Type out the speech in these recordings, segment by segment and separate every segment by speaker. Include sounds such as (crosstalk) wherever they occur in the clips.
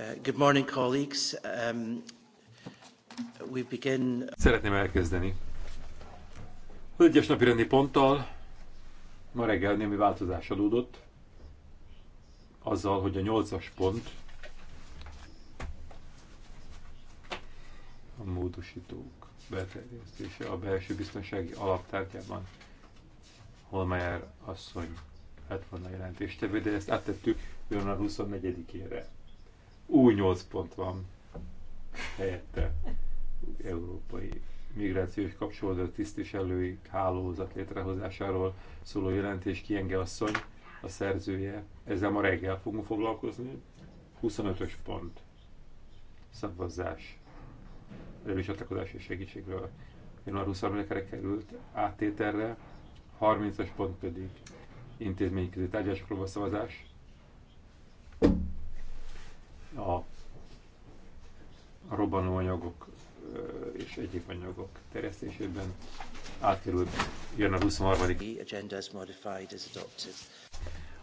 Speaker 1: Uh, good morning, colleagues. Um,
Speaker 2: we begin... Szeretném elkezdeni. Az egyes napi rendi ponttal ma reggel némi változás adódott, azzal, hogy a nyolcas pont a módosítók beterjesztése a belső biztonsági alaptárgyában Holmeyer asszony lett volna jelentéstevő, de ezt áttettük a 24-ére új 8 pont van helyette. Európai migrációs kapcsolódó tisztviselői hálózat létrehozásáról szóló jelentés Kienge asszony, a szerzője. Ezzel ma reggel fogunk foglalkozni. 25-ös pont. Szavazás. Előcsatlakozási segítségről. Január 23 re került áttételre. 30-as pont pedig intézményközi tárgyásokról a szavazás a, robbanóanyagok és egyéb anyagok terjesztésében átkerül, jön a 23.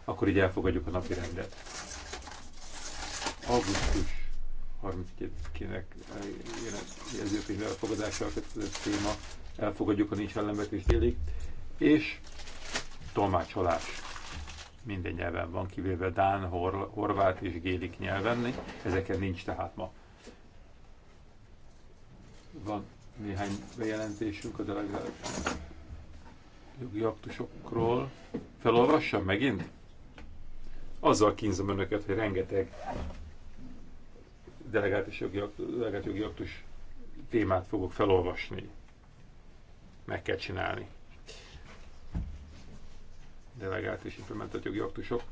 Speaker 2: Akkor így elfogadjuk a napi rendet. Augusztus 31-ének jelzőkönyv elfogadása a következő téma. Elfogadjuk a nincs ellenvetés délig. És tolmácsolás minden nyelven van, kivéve Dán, Hor, Horvát és Gélik nyelven, ezeken nincs tehát ma. Van néhány bejelentésünk a delegáció jogi aktusokról. Felolvassam megint? Azzal kínzom önöket, hogy rengeteg delegált, jogi, delegált jogi aktus témát fogok felolvasni. Meg kell csinálni delegált és implementált jogi aktusok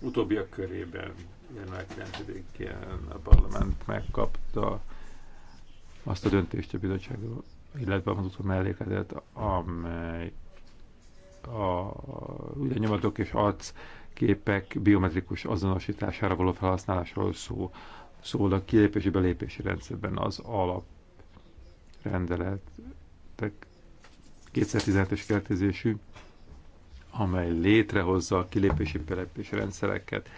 Speaker 2: utóbbiak körében január 9-én a parlament megkapta azt a döntést a bizottságról, illetve az utó mellékletet, amely a ügynyomatok és arc képek biometrikus azonosítására való felhasználásról szó, szól a kilépési belépési rendszerben az alap rendeletek 2017-es keretezésű amely létrehozza a kilépési belépési rendszereket,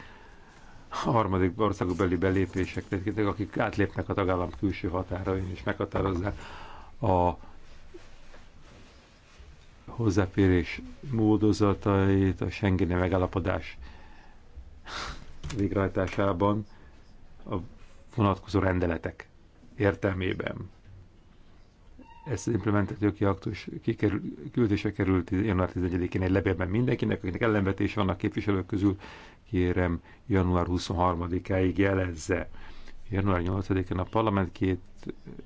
Speaker 2: a harmadik országokbeli belépések, akik átlépnek a tagállam külső határain és meghatározzák a hozzáférés módozatait a Schengeni megállapodás végrehajtásában a vonatkozó rendeletek értelmében ezt az implementációki aktus kikerül, küldése került január 11-én egy levélben mindenkinek, akinek ellenvetés vannak képviselők közül, kérem január 23-áig jelezze. Január 8-án a parlament két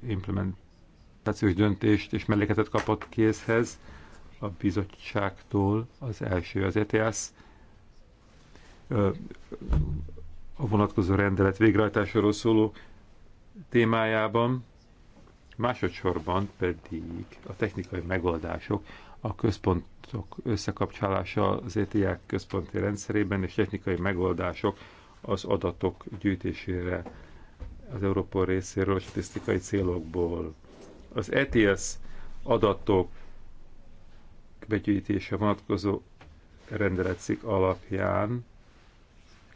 Speaker 2: implementációs döntést és melléketet kapott készhez a bizottságtól. Az első az ETS a vonatkozó rendelet végrehajtásáról szóló témájában, Másodszorban pedig a technikai megoldások, a központok összekapcsolása az ETIák központi rendszerében és technikai megoldások az adatok gyűjtésére az Európa részéről a statisztikai célokból. Az ETS adatok begyűjtése vonatkozó rendeletszik alapján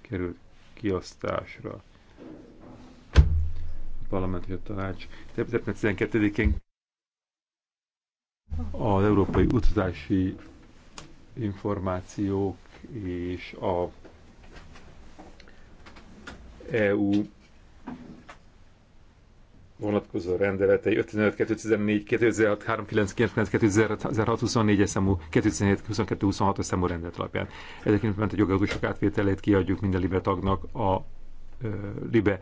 Speaker 2: került kiosztásra parlamenti tanács szeptember 12-én az európai utazási információk és a EU vonatkozó rendeletei 55214 2006 2006 24 es számú 2017-22-26-os számú rendelet alapján. Ezeknek ment a jogalkotások átvételét kiadjuk minden libe tagnak a libe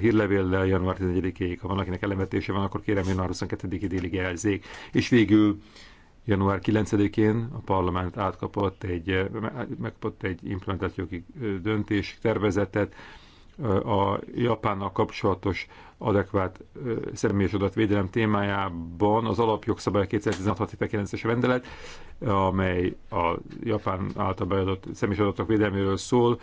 Speaker 2: hírlevéllel január 11-ig, ha van, akinek elemetése van, akkor kérem január 22 ig délig jelzék. És végül január 9-én a parlament átkapott egy, megkapott egy implementációi döntés tervezetet, a Japánnal kapcsolatos adekvát személyes adatvédelem témájában az alapjogszabály 2016-es rendelet, amely a Japán által beadott személyes adatok védelméről szól,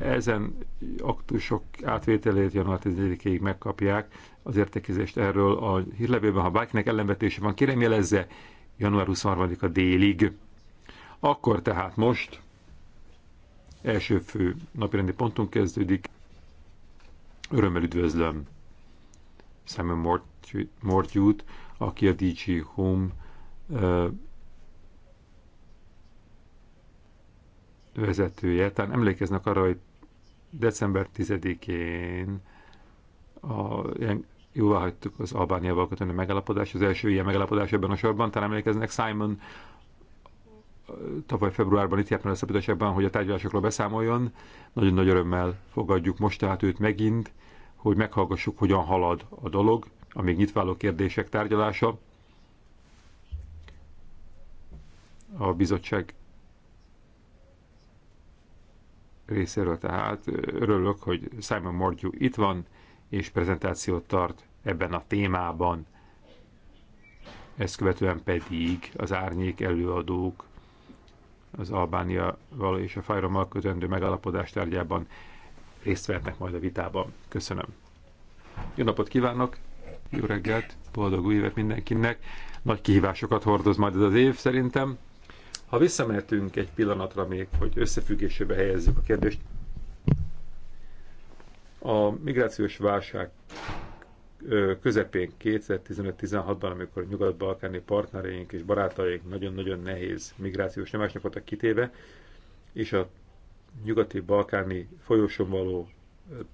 Speaker 2: ezen aktusok átvételét január 10-ig megkapják az értekezést erről a hírlevőben. Ha bárkinek ellenvetése van, kérem jelezze január 23-a délig. Akkor tehát most első fő napirendi pontunk kezdődik. Örömmel üdvözlöm Samuel Mortyút, aki a DG Home vezetője. Talán emlékeznek arra, hogy december 10-én a, jóvá hagytuk az Albániával kötődő megállapodás, az első ilyen megállapodás ebben a sorban, talán emlékeznek Simon tavaly februárban itt jártam a szabadságban, hogy a tárgyalásokról beszámoljon. Nagyon nagy örömmel fogadjuk most tehát őt megint, hogy meghallgassuk, hogyan halad a dolog, a még nyitváló kérdések tárgyalása. A bizottság részéről tehát örülök, hogy Simon Mordjú itt van, és prezentációt tart ebben a témában. Ezt követően pedig az árnyék előadók az Albániaval és a Fájrommal kötendő megalapodás tárgyában részt vehetnek majd a vitában. Köszönöm. Jó napot kívánok, jó reggelt, boldog új évet mindenkinek. Nagy kihívásokat hordoz majd ez az év szerintem. Ha visszamehetünk egy pillanatra még, hogy összefüggésébe helyezzük a kérdést, a migrációs válság közepén, 2015-16-ban, amikor nyugat-balkáni partnereink és barátaink nagyon-nagyon nehéz migrációs nyomásnak voltak kitéve, és a nyugati-balkáni folyosón való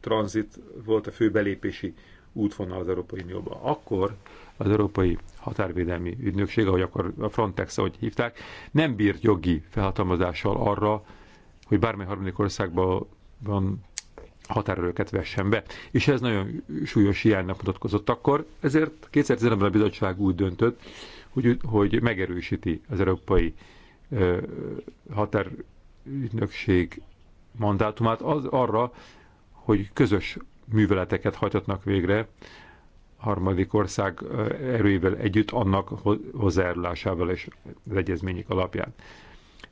Speaker 2: tranzit volt a fő belépési útvonal az Európai Unióba. Akkor az Európai Határvédelmi Ügynökség, ahogy akkor a Frontex, ahogy hívták, nem bírt jogi felhatalmazással arra, hogy bármely harmadik országban határőröket vessen be. És ez nagyon súlyos hiánynak mutatkozott akkor, ezért 2010-ben a bizottság úgy döntött, hogy, hogy megerősíti az európai ö, határügynökség mandátumát az arra, hogy közös műveleteket hajtatnak végre harmadik ország erőivel együtt annak hozzájárulásával és az egyezmények alapján.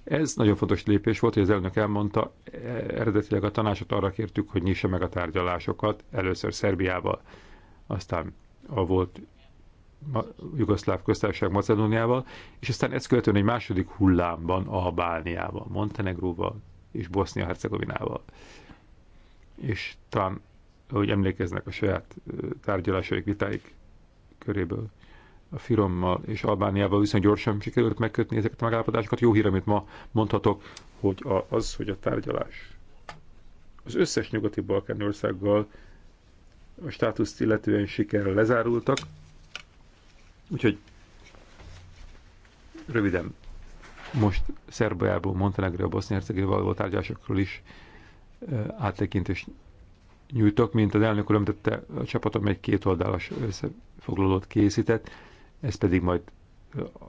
Speaker 2: Ez nagyon fontos lépés volt, hogy az elnök elmondta, e, eredetileg a tanácsot arra kértük, hogy nyissa meg a tárgyalásokat, először Szerbiával, aztán a volt Jugoszláv köztársaság Macedóniával, és aztán ezt követően egy második hullámban Albániával, Montenegróval és Bosznia-Hercegovinával. És talán, ahogy emlékeznek a saját e, tárgyalásaik, vitáik köréből, a Firommal és Albániával viszonylag gyorsan sikerült megkötni ezeket a megállapodásokat. Jó hír, amit ma mondhatok, hogy a, az, hogy a tárgyalás az összes nyugati balkáni országgal a státuszt illetően sikerrel lezárultak. Úgyhogy röviden, most Szerbiából, a Bosznia-Hercegovinából való tárgyalásokról is eh, áttekintést nyújtok, mint az elnök úr a csapatom egy kétoldalas összefoglalót készített, ezt pedig majd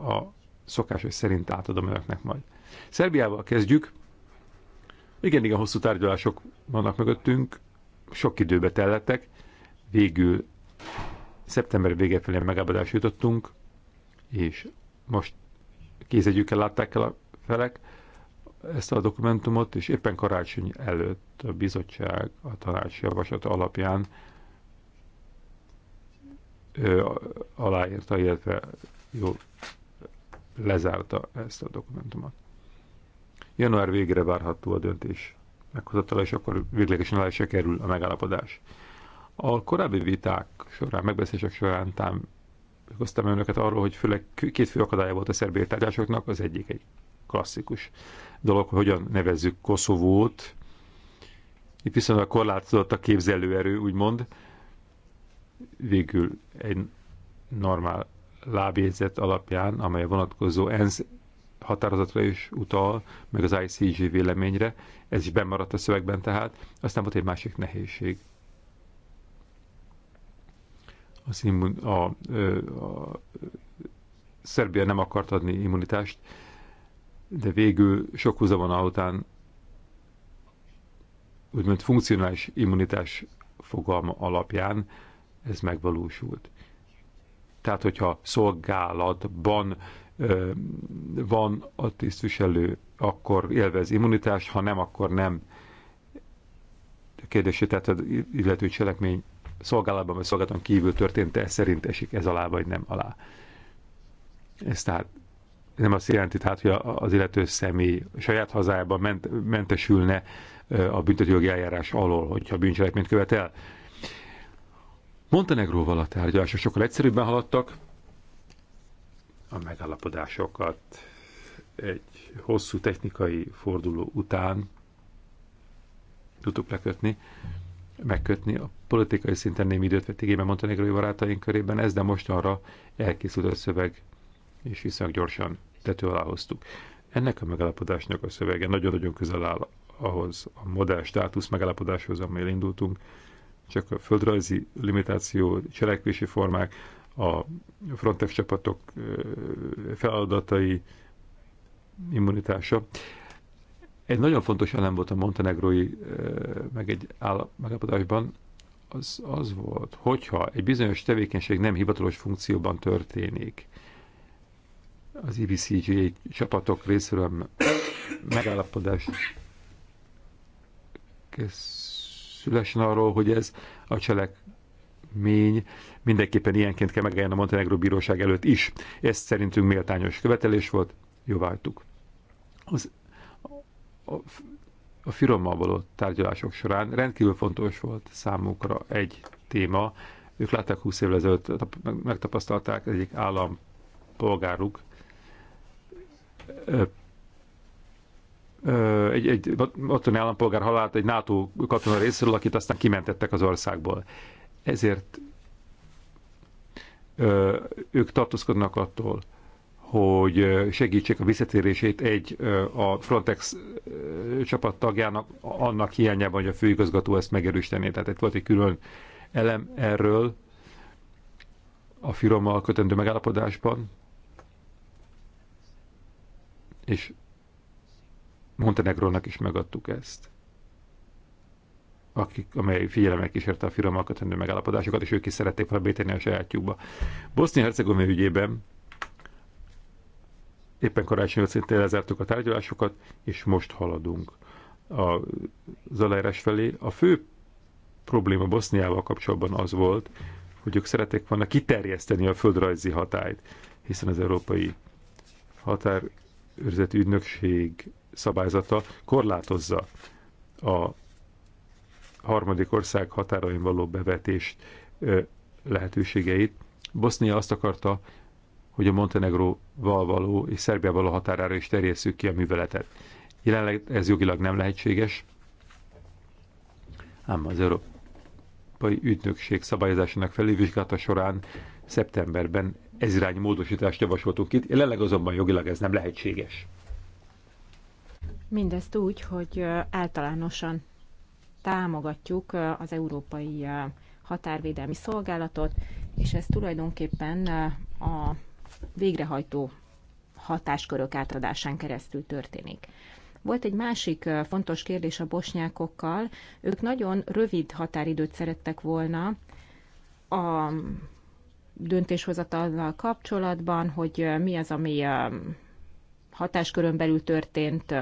Speaker 2: a szokásos szerint átadom önöknek majd. Szerbiával kezdjük. Igen, igen, hosszú tárgyalások vannak mögöttünk, sok időbe tellettek, végül szeptember vége felé megállapodásra jutottunk, és most kézegyükkel látták el a felek ezt a dokumentumot, és éppen karácsony előtt a bizottság a tanács javaslata alapján ö, aláírta, illetve jó, lezárta ezt a dokumentumot. Január végére várható a döntés meghozatala, és akkor véglegesen alá se kerül a megállapodás. A korábbi viták során, megbeszélések során tám hoztam önöket arról, hogy főleg két fő akadálya volt a szerb tárgyalásoknak, az egyik egy klasszikus dolog, hogy hogyan nevezzük Koszovót. Itt a korlátozott a képzelőerő, úgymond, végül egy normál lábjegyzet alapján, amely vonatkozó ENSZ határozatra is utal, meg az ICG véleményre, ez is bemaradt a szövegben tehát, aztán volt egy másik nehézség. A, színmun, a, a, a Szerbia nem akart adni immunitást, de végül sok húzavona után úgymond funkcionális immunitás fogalma alapján ez megvalósult. Tehát, hogyha szolgálatban ö, van a tisztviselő, akkor élvez immunitást, ha nem, akkor nem. A kérdésé, tehát az illető cselekmény szolgálatban vagy szolgálaton kívül történt -e, szerint esik ez alá, vagy nem alá. Ez tehát nem azt jelenti, tehát, hogy az illető személy saját hazájában ment, mentesülne a büntetőjogi eljárás alól, hogyha bűncselekményt követel. el Montenegróval a tárgyalások sokkal egyszerűbben haladtak, a megállapodásokat egy hosszú technikai forduló után tudtuk lekötni, megkötni. A politikai szinten némi időt vett igénybe montenegrói barátaink körében ez, de most arra elkészült a szöveg, és viszonylag gyorsan tető alá hoztuk. Ennek a megállapodásnak a szövege nagyon-nagyon közel áll ahhoz a modell státusz megállapodáshoz, amelyel indultunk, csak a földrajzi limitáció, cselekvési formák, a Frontex csapatok feladatai, immunitása. Egy nagyon fontos elem volt a montenegrói meg egy megállapodásban, az, az volt, hogyha egy bizonyos tevékenység nem hivatalos funkcióban történik, az IBCG csapatok részéről megállapodás kész szülesen arról, hogy ez a cselekmény mindenképpen ilyenként kell megálljon a Montenegro bíróság előtt is. Ez szerintünk méltányos követelés volt, jóváltuk. Az, a, a firommal való tárgyalások során rendkívül fontos volt számukra egy téma. Ők látták 20 évvel ezelőtt, megtapasztalták egyik állampolgáruk egy, egy ottani állampolgár halált egy NATO katona részéről, akit aztán kimentettek az országból. Ezért ö, ők tartózkodnak attól, hogy segítsék a visszatérését egy a Frontex csapat tagjának annak hiányában, hogy a főigazgató ezt megerősítené. Tehát itt volt egy külön elem erről a firommal kötendő megállapodásban, és Montenegrónak is megadtuk ezt, akik, amely figyelemek kísérte a firmalkat tennő megállapodásokat, és ők is szerették felbéteni a sajátjukba. Bosznia-Hercegovina ügyében éppen karácsony szintén lezártuk a tárgyalásokat, és most haladunk a aláírás felé. A fő probléma Boszniával kapcsolatban az volt, hogy ők szerették volna kiterjeszteni a földrajzi hatályt, hiszen az európai határőrzeti ügynökség szabályzata korlátozza a harmadik ország határain való bevetést lehetőségeit. Bosznia azt akarta, hogy a Montenegróval való és Szerbiával való határára is terjesszük ki a műveletet. Jelenleg ez jogilag nem lehetséges, ám az Európai Ügynökség szabályozásának felülvizsgálata során szeptemberben ez irányú módosítást javasoltunk itt, jelenleg azonban jogilag ez nem lehetséges.
Speaker 3: Mindezt úgy, hogy általánosan támogatjuk az Európai Határvédelmi Szolgálatot, és ez tulajdonképpen a végrehajtó hatáskörök átadásán keresztül történik. Volt egy másik fontos kérdés a bosnyákokkal. Ők nagyon rövid határidőt szerettek volna a döntéshozatallal kapcsolatban, hogy mi az, ami hatáskörön belül történt,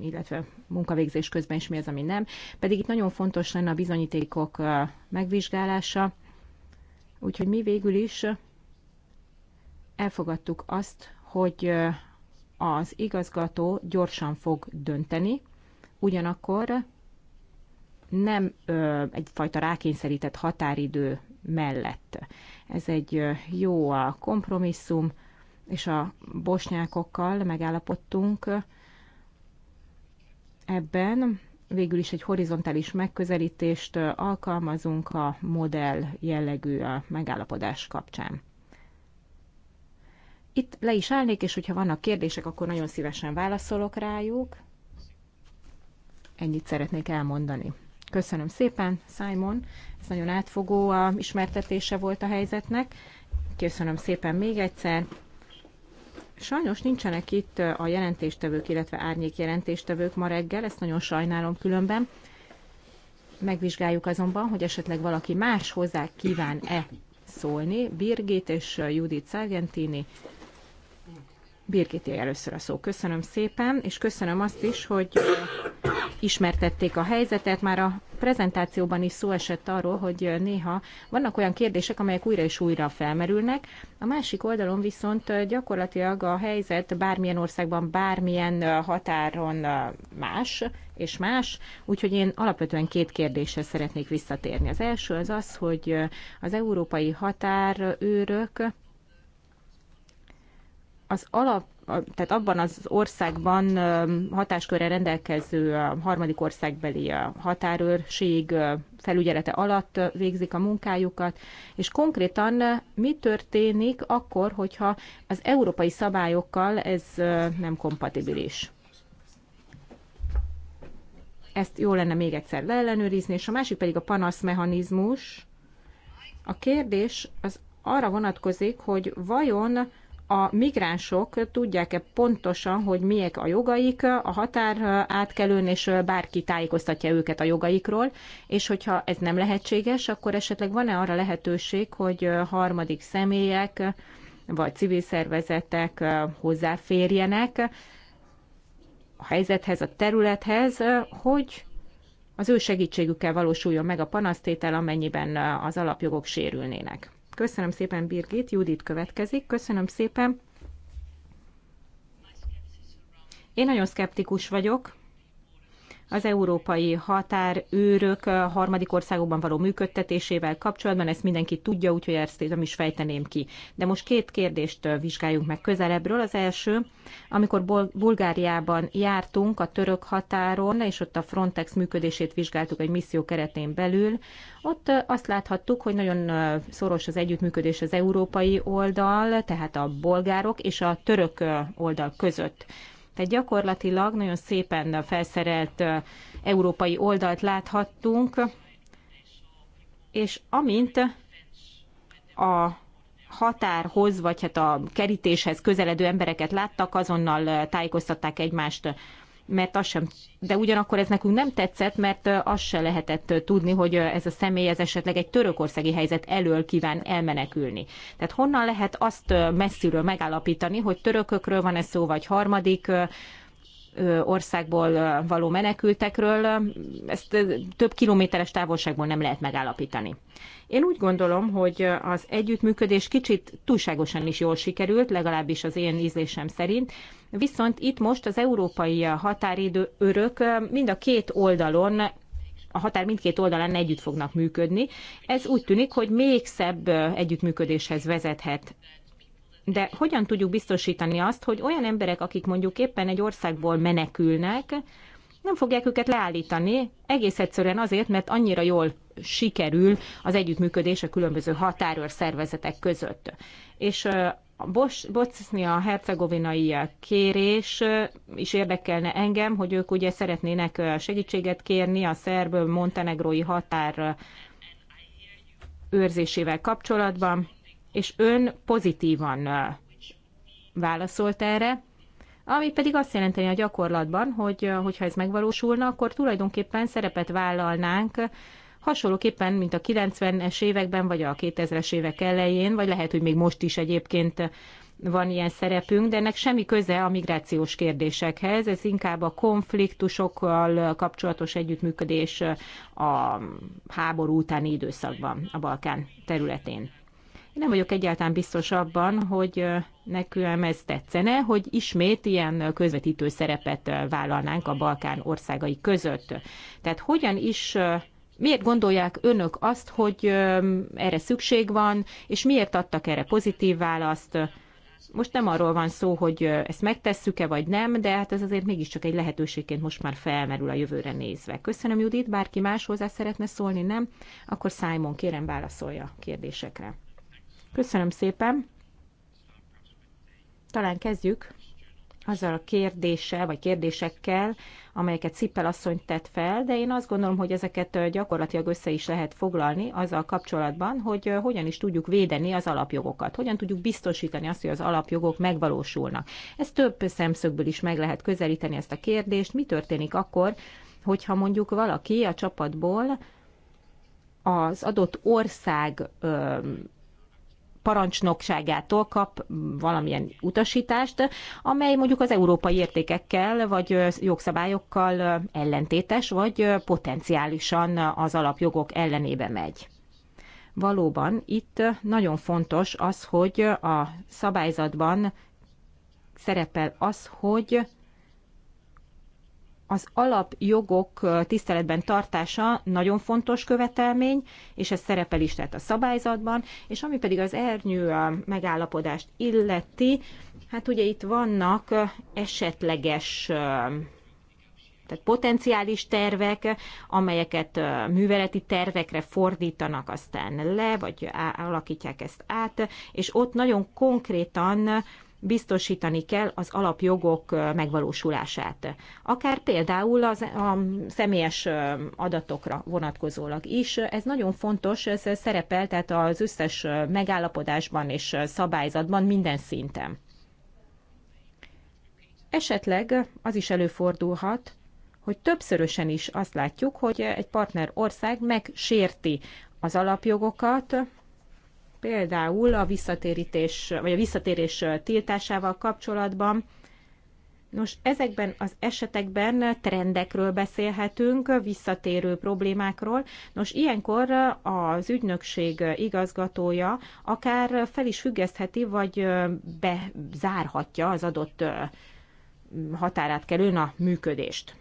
Speaker 3: illetve munkavégzés közben is mi az, ami nem. Pedig itt nagyon fontos lenne a bizonyítékok megvizsgálása, úgyhogy mi végül is elfogadtuk azt, hogy az igazgató gyorsan fog dönteni, ugyanakkor nem ö, egyfajta rákényszerített határidő mellett. Ez egy jó a kompromisszum, és a bosnyákokkal megállapodtunk ebben. Végül is egy horizontális megközelítést alkalmazunk a modell jellegű a megállapodás kapcsán. Itt le is állnék, és hogyha vannak kérdések, akkor nagyon szívesen válaszolok rájuk. Ennyit szeretnék elmondani. Köszönöm szépen, Simon. Ez nagyon átfogó a ismertetése volt a helyzetnek. Köszönöm szépen még egyszer. Sajnos nincsenek itt a jelentéstevők, illetve árnyék jelentéstevők ma reggel, ezt nagyon sajnálom különben. Megvizsgáljuk azonban, hogy esetleg valaki más hozzá kíván-e szólni. Birgit és Judit Sargentini Birgiti először a szó. Köszönöm szépen, és köszönöm azt is, hogy ismertették a helyzetet. Már a prezentációban is szó esett arról, hogy néha vannak olyan kérdések, amelyek újra és újra felmerülnek. A másik oldalon viszont gyakorlatilag a helyzet bármilyen országban, bármilyen határon más és más, úgyhogy én alapvetően két kérdéssel szeretnék visszatérni. Az első az az, hogy az európai határőrök az alap, tehát abban az országban hatáskörre rendelkező harmadik országbeli határőrség felügyelete alatt végzik a munkájukat, és konkrétan mi történik akkor, hogyha az európai szabályokkal ez nem kompatibilis? Ezt jó lenne még egyszer leellenőrizni, és a másik pedig a panaszmechanizmus. A kérdés az arra vonatkozik, hogy vajon a migránsok tudják-e pontosan, hogy miek a jogaik a határ átkelőn, és bárki tájékoztatja őket a jogaikról, és hogyha ez nem lehetséges, akkor esetleg van-e arra lehetőség, hogy harmadik személyek vagy civil szervezetek hozzáférjenek a helyzethez, a területhez, hogy az ő segítségükkel valósuljon meg a panasztétel, amennyiben az alapjogok sérülnének. Köszönöm szépen, Birgit. Judit következik. Köszönöm szépen. Én nagyon szkeptikus vagyok az európai határőrök eh, harmadik országokban való működtetésével kapcsolatban, ezt mindenki tudja, úgyhogy ezt nem is fejteném ki. De most két kérdést eh, vizsgáljunk meg közelebbről. Az első, amikor Bul- Bulgáriában jártunk a török határon, és ott a Frontex működését vizsgáltuk egy misszió keretén belül, ott eh, azt láthattuk, hogy nagyon szoros az együttműködés az európai oldal, tehát a bolgárok és a török oldal között tehát gyakorlatilag nagyon szépen felszerelt európai oldalt láthattunk, és amint a határhoz, vagy hát a kerítéshez közeledő embereket láttak, azonnal tájékoztatták egymást mert az sem, de ugyanakkor ez nekünk nem tetszett, mert azt se lehetett tudni, hogy ez a személy ez esetleg egy törökországi helyzet elől kíván elmenekülni. Tehát honnan lehet azt messziről megállapítani, hogy törökökről van ez szó, vagy harmadik országból való menekültekről, ezt több kilométeres távolságból nem lehet megállapítani. Én úgy gondolom, hogy az együttműködés kicsit túlságosan is jól sikerült, legalábbis az én ízlésem szerint, Viszont itt most az európai határidő örök mind a két oldalon a határ mindkét oldalán együtt fognak működni. Ez úgy tűnik, hogy még szebb együttműködéshez vezethet. De hogyan tudjuk biztosítani azt, hogy olyan emberek, akik mondjuk éppen egy országból menekülnek, nem fogják őket leállítani, egész egyszerűen azért, mert annyira jól sikerül az együttműködés a különböző határőr szervezetek között. És a bosznia hercegovinai kérés is érdekelne engem, hogy ők ugye szeretnének segítséget kérni a szerb montenegrói határ őrzésével kapcsolatban, és ön pozitívan válaszolt erre, ami pedig azt jelenteni a gyakorlatban, hogy hogyha ez megvalósulna, akkor tulajdonképpen szerepet vállalnánk hasonlóképpen, mint a 90-es években, vagy a 2000-es évek elején, vagy lehet, hogy még most is egyébként van ilyen szerepünk, de ennek semmi köze a migrációs kérdésekhez, ez inkább a konfliktusokkal kapcsolatos együttműködés a háború utáni időszakban a Balkán területén. Én nem vagyok egyáltalán biztos abban, hogy nekünk ez tetszene, hogy ismét ilyen közvetítő szerepet vállalnánk a Balkán országai között. Tehát hogyan is Miért gondolják önök azt, hogy erre szükség van, és miért adtak erre pozitív választ? Most nem arról van szó, hogy ezt megtesszük-e vagy nem, de hát ez azért mégiscsak egy lehetőségként most már felmerül a jövőre nézve. Köszönöm, Judit, bárki más hozzá szeretne szólni, nem? Akkor Simon, kérem válaszolja a kérdésekre. Köszönöm szépen. Talán kezdjük azzal a kérdéssel, vagy kérdésekkel, amelyeket Cippel asszony tett fel, de én azt gondolom, hogy ezeket gyakorlatilag össze is lehet foglalni azzal kapcsolatban, hogy hogyan is tudjuk védeni az alapjogokat, hogyan tudjuk biztosítani azt, hogy az alapjogok megvalósulnak. Ez több szemszögből is meg lehet közelíteni ezt a kérdést, mi történik akkor, hogyha mondjuk valaki a csapatból az adott ország parancsnokságától kap valamilyen utasítást, amely mondjuk az európai értékekkel vagy jogszabályokkal ellentétes, vagy potenciálisan az alapjogok ellenébe megy. Valóban itt nagyon fontos az, hogy a szabályzatban szerepel az, hogy az alapjogok tiszteletben tartása nagyon fontos követelmény, és ez szerepel is tehát a szabályzatban, és ami pedig az ernyő megállapodást illeti, hát ugye itt vannak esetleges tehát potenciális tervek, amelyeket műveleti tervekre fordítanak aztán le, vagy alakítják ezt át, és ott nagyon konkrétan biztosítani kell az alapjogok megvalósulását. Akár például az, a személyes adatokra vonatkozólag is. Ez nagyon fontos, ez szerepel tehát az összes megállapodásban és szabályzatban minden szinten. Esetleg az is előfordulhat, hogy többszörösen is azt látjuk, hogy egy partner ország megsérti az alapjogokat, Például a visszatérítés, vagy a visszatérés tiltásával kapcsolatban. Nos, ezekben az esetekben trendekről beszélhetünk, visszatérő problémákról. Nos, ilyenkor az ügynökség igazgatója akár fel is függesztheti, vagy bezárhatja az adott határát kerülne a működést.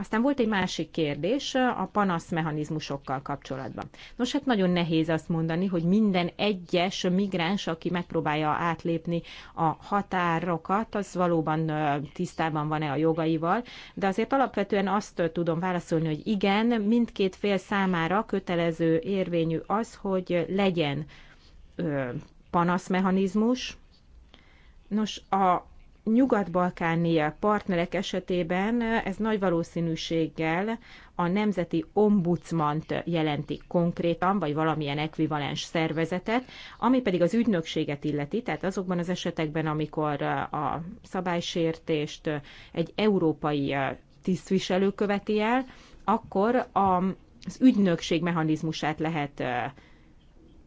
Speaker 3: Aztán volt egy másik kérdés a panaszmechanizmusokkal kapcsolatban. Nos, hát nagyon nehéz azt mondani, hogy minden egyes migráns, aki megpróbálja átlépni a határokat, az valóban tisztában van-e a jogaival, de azért alapvetően azt tudom válaszolni, hogy igen, mindkét fél számára kötelező érvényű az, hogy legyen panaszmechanizmus. Nos, a nyugat-balkáni partnerek esetében ez nagy valószínűséggel a Nemzeti Ombudsmant jelenti konkrétan, vagy valamilyen ekvivalens szervezetet, ami pedig az ügynökséget illeti, tehát azokban az esetekben, amikor a szabálysértést egy európai tisztviselő követi el, akkor az ügynökség mechanizmusát lehet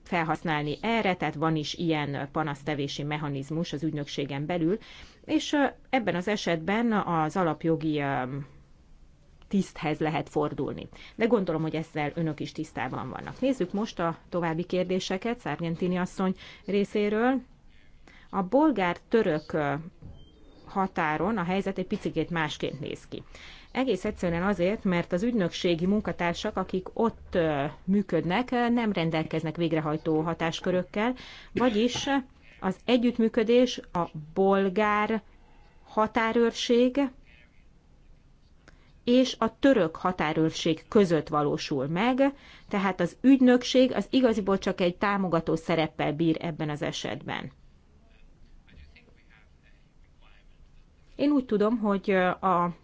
Speaker 3: felhasználni erre, tehát van is ilyen panasztevési mechanizmus az ügynökségen belül, és ebben az esetben az alapjogi tiszthez lehet fordulni. De gondolom, hogy ezzel önök is tisztában vannak. Nézzük most a további kérdéseket Szárgentini asszony részéről. A bolgár-török határon a helyzet egy picit másként néz ki. Egész egyszerűen azért, mert az ügynökségi munkatársak, akik ott működnek, nem rendelkeznek végrehajtó hatáskörökkel, vagyis az együttműködés a bolgár határőrség és a török határőrség között valósul meg, tehát az ügynökség az igaziból csak egy támogató szereppel bír ebben az esetben. Én úgy tudom, hogy a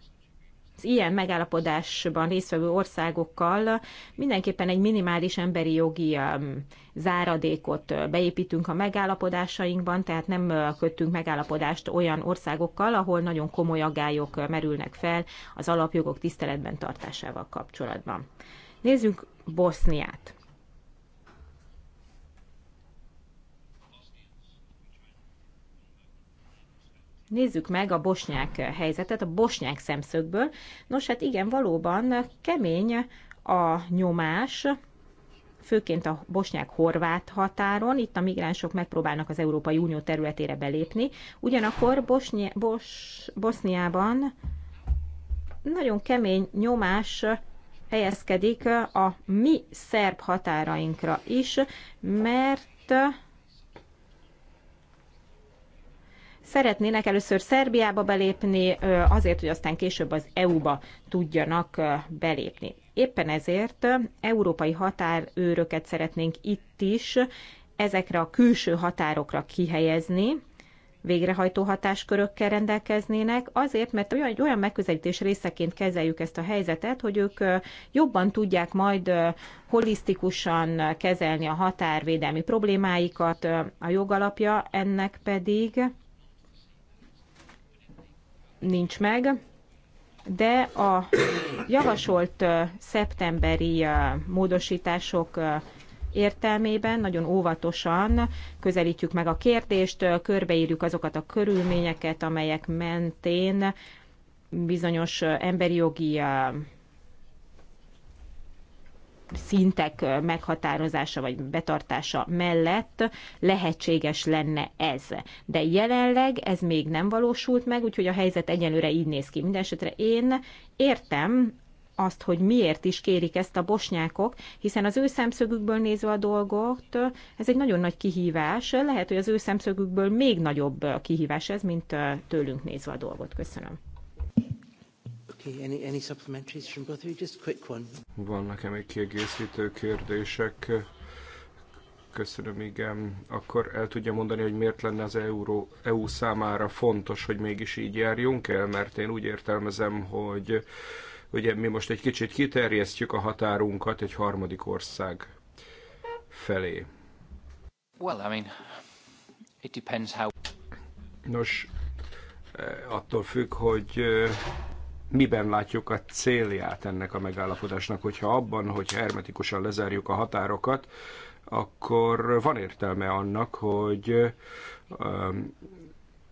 Speaker 3: az ilyen megállapodásban résztvevő országokkal mindenképpen egy minimális emberi jogi um, záradékot uh, beépítünk a megállapodásainkban, tehát nem uh, kötünk megállapodást olyan országokkal, ahol nagyon komoly aggályok uh, merülnek fel az alapjogok tiszteletben tartásával kapcsolatban. Nézzük Boszniát. Nézzük meg a bosnyák helyzetet, a bosnyák szemszögből. Nos, hát igen, valóban kemény a nyomás, főként a bosnyák-horvát határon. Itt a migránsok megpróbálnak az Európai Unió területére belépni. Ugyanakkor Bosnyi- Bos- Boszniában nagyon kemény nyomás helyezkedik a mi szerb határainkra is, mert szeretnének először Szerbiába belépni, azért, hogy aztán később az EU-ba tudjanak belépni. Éppen ezért európai határőröket szeretnénk itt is ezekre a külső határokra kihelyezni, végrehajtó hatáskörökkel rendelkeznének, azért, mert olyan, egy olyan megközelítés részeként kezeljük ezt a helyzetet, hogy ők jobban tudják majd holisztikusan kezelni a határvédelmi problémáikat, a jogalapja ennek pedig nincs meg, de a javasolt szeptemberi módosítások értelmében nagyon óvatosan közelítjük meg a kérdést, körbeírjuk azokat a körülményeket, amelyek mentén bizonyos emberi jogi szintek meghatározása vagy betartása mellett lehetséges lenne ez. De jelenleg ez még nem valósult meg, úgyhogy a helyzet egyenlőre így néz ki. Mindenesetre én értem azt, hogy miért is kérik ezt a bosnyákok, hiszen az ő szemszögükből nézve a dolgot, ez egy nagyon nagy kihívás. Lehet, hogy az ő szemszögükből még nagyobb kihívás ez, mint tőlünk nézve a dolgot. Köszönöm.
Speaker 1: Okay, any, any supplementaries from both of you? Just quick one.
Speaker 4: Vannak-e még kiegészítő kérdések? Köszönöm, igen. Akkor el tudja mondani, hogy miért lenne az euró, EU számára fontos, hogy mégis így járjunk el? Mert én úgy értelmezem, hogy ugye mi most egy kicsit kiterjesztjük a határunkat egy harmadik ország felé. Well, I mean, it depends how... Nos, eh, attól függ, hogy eh, miben látjuk a célját ennek a megállapodásnak, hogyha abban, hogy hermetikusan lezárjuk a határokat, akkor van értelme annak, hogy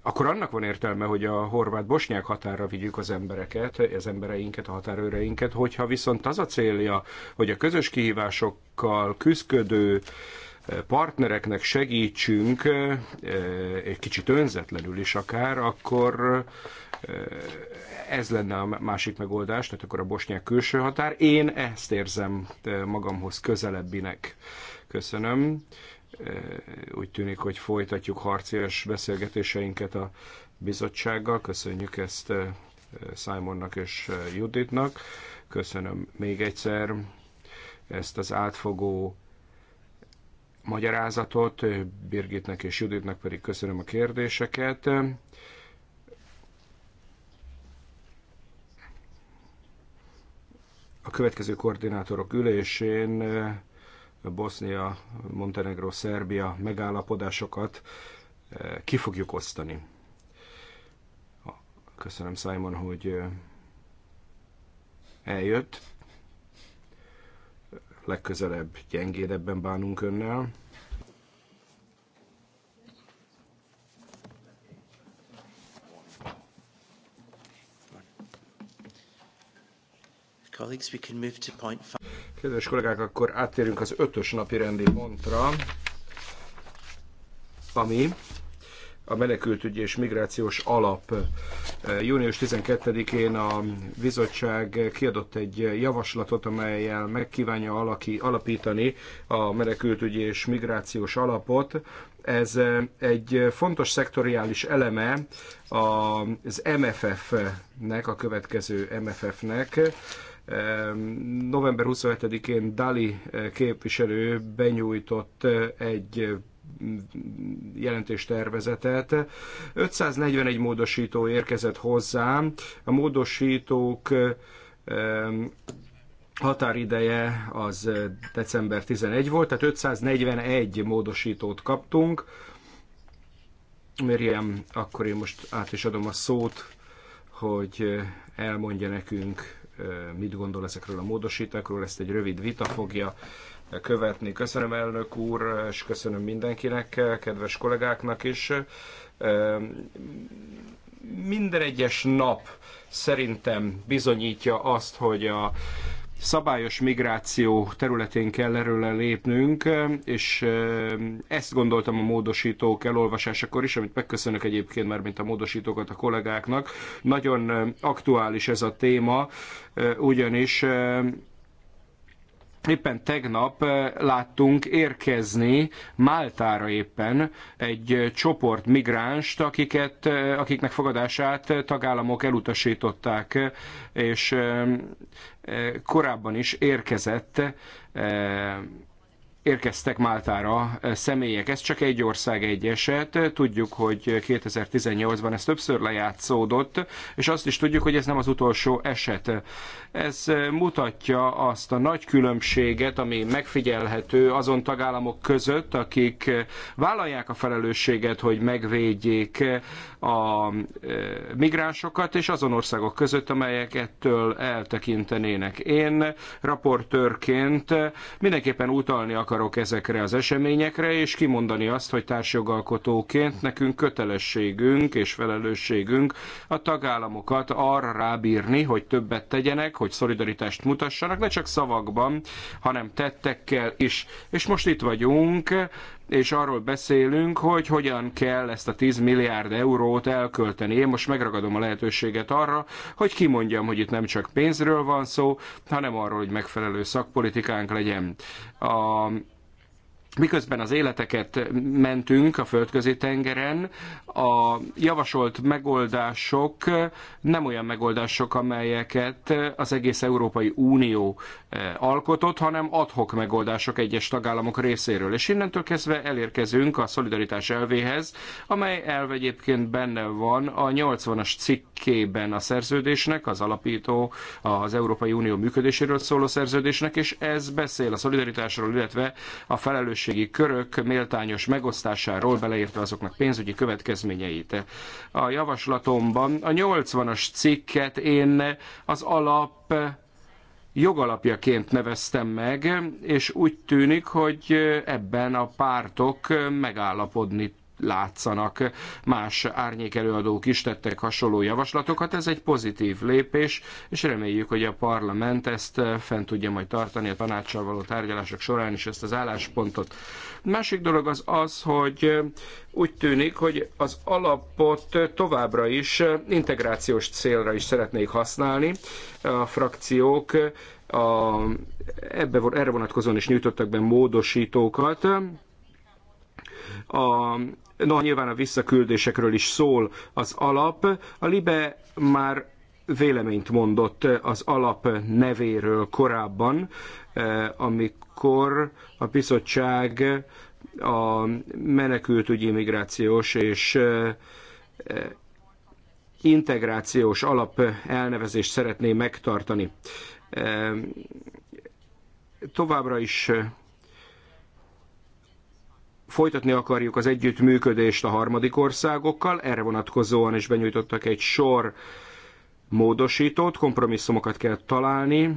Speaker 4: akkor annak van értelme, hogy a horvát-bosnyák határa vigyük az embereket, az embereinket, a határőreinket, hogyha viszont az a célja, hogy a közös kihívásokkal küzdködő partnereknek segítsünk, egy kicsit önzetlenül is akár, akkor ez lenne a másik megoldás, tehát akkor a bosnyák külső határ. Én ezt érzem magamhoz közelebbinek. Köszönöm. Úgy tűnik, hogy folytatjuk harcias beszélgetéseinket a bizottsággal. Köszönjük ezt Simonnak és Juditnak. Köszönöm még egyszer ezt az átfogó magyarázatot, Birgitnek és Juditnak pedig köszönöm a kérdéseket. A következő koordinátorok ülésén Bosznia, Montenegro, Szerbia megállapodásokat ki fogjuk osztani. Köszönöm Simon, hogy eljött legközelebb gyengédebben bánunk önnel. Kedves kollégák, akkor áttérünk az ötös napi rendi pontra, ami a menekültügyi és migrációs alap. Június 12-én a bizottság kiadott egy javaslatot, amelyel megkívánja alaki, alapítani a menekültügyi és migrációs alapot. Ez egy fontos szektoriális eleme az MFF-nek, a következő MFF-nek. November 27-én Dali képviselő benyújtott egy jelentéstervezetet. 541 módosító érkezett hozzám. A módosítók határideje az eh, december 11 volt, tehát 541 módosítót kaptunk. Miriam, akkor én most át is adom a szót, hogy eh, elmondja nekünk, eh, mit gondol ezekről a módosítókról, ezt egy rövid vita fogja követni. Köszönöm elnök úr, és köszönöm mindenkinek, kedves kollégáknak is. Ehm, minden egyes nap szerintem bizonyítja azt, hogy a szabályos migráció területén kell erről lépnünk, és ehm, ezt gondoltam a módosítók elolvasásakor is, amit megköszönök egyébként már, mint a módosítókat a kollégáknak. Nagyon ehm, aktuális ez a téma, ugyanis Éppen tegnap eh, láttunk érkezni Máltára éppen egy eh, csoport migránst, akiket, eh, akiknek fogadását tagállamok elutasították, és korábban is érkezett érkeztek Máltára eh, személyek. Ez csak egy ország egy eset. Tudjuk, hogy 2018-ban ez többször lejátszódott, és azt is tudjuk, hogy ez nem az utolsó eset. Ez eh, mutatja azt a nagy különbséget, ami megfigyelhető azon tagállamok között, akik eh, vállalják a felelősséget, hogy megvédjék a migránsokat, és azon országok között, amelyek ettől eltekintenének. Én raportőrként mindenképpen utalni akarok akarok ezekre az eseményekre, és kimondani azt, hogy társjogalkotóként nekünk kötelességünk és felelősségünk a tagállamokat arra rábírni, hogy többet tegyenek, hogy szolidaritást mutassanak, ne csak szavakban, hanem tettekkel is. És most itt vagyunk, és arról beszélünk, hogy hogyan kell ezt a 10 milliárd eurót elkölteni. Én most megragadom a lehetőséget arra, hogy kimondjam, hogy itt nem csak pénzről van szó, hanem arról, hogy megfelelő szakpolitikánk legyen. A Miközben az életeket mentünk a földközi tengeren, a javasolt megoldások nem olyan megoldások, amelyeket az egész Európai Unió alkotott, hanem adhok megoldások egyes tagállamok részéről. És innentől kezdve elérkezünk a szolidaritás elvéhez, amely elv egyébként benne van a 80-as cikkében a szerződésnek, az alapító az Európai Unió működéséről szóló szerződésnek, és ez beszél a szolidaritásról, illetve a felelősségi körök méltányos megosztásáról, beleértve azoknak pénzügyi következményeit. A javaslatomban a 80-as cikket én az alap jogalapjaként neveztem meg, és úgy tűnik, hogy ebben a pártok megállapodni látszanak. Más árnyékelőadók is tettek hasonló javaslatokat, ez egy pozitív lépés, és reméljük, hogy a parlament ezt eh, fent tudja majd tartani a tanácssal való tárgyalások során is ezt az álláspontot. Másik dolog az az, hogy eh, úgy tűnik, hogy az alapot eh, továbbra is integrációs célra is szeretnék használni. A frakciók a, ebbe, erre vonatkozóan is nyújtottak be módosítókat, a Noha nyilván a visszaküldésekről is szól az alap. A Libe már véleményt mondott az alap nevéről korábban, eh, amikor a bizottság a menekültügyi migrációs és eh, integrációs alap elnevezést szeretné megtartani. Eh, továbbra is folytatni akarjuk az együttműködést a harmadik országokkal, erre vonatkozóan is benyújtottak egy sor módosítót, kompromisszumokat kell találni,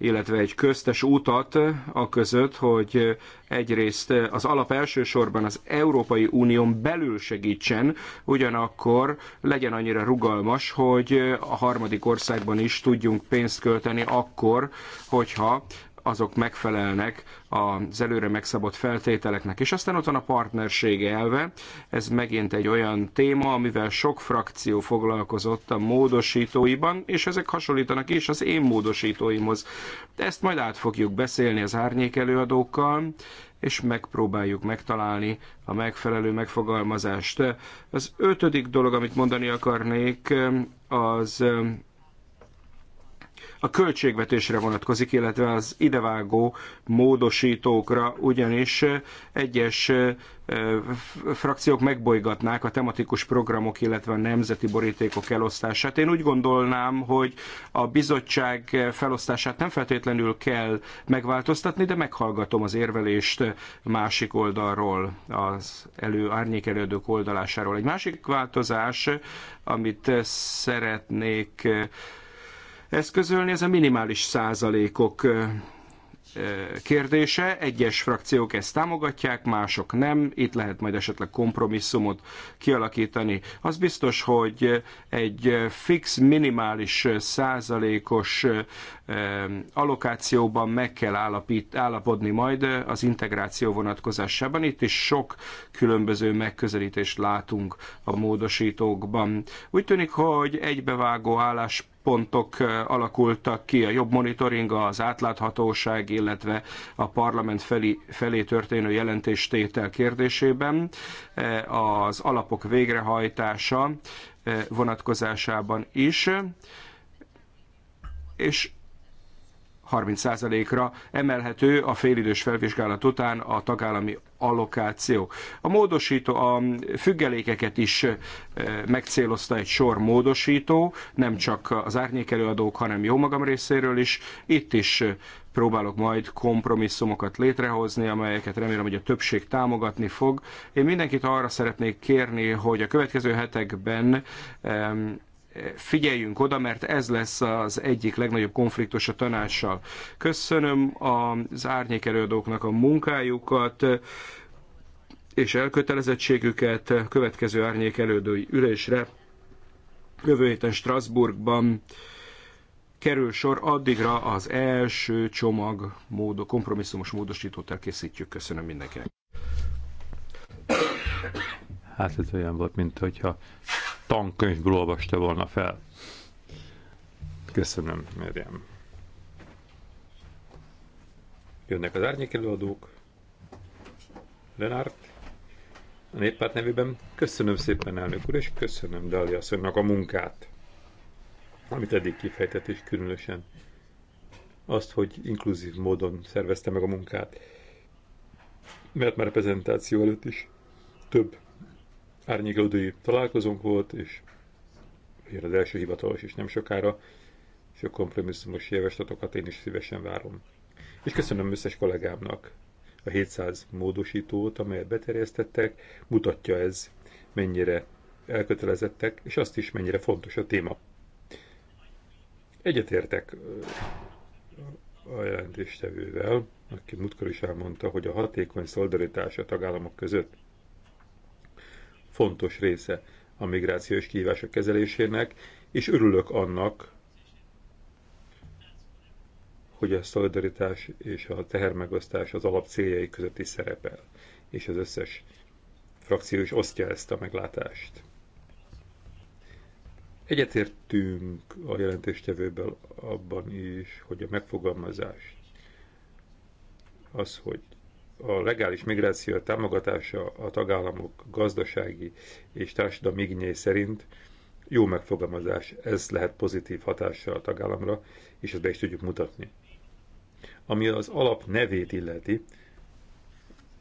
Speaker 4: illetve egy köztes útat a között, hogy egyrészt az alap elsősorban az Európai Unión belül segítsen, ugyanakkor legyen annyira rugalmas, hogy a harmadik országban is tudjunk pénzt költeni akkor, hogyha azok megfelelnek az előre megszabott feltételeknek. És aztán ott van a partnerség elve, ez megint egy olyan téma, amivel sok frakció foglalkozott a módosítóiban, és ezek hasonlítanak is az én módosítóimhoz. Ezt majd át fogjuk beszélni az árnyék előadókkal, és megpróbáljuk megtalálni a megfelelő megfogalmazást. Az ötödik dolog, amit mondani akarnék, az a költségvetésre vonatkozik, illetve az idevágó módosítókra, ugyanis egyes frakciók megbolygatnák a tematikus programok, illetve a nemzeti borítékok elosztását. Én úgy gondolnám, hogy a bizottság felosztását nem feltétlenül kell megváltoztatni, de meghallgatom az érvelést másik oldalról, az elő, árnyékelődők oldalásáról. Egy másik változás, amit szeretnék eszközölni, ez a minimális százalékok kérdése. Egyes frakciók ezt támogatják, mások nem. Itt lehet majd esetleg kompromisszumot kialakítani. Az biztos, hogy egy fix minimális százalékos allokációban meg kell állapít, állapodni majd az integráció vonatkozásában. Itt is sok különböző megközelítést látunk a módosítókban. Úgy tűnik, hogy egybevágó állás pontok alakultak ki, a jobb monitoring, az átláthatóság, illetve a parlament felé, felé történő jelentéstétel kérdésében, az alapok végrehajtása vonatkozásában is. És 30%-ra emelhető a félidős felvizsgálat után a tagállami allokáció. A módosító, a függelékeket is megcélozta egy sor módosító, nem csak az árnyékelőadók, hanem jó magam részéről is. Itt is próbálok majd kompromisszumokat létrehozni, amelyeket remélem, hogy a többség támogatni fog. Én mindenkit arra szeretnék kérni, hogy a következő hetekben figyeljünk oda, mert ez lesz az egyik legnagyobb konfliktus a tanással. Köszönöm az árnyékelőadóknak a munkájukat és elkötelezettségüket következő árnyékelődői ülésre jövő héten Strasbourgban kerül sor, addigra az első csomag módo, kompromisszumos módosítót elkészítjük. Köszönöm mindenkinek.
Speaker 2: Hát ez olyan volt, mint hogyha tankönyvből olvasta volna fel. Köszönöm, Miriam. Jönnek az árnyék előadók. Lenárt, a néppárt nevében köszönöm szépen, elnök úr, és köszönöm Dali asszonynak a munkát, amit eddig kifejtett, és különösen azt, hogy inkluzív módon szervezte meg a munkát. Mert már a prezentáció előtt is több árnyékelődői találkozónk volt, és jön az első hivatalos is nem sokára, és a kompromisszumos javaslatokat én is szívesen várom. És köszönöm összes kollégámnak a 700 módosítót, amelyet beterjesztettek, mutatja ez, mennyire elkötelezettek, és azt is, mennyire fontos a téma. Egyetértek a jelentéstevővel, aki múltkor is elmondta, hogy a hatékony szolidaritás a tagállamok között fontos része a migrációs kihívások kezelésének, és örülök annak, hogy a szolidaritás és a tehermegosztás az alap céljai között is szerepel, és az összes frakció is osztja ezt a meglátást. Egyetértünk a jelentéstevőből abban is, hogy a megfogalmazás az, hogy a legális migráció támogatása a tagállamok gazdasági és társadalmi igényei szerint jó megfogalmazás, ez lehet pozitív hatással a tagállamra, és ezt be is tudjuk mutatni. Ami az alap nevét illeti,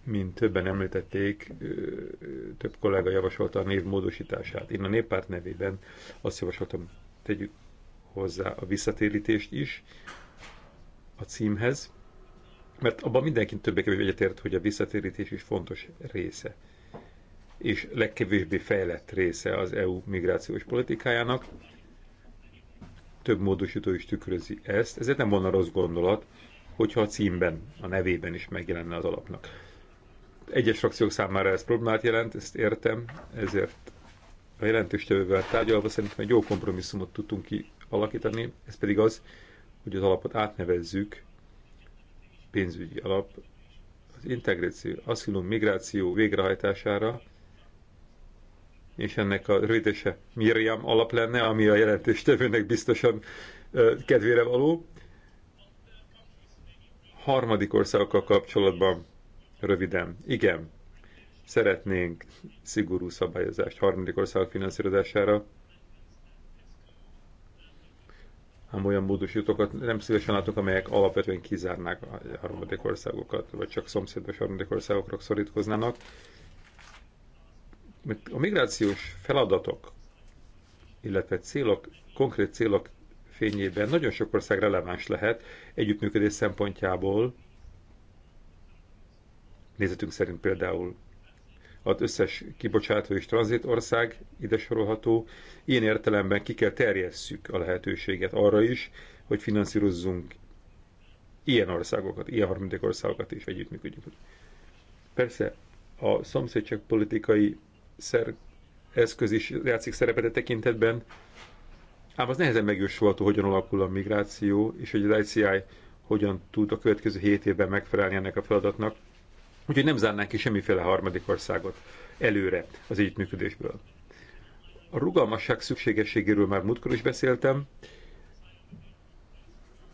Speaker 2: mint többen említették, több kollega javasolta a név módosítását. Én a néppárt nevében azt javasoltam, tegyük hozzá a visszatérítést is a címhez, mert abban mindenki többé kevésbé egyetért, hogy a visszatérítés is fontos része és legkevésbé fejlett része az EU migrációs politikájának. Több módosító is tükrözi ezt, ezért nem volna rossz gondolat, hogyha a címben, a nevében is megjelenne az alapnak. Egyes frakciók számára ez problémát jelent, ezt értem, ezért a jelentős tevővel tárgyalva szerintem egy jó kompromisszumot tudtunk kialakítani, ez pedig az, hogy az alapot átnevezzük pénzügyi alap az integráció, asszilum migráció végrehajtására, és ennek a rövidese Miriam alap lenne, ami a jelentéstevőnek biztosan kedvére való. Harmadik országokkal kapcsolatban röviden. Igen, szeretnénk szigorú szabályozást harmadik országok finanszírozására, ám olyan módosítókat nem szívesen látok, amelyek alapvetően kizárnák a harmadik országokat, vagy csak szomszédos harmadik országokra szorítkoznának. A migrációs feladatok, illetve célok, konkrét célok fényében nagyon sok ország releváns lehet együttműködés szempontjából, nézetünk szerint például az összes kibocsátó és tranzit ország ide sorolható. Ilyen értelemben ki kell terjesszük a lehetőséget arra is, hogy finanszírozzunk ilyen országokat, ilyen harmadik országokat is együttműködjünk. Persze a szomszédság politikai szer eszköz is játszik szerepet a e tekintetben, ám az nehezen megjósolható, hogyan alakul a migráció, és hogy az ICI hogyan tud a következő 7 évben megfelelni ennek a feladatnak. Úgyhogy nem zárnánk ki semmiféle harmadik országot előre az együttműködésből. A rugalmasság szükségességéről már múltkor is beszéltem.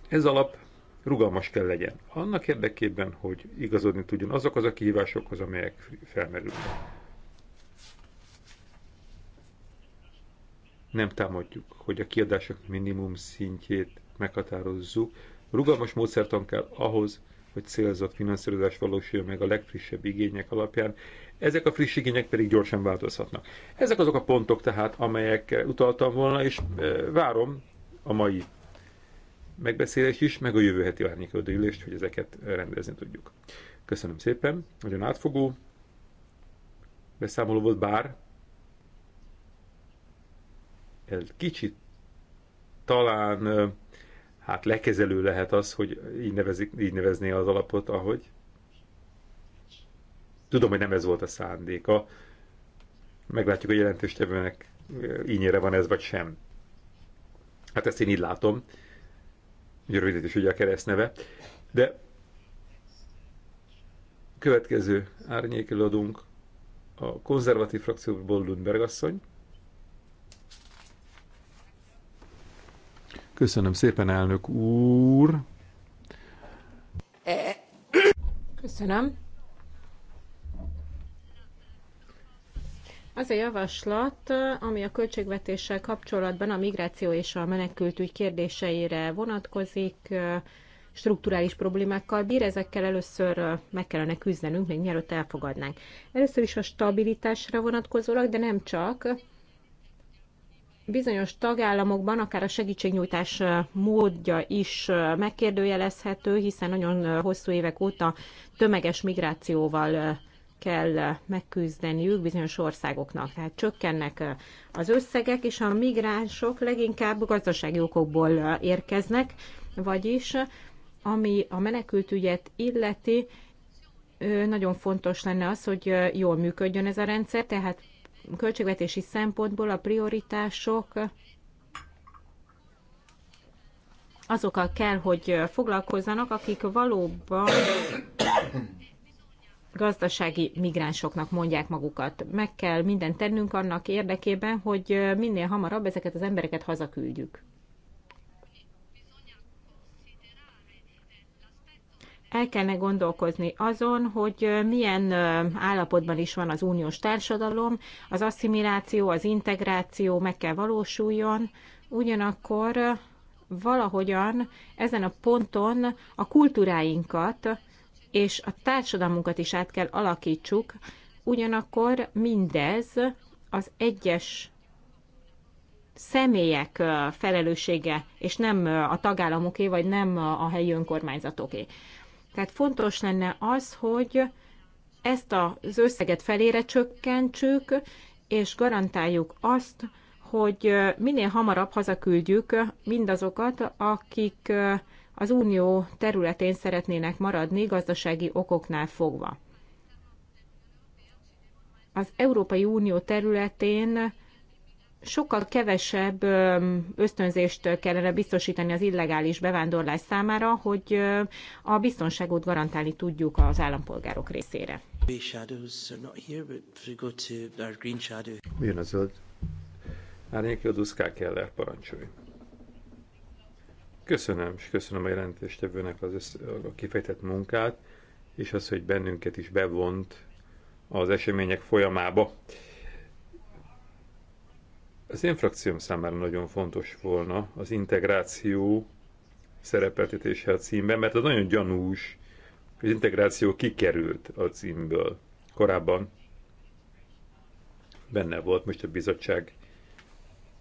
Speaker 2: Ez alap rugalmas kell legyen. Annak érdekében, hogy igazodni tudjon azok az a kihívásokhoz, amelyek felmerülnek. Nem támadjuk, hogy a kiadások minimum szintjét meghatározzuk. Rugalmas módszertan kell ahhoz, hogy célzott finanszírozás valósuljon meg a legfrissebb igények alapján, ezek a friss igények pedig gyorsan változhatnak. Ezek azok a pontok tehát, amelyekre utaltam volna, és e, várom a mai megbeszélés is, meg a jövő heti ülést, hogy ezeket rendezni tudjuk. Köszönöm szépen, nagyon átfogó beszámoló volt, bár egy kicsit talán e, hát lekezelő lehet az, hogy így, nevezik, így nevezné az alapot, ahogy. Tudom, hogy nem ez volt a szándéka. Meglátjuk, hogy jelentéstevőnek eh, ínyére van ez, vagy sem. Hát ezt én így látom. is ugye a keresztneve. De következő adunk a konzervatív frakcióból Lundberg asszony. Köszönöm szépen, elnök úr.
Speaker 3: Köszönöm. Az a javaslat, ami a költségvetéssel kapcsolatban a migráció és a menekültügy kérdéseire vonatkozik, strukturális problémákkal bír, ezekkel először meg kellene küzdenünk, még mielőtt elfogadnánk. Először is a stabilitásra vonatkozólag, de nem csak, bizonyos tagállamokban akár a segítségnyújtás módja is megkérdőjelezhető, hiszen nagyon hosszú évek óta tömeges migrációval kell megküzdeniük bizonyos országoknak. Tehát csökkennek az összegek, és a migránsok leginkább gazdasági okokból érkeznek, vagyis ami a menekültügyet illeti, nagyon fontos lenne az, hogy jól működjön ez a rendszer, tehát költségvetési szempontból a prioritások azokkal kell, hogy foglalkozzanak, akik valóban gazdasági migránsoknak mondják magukat. Meg kell mindent tennünk annak érdekében, hogy minél hamarabb ezeket az embereket hazaküldjük. el kellene gondolkozni azon, hogy milyen állapotban is van az uniós társadalom, az asszimiláció, az integráció meg kell valósuljon, ugyanakkor valahogyan ezen a ponton a kultúráinkat és a társadalmunkat is át kell alakítsuk, ugyanakkor mindez az egyes személyek felelőssége, és nem a tagállamoké, vagy nem a helyi önkormányzatoké. Tehát fontos lenne az, hogy ezt az összeget felére csökkentsük, és garantáljuk azt, hogy minél hamarabb hazaküldjük mindazokat, akik az unió területén szeretnének maradni gazdasági okoknál fogva. Az Európai Unió területén sokkal kevesebb ösztönzést kellene biztosítani az illegális bevándorlás számára, hogy a biztonságot garantálni tudjuk az állampolgárok részére.
Speaker 2: Jön a zöld. Árnyéki a Keller parancsolj. Köszönöm, és köszönöm a jelentéstevőnek az össz a kifejtett munkát, és az, hogy bennünket is bevont az események folyamába. Az én frakcióm számára nagyon fontos volna az integráció szerepeltetése a címben, mert az nagyon gyanús, hogy az integráció kikerült a címből. Korábban benne volt, most a bizottság,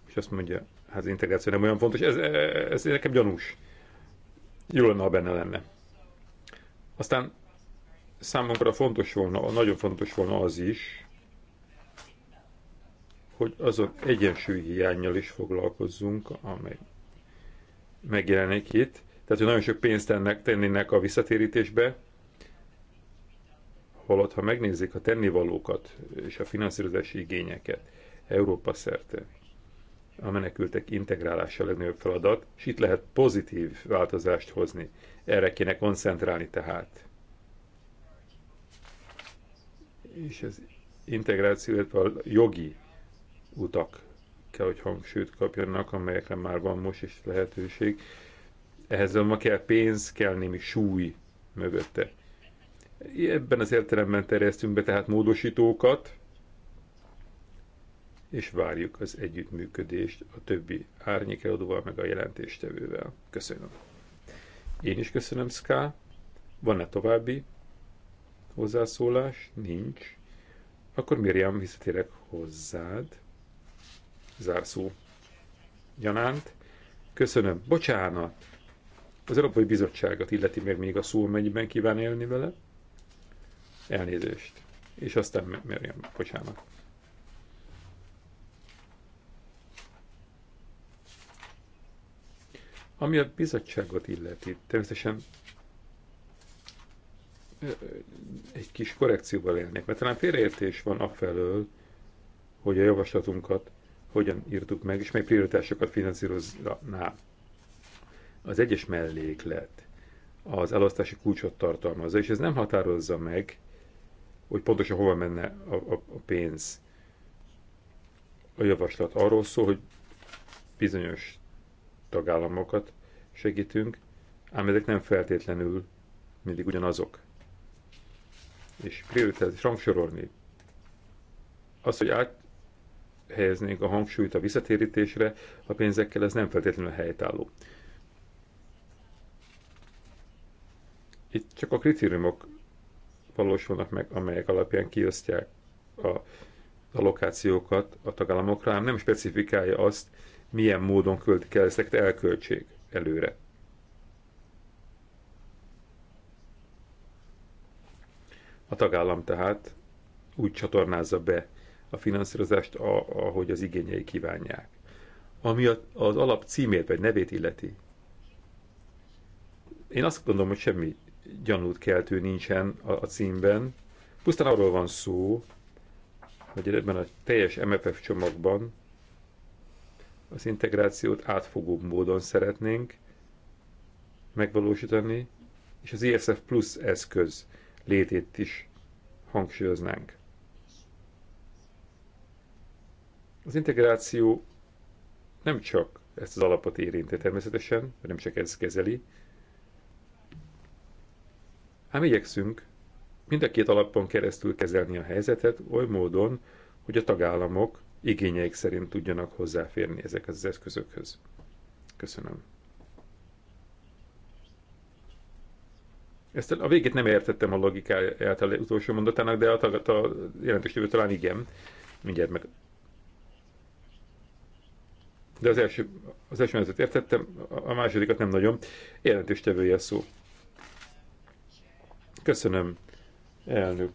Speaker 2: és azt mondja, hát az integráció nem olyan fontos, ez, ez, ez nekem gyanús. Jó lenne, ha benne lenne. Aztán számunkra fontos volna, nagyon fontos volna az is, hogy azok egyensúlyhiányjal is foglalkozzunk, amely megjelenik itt. Tehát, hogy nagyon sok pénzt tennek, tennének a visszatérítésbe, holott, ha megnézzük a tennivalókat és a finanszírozási igényeket Európa szerte, a menekültek integrálása a legnagyobb feladat, és itt lehet pozitív változást hozni. Erre kéne koncentrálni tehát. És az integráció, illetve a jogi utak kell, hogy hangsúlyt kapjanak, amelyekre már van most is lehetőség. Ehhez ma kell pénz, kell némi súly mögötte. Ebben az értelemben terjesztünk be tehát módosítókat, és várjuk az együttműködést a többi árnyékeladóval, meg a jelentéstevővel. Köszönöm. Én is köszönöm, Ská. Van-e további hozzászólás? Nincs. Akkor Miriam, visszatérek hozzád. Zárszó. Gyanánt. Köszönöm. Bocsánat. Az Európai Bizottságot illeti meg még a szó, mennyiben kíván élni vele. Elnézést. És aztán merjem bocsánat. Ami a bizottságot illeti, természetesen egy kis korrekcióval élnék, mert talán félreértés van afelől, hogy a javaslatunkat hogyan írtuk meg, és mely prioritásokat finanszírozná. Az egyes melléklet az elosztási kulcsot tartalmazza, és ez nem határozza meg, hogy pontosan hova menne a, a, a pénz. A javaslat arról szól, hogy bizonyos tagállamokat segítünk, ám ezek nem feltétlenül mindig ugyanazok. És és rangsorolni. Az, hogy át, helyeznénk a hangsúlyt a visszatérítésre, a pénzekkel ez nem feltétlenül helytálló. Itt csak a kritériumok valósulnak meg, amelyek alapján kiosztják a allokációkat a tagállamokra, ám nem specifikálja azt, milyen módon költik el ezeket elköltség előre. A tagállam tehát úgy csatornázza be a finanszírozást, a, ahogy az igényei kívánják. Ami az alap címét vagy nevét illeti, én azt gondolom, hogy semmi gyanút keltő nincsen a, a címben. Pusztán arról van szó, hogy ebben a teljes MFF csomagban az integrációt átfogó módon szeretnénk megvalósítani, és az ESF plusz eszköz létét is hangsúlyoznánk. Az integráció nem csak ezt az alapot érinti természetesen, nem csak ezt kezeli, ám igyekszünk mind a két alapon keresztül kezelni a helyzetet oly módon, hogy a tagállamok igényeik szerint tudjanak hozzáférni ezek az eszközökhöz. Köszönöm. Ezt a végét nem értettem a logikáját a utolsó mondatának, de a, tag, a jelentős talán igen. Mindjárt meg de az első, az első menetet értettem, a másodikat nem nagyon. tevője szó. Köszönöm, elnök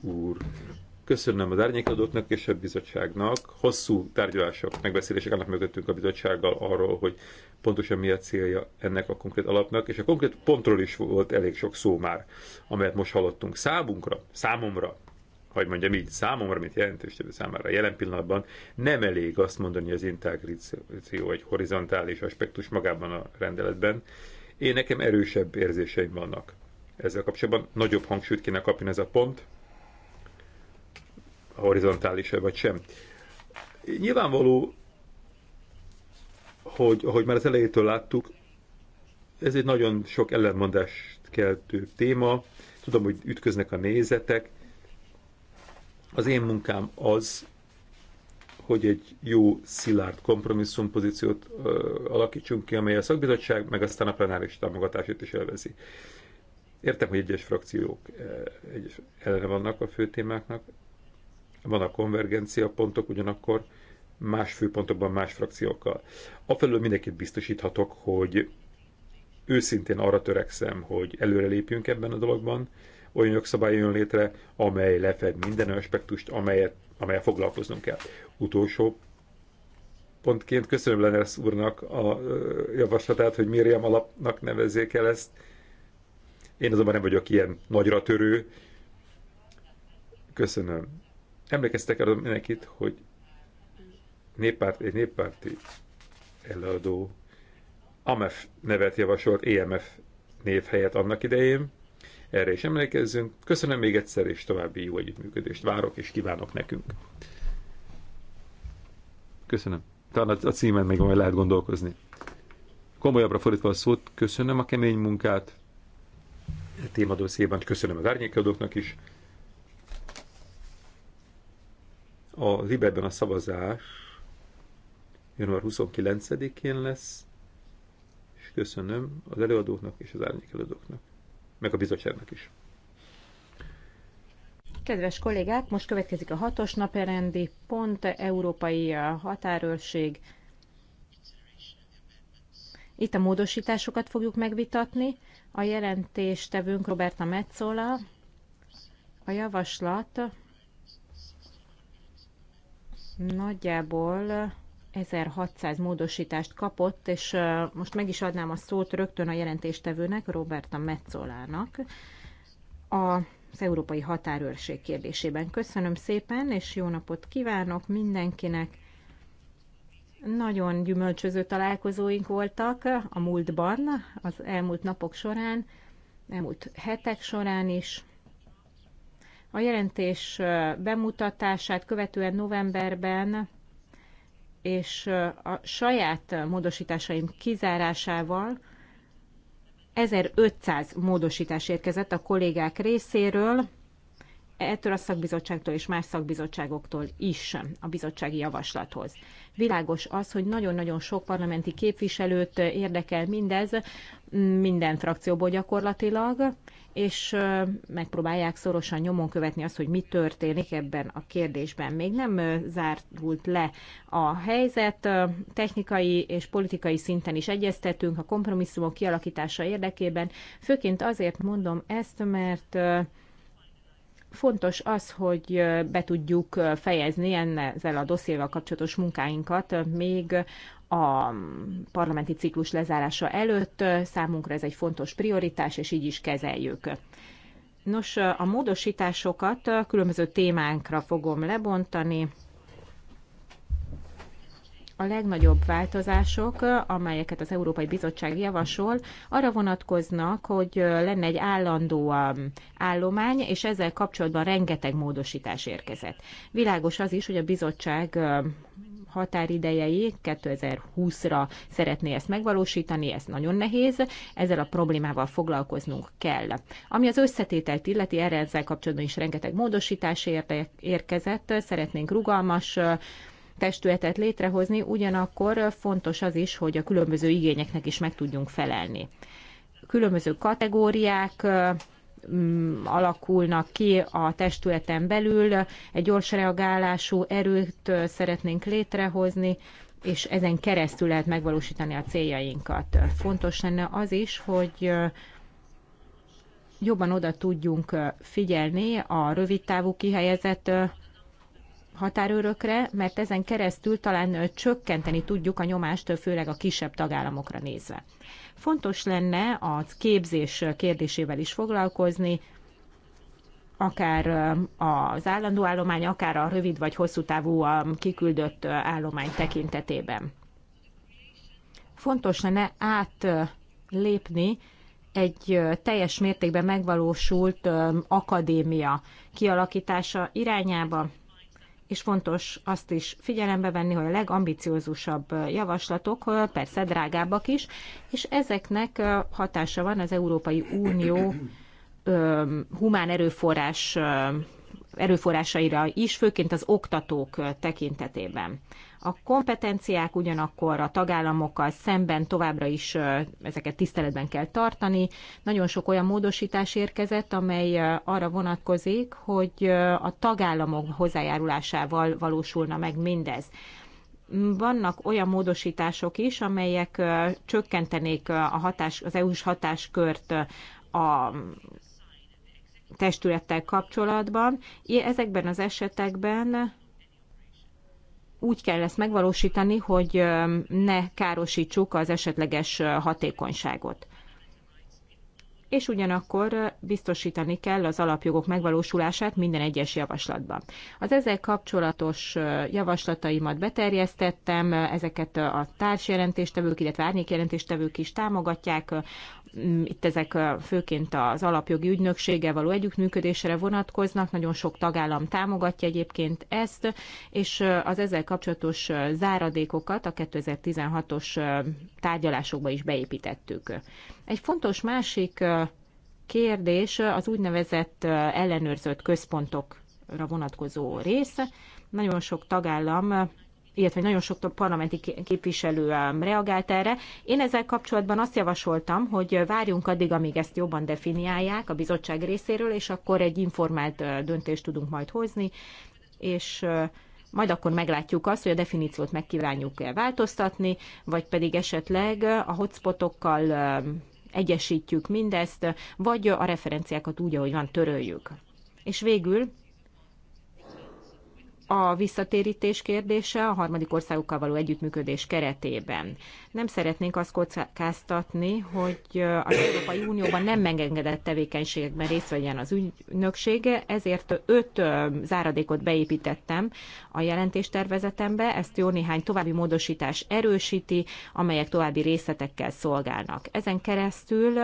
Speaker 2: úr. Köszönöm az árnyékadóknak és a bizottságnak. Hosszú tárgyalások, megbeszélések állnak mögöttünk a bizottsággal arról, hogy pontosan mi a célja ennek a konkrét alapnak, és a konkrét pontról is volt elég sok szó már, amelyet most hallottunk. Számunkra, számomra hogy mondjam így, számomra, mint jelentős számára jelen pillanatban nem elég azt mondani, hogy az integráció egy horizontális aspektus magában a rendeletben. Én nekem erősebb érzéseim vannak. Ezzel kapcsolatban nagyobb hangsúlyt kéne kapni ez a pont, horizontális -e vagy sem. Nyilvánvaló, hogy ahogy már az elejétől láttuk, ez egy nagyon sok ellentmondást keltő téma. Tudom, hogy ütköznek a nézetek, az én munkám az, hogy egy jó, szilárd kompromisszumpozíciót alakítsunk ki, amely a szakbizottság, meg aztán a plenáris támogatását is elvezi. Értem, hogy egyes frakciók egyes ellene vannak a fő témáknak, van a konvergencia pontok, ugyanakkor más főpontokban más frakciókkal. Afelől mindenkit biztosíthatok, hogy őszintén arra törekszem, hogy előrelépjünk ebben a dologban, olyan jogszabály jön létre, amely lefed minden aspektust, amelyet, amelyet foglalkoznunk kell. Utolsó pontként köszönöm Lenersz úrnak a javaslatát, hogy Miriam alapnak nevezzék el ezt. Én azonban nem vagyok ilyen nagyra törő. Köszönöm. Emlékeztek arra mindenkit, hogy néppárt, egy néppárti előadó AMF nevet javasolt, EMF név helyett annak idején erre is emlékezzünk. Köszönöm még egyszer, és további jó együttműködést várok, és kívánok nekünk. Köszönöm. Talán a címen még majd lehet gondolkozni. Komolyabbra fordítva a szót, köszönöm a kemény munkát, a e témadosszéban köszönöm az árnyékadóknak is. A Liberben a szavazás január 29-én lesz, és köszönöm az előadóknak és az árnyékadóknak meg a bizottságnak is.
Speaker 3: Kedves kollégák, most következik a hatos naperendi pont, Európai Határőrség. Itt a módosításokat fogjuk megvitatni. A jelentéstevőnk Roberta Metzola, a javaslat nagyjából 1600 módosítást kapott, és most meg is adnám a szót rögtön a jelentéstevőnek, Roberta Metzolának, az Európai Határőrség kérdésében. Köszönöm szépen, és jó napot kívánok mindenkinek! Nagyon gyümölcsöző találkozóink voltak a múltban, az elmúlt napok során, elmúlt hetek során is. A jelentés bemutatását követően novemberben és a saját módosításaim kizárásával 1500 módosítás érkezett a kollégák részéről, ettől a szakbizottságtól és más szakbizottságoktól is a bizottsági javaslathoz. Világos az, hogy nagyon-nagyon sok parlamenti képviselőt érdekel mindez, minden frakcióból gyakorlatilag, és megpróbálják szorosan nyomon követni azt, hogy mi történik ebben a kérdésben. Még nem zárult le a helyzet, technikai és politikai szinten is egyeztetünk a kompromisszumok kialakítása érdekében, főként azért mondom ezt, mert fontos az, hogy be tudjuk fejezni ezzel a dosszéval kapcsolatos munkáinkat még a parlamenti ciklus lezárása előtt. Számunkra ez egy fontos prioritás, és így is kezeljük. Nos, a módosításokat különböző témánkra fogom lebontani a legnagyobb változások, amelyeket az Európai Bizottság javasol, arra vonatkoznak, hogy lenne egy állandó um, állomány, és ezzel kapcsolatban rengeteg módosítás érkezett. Világos az is, hogy a bizottság um, határidejei 2020-ra szeretné ezt megvalósítani, ez nagyon nehéz, ezzel a problémával foglalkoznunk kell. Ami az összetételt illeti, erre ezzel kapcsolatban is rengeteg módosítás érkezett, szeretnénk rugalmas testületet létrehozni, ugyanakkor fontos az is, hogy a különböző igényeknek is meg tudjunk felelni. Különböző kategóriák alakulnak ki a testületen belül, egy gyors reagálású erőt szeretnénk létrehozni, és ezen keresztül lehet megvalósítani a céljainkat. Fontos lenne az is, hogy jobban oda tudjunk figyelni a rövidtávú kihelyezett határőrökre, mert ezen keresztül talán csökkenteni tudjuk a nyomást, főleg a kisebb tagállamokra nézve. Fontos lenne a képzés kérdésével is foglalkozni, akár az állandó állomány, akár a rövid vagy hosszú távú kiküldött állomány tekintetében. Fontos lenne átlépni egy teljes mértékben megvalósult akadémia kialakítása irányába, és fontos azt is figyelembe venni, hogy a legambiciózusabb javaslatok persze drágábbak is, és ezeknek hatása van az Európai Unió humán erőforrás erőforrásaira is, főként az oktatók tekintetében. A kompetenciák ugyanakkor a tagállamokkal szemben továbbra is ezeket tiszteletben kell tartani. Nagyon sok olyan módosítás érkezett, amely arra vonatkozik, hogy a tagállamok hozzájárulásával valósulna meg mindez vannak olyan módosítások is, amelyek csökkentenék a hatás, az EU-s hatáskört a testülettel kapcsolatban. Ezekben az esetekben úgy kell ezt megvalósítani, hogy ne károsítsuk az esetleges hatékonyságot és ugyanakkor biztosítani kell az alapjogok megvalósulását minden egyes javaslatban. Az ezzel kapcsolatos javaslataimat beterjesztettem, ezeket a társjelentéstevők, illetve árnyékjelentéstevők is támogatják, itt ezek főként az alapjogi ügynökséggel való együttműködésre vonatkoznak, nagyon sok tagállam támogatja egyébként ezt, és az ezzel kapcsolatos záradékokat a 2016-os tárgyalásokba is beépítettük. Egy fontos másik kérdés az úgynevezett ellenőrzött központokra vonatkozó rész. Nagyon sok tagállam illetve nagyon sok parlamenti képviselő reagált erre. Én ezzel kapcsolatban azt javasoltam, hogy várjunk addig, amíg ezt jobban definiálják a bizottság részéről, és akkor egy informált döntést tudunk majd hozni, és majd akkor meglátjuk azt, hogy a definíciót megkívánjuk -e változtatni, vagy pedig esetleg a hotspotokkal egyesítjük mindezt, vagy a referenciákat úgy, ahogy van, töröljük. És végül a visszatérítés kérdése a harmadik országokkal való együttműködés keretében. Nem szeretnénk azt kockáztatni, hogy az Európai Unióban nem megengedett tevékenységekben részt vegyen az ügynöksége, ezért öt záradékot beépítettem a jelentéstervezetembe, ezt jó néhány további módosítás erősíti, amelyek további részletekkel szolgálnak. Ezen keresztül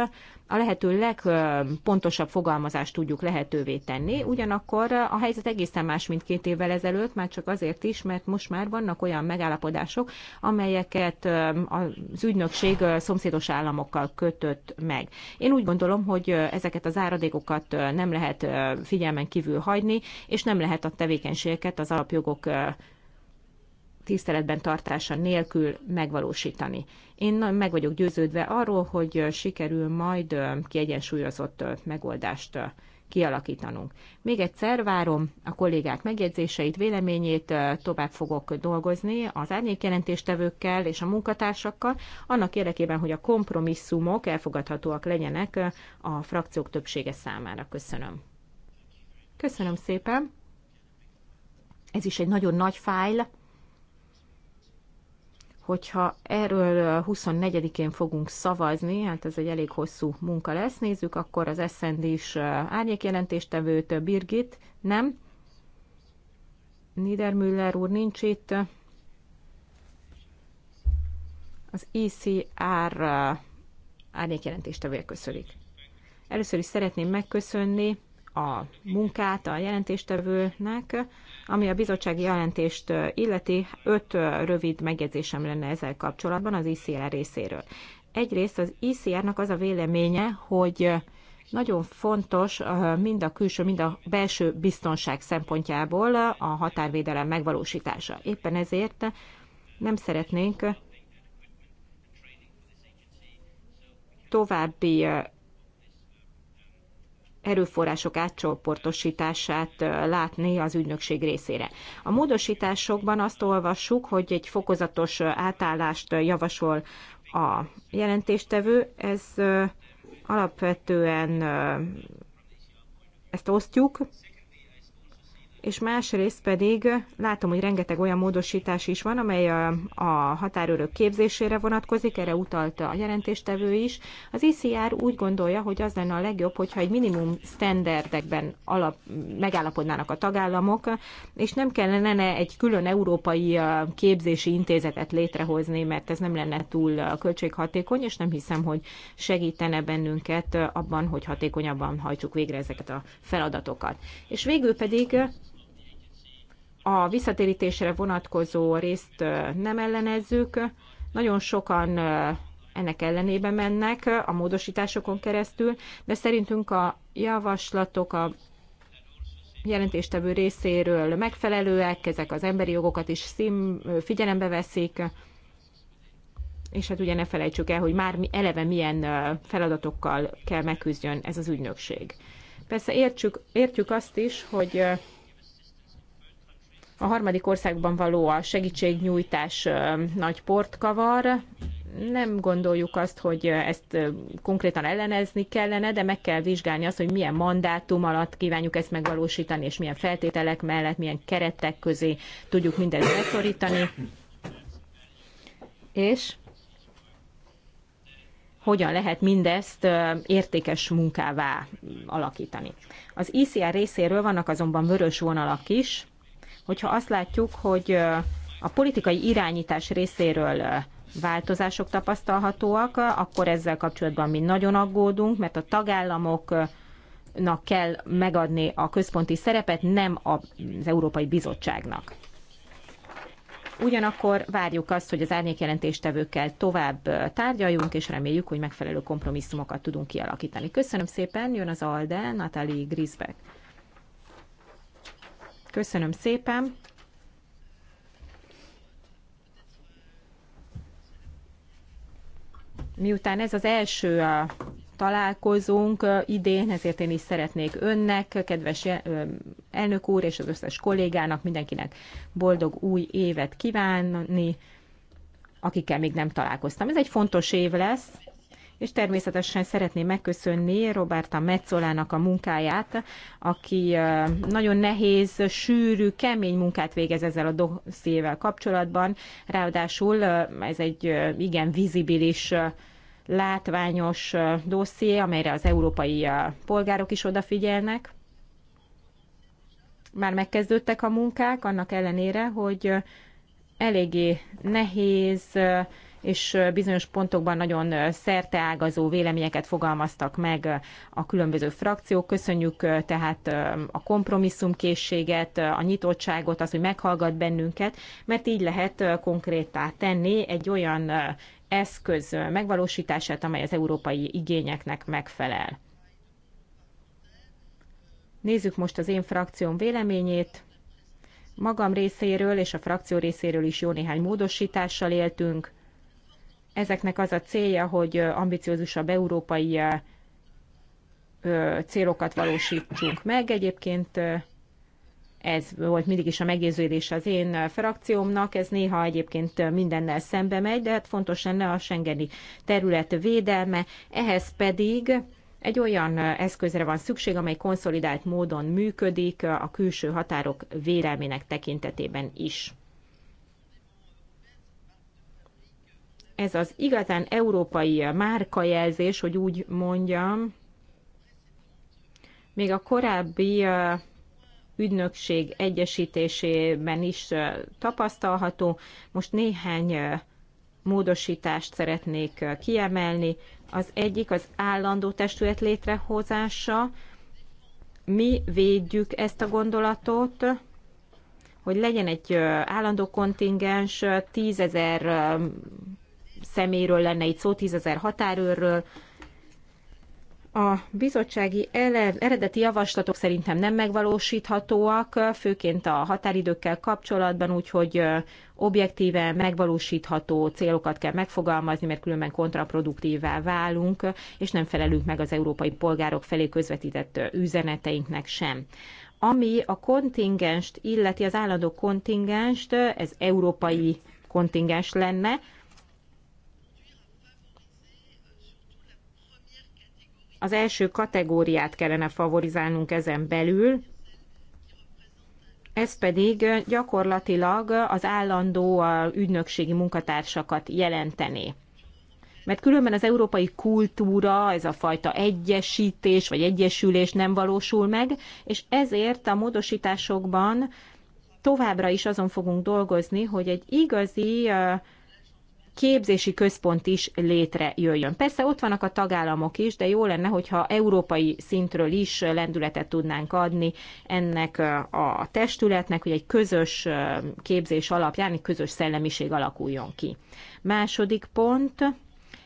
Speaker 3: a lehető legpontosabb fogalmazást tudjuk lehetővé tenni, ugyanakkor a helyzet egészen más, mint két évvel ezelőtt, már csak azért is, mert most már vannak olyan megállapodások, amelyeket az ügynökség szomszédos államokkal kötött meg. Én úgy gondolom, hogy ezeket az áradékokat nem lehet figyelmen kívül hagyni, és nem lehet a tevékenységeket az alapjogok tiszteletben tartása nélkül megvalósítani. Én meg vagyok győződve arról, hogy sikerül majd kiegyensúlyozott megoldást kialakítanunk. Még egyszer várom a kollégák megjegyzéseit, véleményét, tovább fogok dolgozni az árnyékjelentéstevőkkel és a munkatársakkal, annak érdekében, hogy a kompromisszumok elfogadhatóak legyenek a frakciók többsége számára. Köszönöm. Köszönöm szépen. Ez is egy nagyon nagy fájl, hogyha erről 24-én fogunk szavazni, hát ez egy elég hosszú munka lesz, nézzük, akkor az SZND is árnyékjelentéstevőt, Birgit, nem? Niedermüller úr nincs itt. Az ICR e árnyékjelentéstevője köszönik. Először is szeretném megköszönni a munkát a jelentéstevőnek, ami a bizottsági jelentést illeti, öt rövid megjegyzésem lenne ezzel kapcsolatban az ICR részéről. Egyrészt az ICR-nak az a véleménye, hogy nagyon fontos mind a külső, mind a belső biztonság szempontjából a határvédelem megvalósítása. Éppen ezért nem szeretnénk további erőforrások átcsoportosítását látni az ügynökség részére. A módosításokban azt olvassuk, hogy egy fokozatos átállást javasol a jelentéstevő. Ez alapvetően ezt osztjuk, és másrészt pedig látom, hogy rengeteg olyan módosítás is van, amely a, a határőrök képzésére vonatkozik, erre utalta a jelentéstevő is. Az ICR úgy gondolja, hogy az lenne a legjobb, hogyha egy minimum standardekben alap, megállapodnának a tagállamok, és nem kellene egy külön európai képzési intézetet létrehozni, mert ez nem lenne túl költséghatékony, és nem hiszem, hogy segítene bennünket abban, hogy hatékonyabban hajtsuk végre ezeket a feladatokat. És végül pedig a visszatérítésre vonatkozó részt nem ellenezzük. Nagyon sokan ennek ellenébe mennek a módosításokon keresztül, de szerintünk a javaslatok a jelentéstevő részéről megfelelőek, ezek az emberi jogokat is szín, figyelembe veszik, és hát ugye ne felejtsük el, hogy már eleve milyen feladatokkal kell megküzdjön ez az ügynökség. Persze értsük, értjük azt is, hogy a harmadik országban való a segítségnyújtás nagy port kavar. Nem gondoljuk azt, hogy ezt konkrétan ellenezni kellene, de meg kell vizsgálni azt, hogy milyen mandátum alatt kívánjuk ezt megvalósítani, és milyen feltételek mellett, milyen keretek közé tudjuk mindezt beszorítani. És hogyan lehet mindezt értékes munkává alakítani. Az ICR részéről vannak azonban vörös vonalak is, hogyha azt látjuk, hogy a politikai irányítás részéről változások tapasztalhatóak, akkor ezzel kapcsolatban mi nagyon aggódunk, mert a tagállamoknak kell megadni a központi szerepet, nem az Európai Bizottságnak. Ugyanakkor várjuk azt, hogy az árnyékjelentéstevőkkel tovább tárgyaljunk, és reméljük, hogy megfelelő kompromisszumokat tudunk kialakítani. Köszönöm szépen, jön az ALDE, Natali Grisbeck. Köszönöm szépen. Miután ez az első találkozunk idén, ezért én is szeretnék önnek, kedves elnök úr és az összes kollégának, mindenkinek boldog új évet kívánni, akikkel még nem találkoztam. Ez egy fontos év lesz, és természetesen szeretném megköszönni Roberta Metzolának a munkáját, aki nagyon nehéz, sűrű, kemény munkát végez ezzel a dossziével kapcsolatban. Ráadásul ez egy igen vizibilis látványos dosszié, amelyre az európai polgárok is odafigyelnek. Már megkezdődtek a munkák, annak ellenére, hogy eléggé nehéz, és bizonyos pontokban nagyon szerteágazó véleményeket fogalmaztak meg a különböző frakciók. Köszönjük tehát a kompromisszumkészséget, a nyitottságot, az, hogy meghallgat bennünket, mert így lehet konkrétá tenni egy olyan eszköz megvalósítását, amely az európai igényeknek megfelel. Nézzük most az én frakcióm véleményét. Magam részéről és a frakció részéről is jó néhány módosítással éltünk. Ezeknek az a célja, hogy ambiciózusabb európai célokat valósítsunk meg. Egyébként ez volt mindig is a meggyőződés az én frakciómnak, ez néha egyébként mindennel szembe megy, de hát fontos lenne a Schengeni terület védelme, ehhez pedig egy olyan eszközre van szükség, amely konszolidált módon működik a külső határok védelmének tekintetében is. ez az igazán európai márkajelzés, hogy úgy mondjam, még a korábbi ügynökség egyesítésében is tapasztalható. Most néhány módosítást szeretnék kiemelni. Az egyik az állandó testület létrehozása. Mi védjük ezt a gondolatot, hogy legyen egy állandó kontingens, tízezer személyről lenne itt szó, tízezer határőrről. A bizottsági eredeti javaslatok szerintem nem megvalósíthatóak, főként a határidőkkel kapcsolatban, úgyhogy objektíve megvalósítható célokat kell megfogalmazni, mert különben kontraproduktívvá válunk, és nem felelünk meg az európai polgárok felé közvetített üzeneteinknek sem ami a kontingenst illeti, az állandó kontingenst, ez európai kontingens lenne, az első kategóriát kellene favorizálnunk ezen belül, ez pedig gyakorlatilag az állandó ügynökségi munkatársakat jelenteni. Mert különben az európai kultúra, ez a fajta egyesítés vagy egyesülés nem valósul meg, és ezért a módosításokban továbbra is azon fogunk dolgozni, hogy egy igazi képzési központ is létrejöjjön. Persze ott vannak a tagállamok is, de jó lenne, hogyha európai szintről is lendületet tudnánk adni ennek a testületnek, hogy egy közös képzés alapján egy közös szellemiség alakuljon ki. Második pont,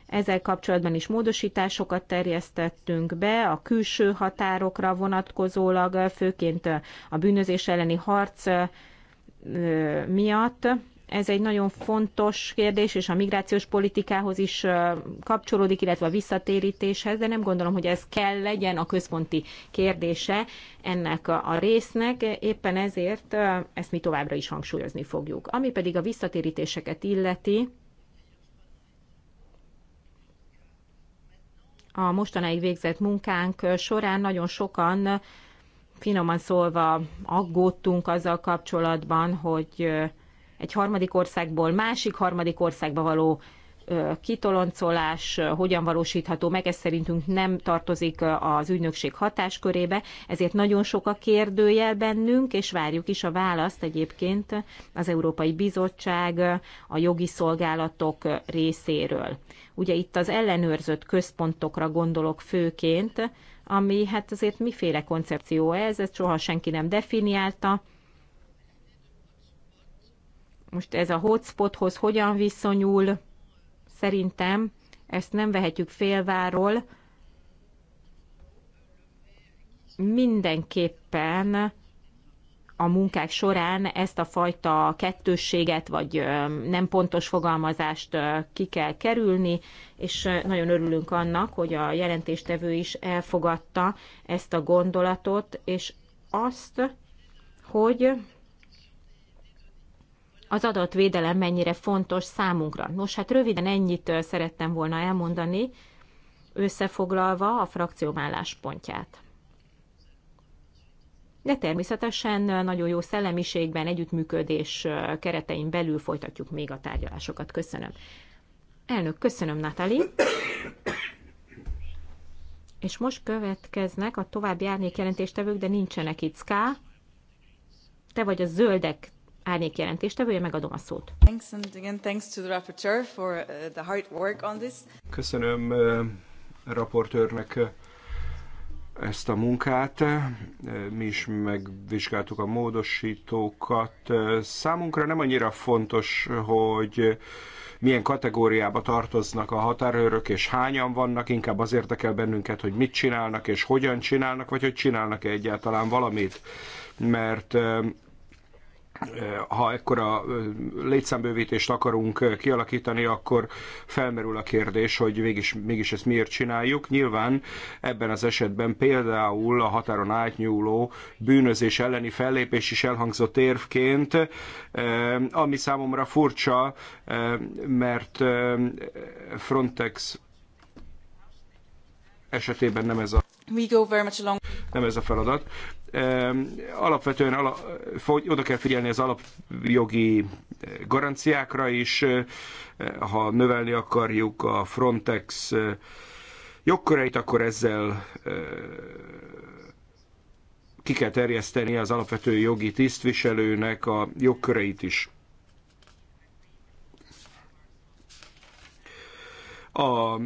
Speaker 3: ezzel kapcsolatban is módosításokat terjesztettünk be a külső határokra vonatkozólag, főként a bűnözés elleni harc miatt, ez egy nagyon fontos kérdés, és a migrációs politikához is kapcsolódik, illetve a visszatérítéshez, de nem gondolom, hogy ez kell legyen a központi kérdése ennek a résznek, éppen ezért ezt mi továbbra is hangsúlyozni fogjuk. Ami pedig a visszatérítéseket illeti, a mostanáig végzett munkánk során nagyon sokan finoman szólva aggódtunk azzal kapcsolatban, hogy egy harmadik országból másik harmadik országba való kitoloncolás hogyan valósítható meg, ez szerintünk nem tartozik az ügynökség hatáskörébe, ezért nagyon sok a kérdőjel bennünk, és várjuk is a választ egyébként az Európai Bizottság a jogi szolgálatok részéről. Ugye itt az ellenőrzött központokra gondolok főként, ami hát azért miféle koncepció ez, ezt soha senki nem definiálta, most ez a hotspothoz hogyan viszonyul, szerintem ezt nem vehetjük félváról. Mindenképpen a munkák során ezt a fajta kettősséget vagy nem pontos fogalmazást ki kell kerülni, és nagyon örülünk annak, hogy a jelentéstevő is elfogadta ezt a gondolatot, és azt, hogy az adatvédelem mennyire fontos számunkra. Nos, hát röviden ennyit szerettem volna elmondani, összefoglalva a frakcióm álláspontját. De természetesen nagyon jó szellemiségben, együttműködés keretein belül folytatjuk még a tárgyalásokat. Köszönöm. Elnök, köszönöm, Natali. És most következnek a további árnyék jelentéstevők, de nincsenek itt. Ská, te vagy a zöldek árnyék jelentéstevője, megadom a szót. Uh,
Speaker 4: Köszönöm a uh, raportőrnek uh, ezt a munkát. Mi is megvizsgáltuk a módosítókat. Számunkra nem annyira fontos, hogy milyen kategóriába tartoznak a határőrök, és hányan vannak, inkább az érdekel bennünket, hogy mit csinálnak, és hogyan csinálnak, vagy hogy csinálnak-e egyáltalán valamit. Mert Eh, ha ekkora eh, létszámbővítést akarunk eh, kialakítani, akkor felmerül a kérdés, hogy végis, mégis ezt miért csináljuk. Nyilván ebben az esetben például a határon átnyúló bűnözés elleni fellépés is elhangzott érvként, ami számomra furcsa, mert Frontex esetében nem ez a
Speaker 5: We go very much along.
Speaker 4: Nem ez a feladat. Alapvetően oda kell figyelni az alapjogi eh, garanciákra is, eh, ha növelni akarjuk a Frontex eh, jogköreit, akkor ezzel ki kell terjeszteni az alapvető jogi tisztviselőnek a jogköreit is. A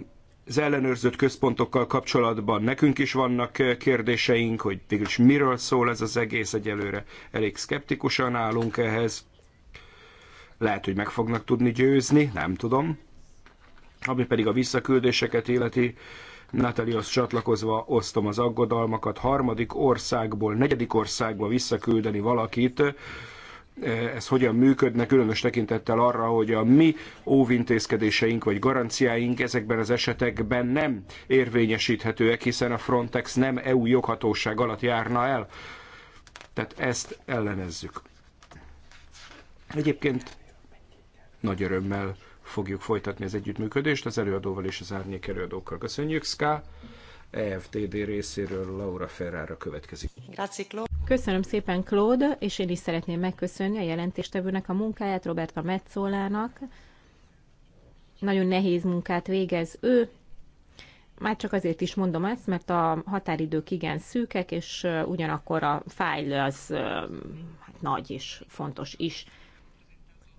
Speaker 4: az ellenőrzött központokkal kapcsolatban nekünk is vannak eh, kérdéseink, hogy is miről szól ez az egész egyelőre. Elég szkeptikusan állunk ehhez. Lehet, hogy meg fognak tudni győzni, nem tudom. Ami pedig a visszaküldéseket illeti, Natalihoz csatlakozva osztom az aggodalmakat. Harmadik országból, negyedik országba visszaküldeni valakit, ez hogyan működne, különös tekintettel arra, hogy a mi óvintézkedéseink vagy garanciáink ezekben az esetekben nem érvényesíthetőek, hiszen a Frontex nem EU joghatóság alatt járna el. Tehát ezt ellenezzük. Egyébként nagy örömmel fogjuk folytatni az együttműködést az előadóval és az árnyék előadókkal. Köszönjük, Ská! EFTD részéről Laura Ferrara következik.
Speaker 3: Köszönöm szépen, Claude, és én is szeretném megköszönni a jelentéstevőnek a munkáját, Roberta Metzolának. Nagyon nehéz munkát végez ő, már csak azért is mondom ezt, mert a határidők igen szűkek, és ugyanakkor a fájl az hát nagy és fontos is.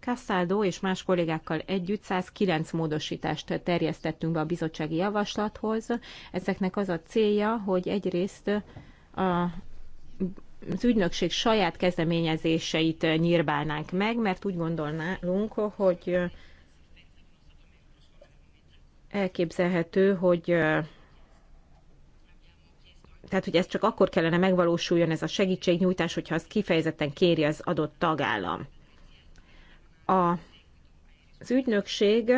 Speaker 3: Castaldo és más kollégákkal együtt 109 módosítást terjesztettünk be a bizottsági javaslathoz. Ezeknek az a célja, hogy egyrészt a az ügynökség saját kezdeményezéseit nyírbálnánk meg, mert úgy gondolnánk, hogy elképzelhető, hogy tehát, hogy ez csak akkor kellene megvalósuljon ez a segítségnyújtás, hogyha azt kifejezetten kéri az adott tagállam. A, az ügynökség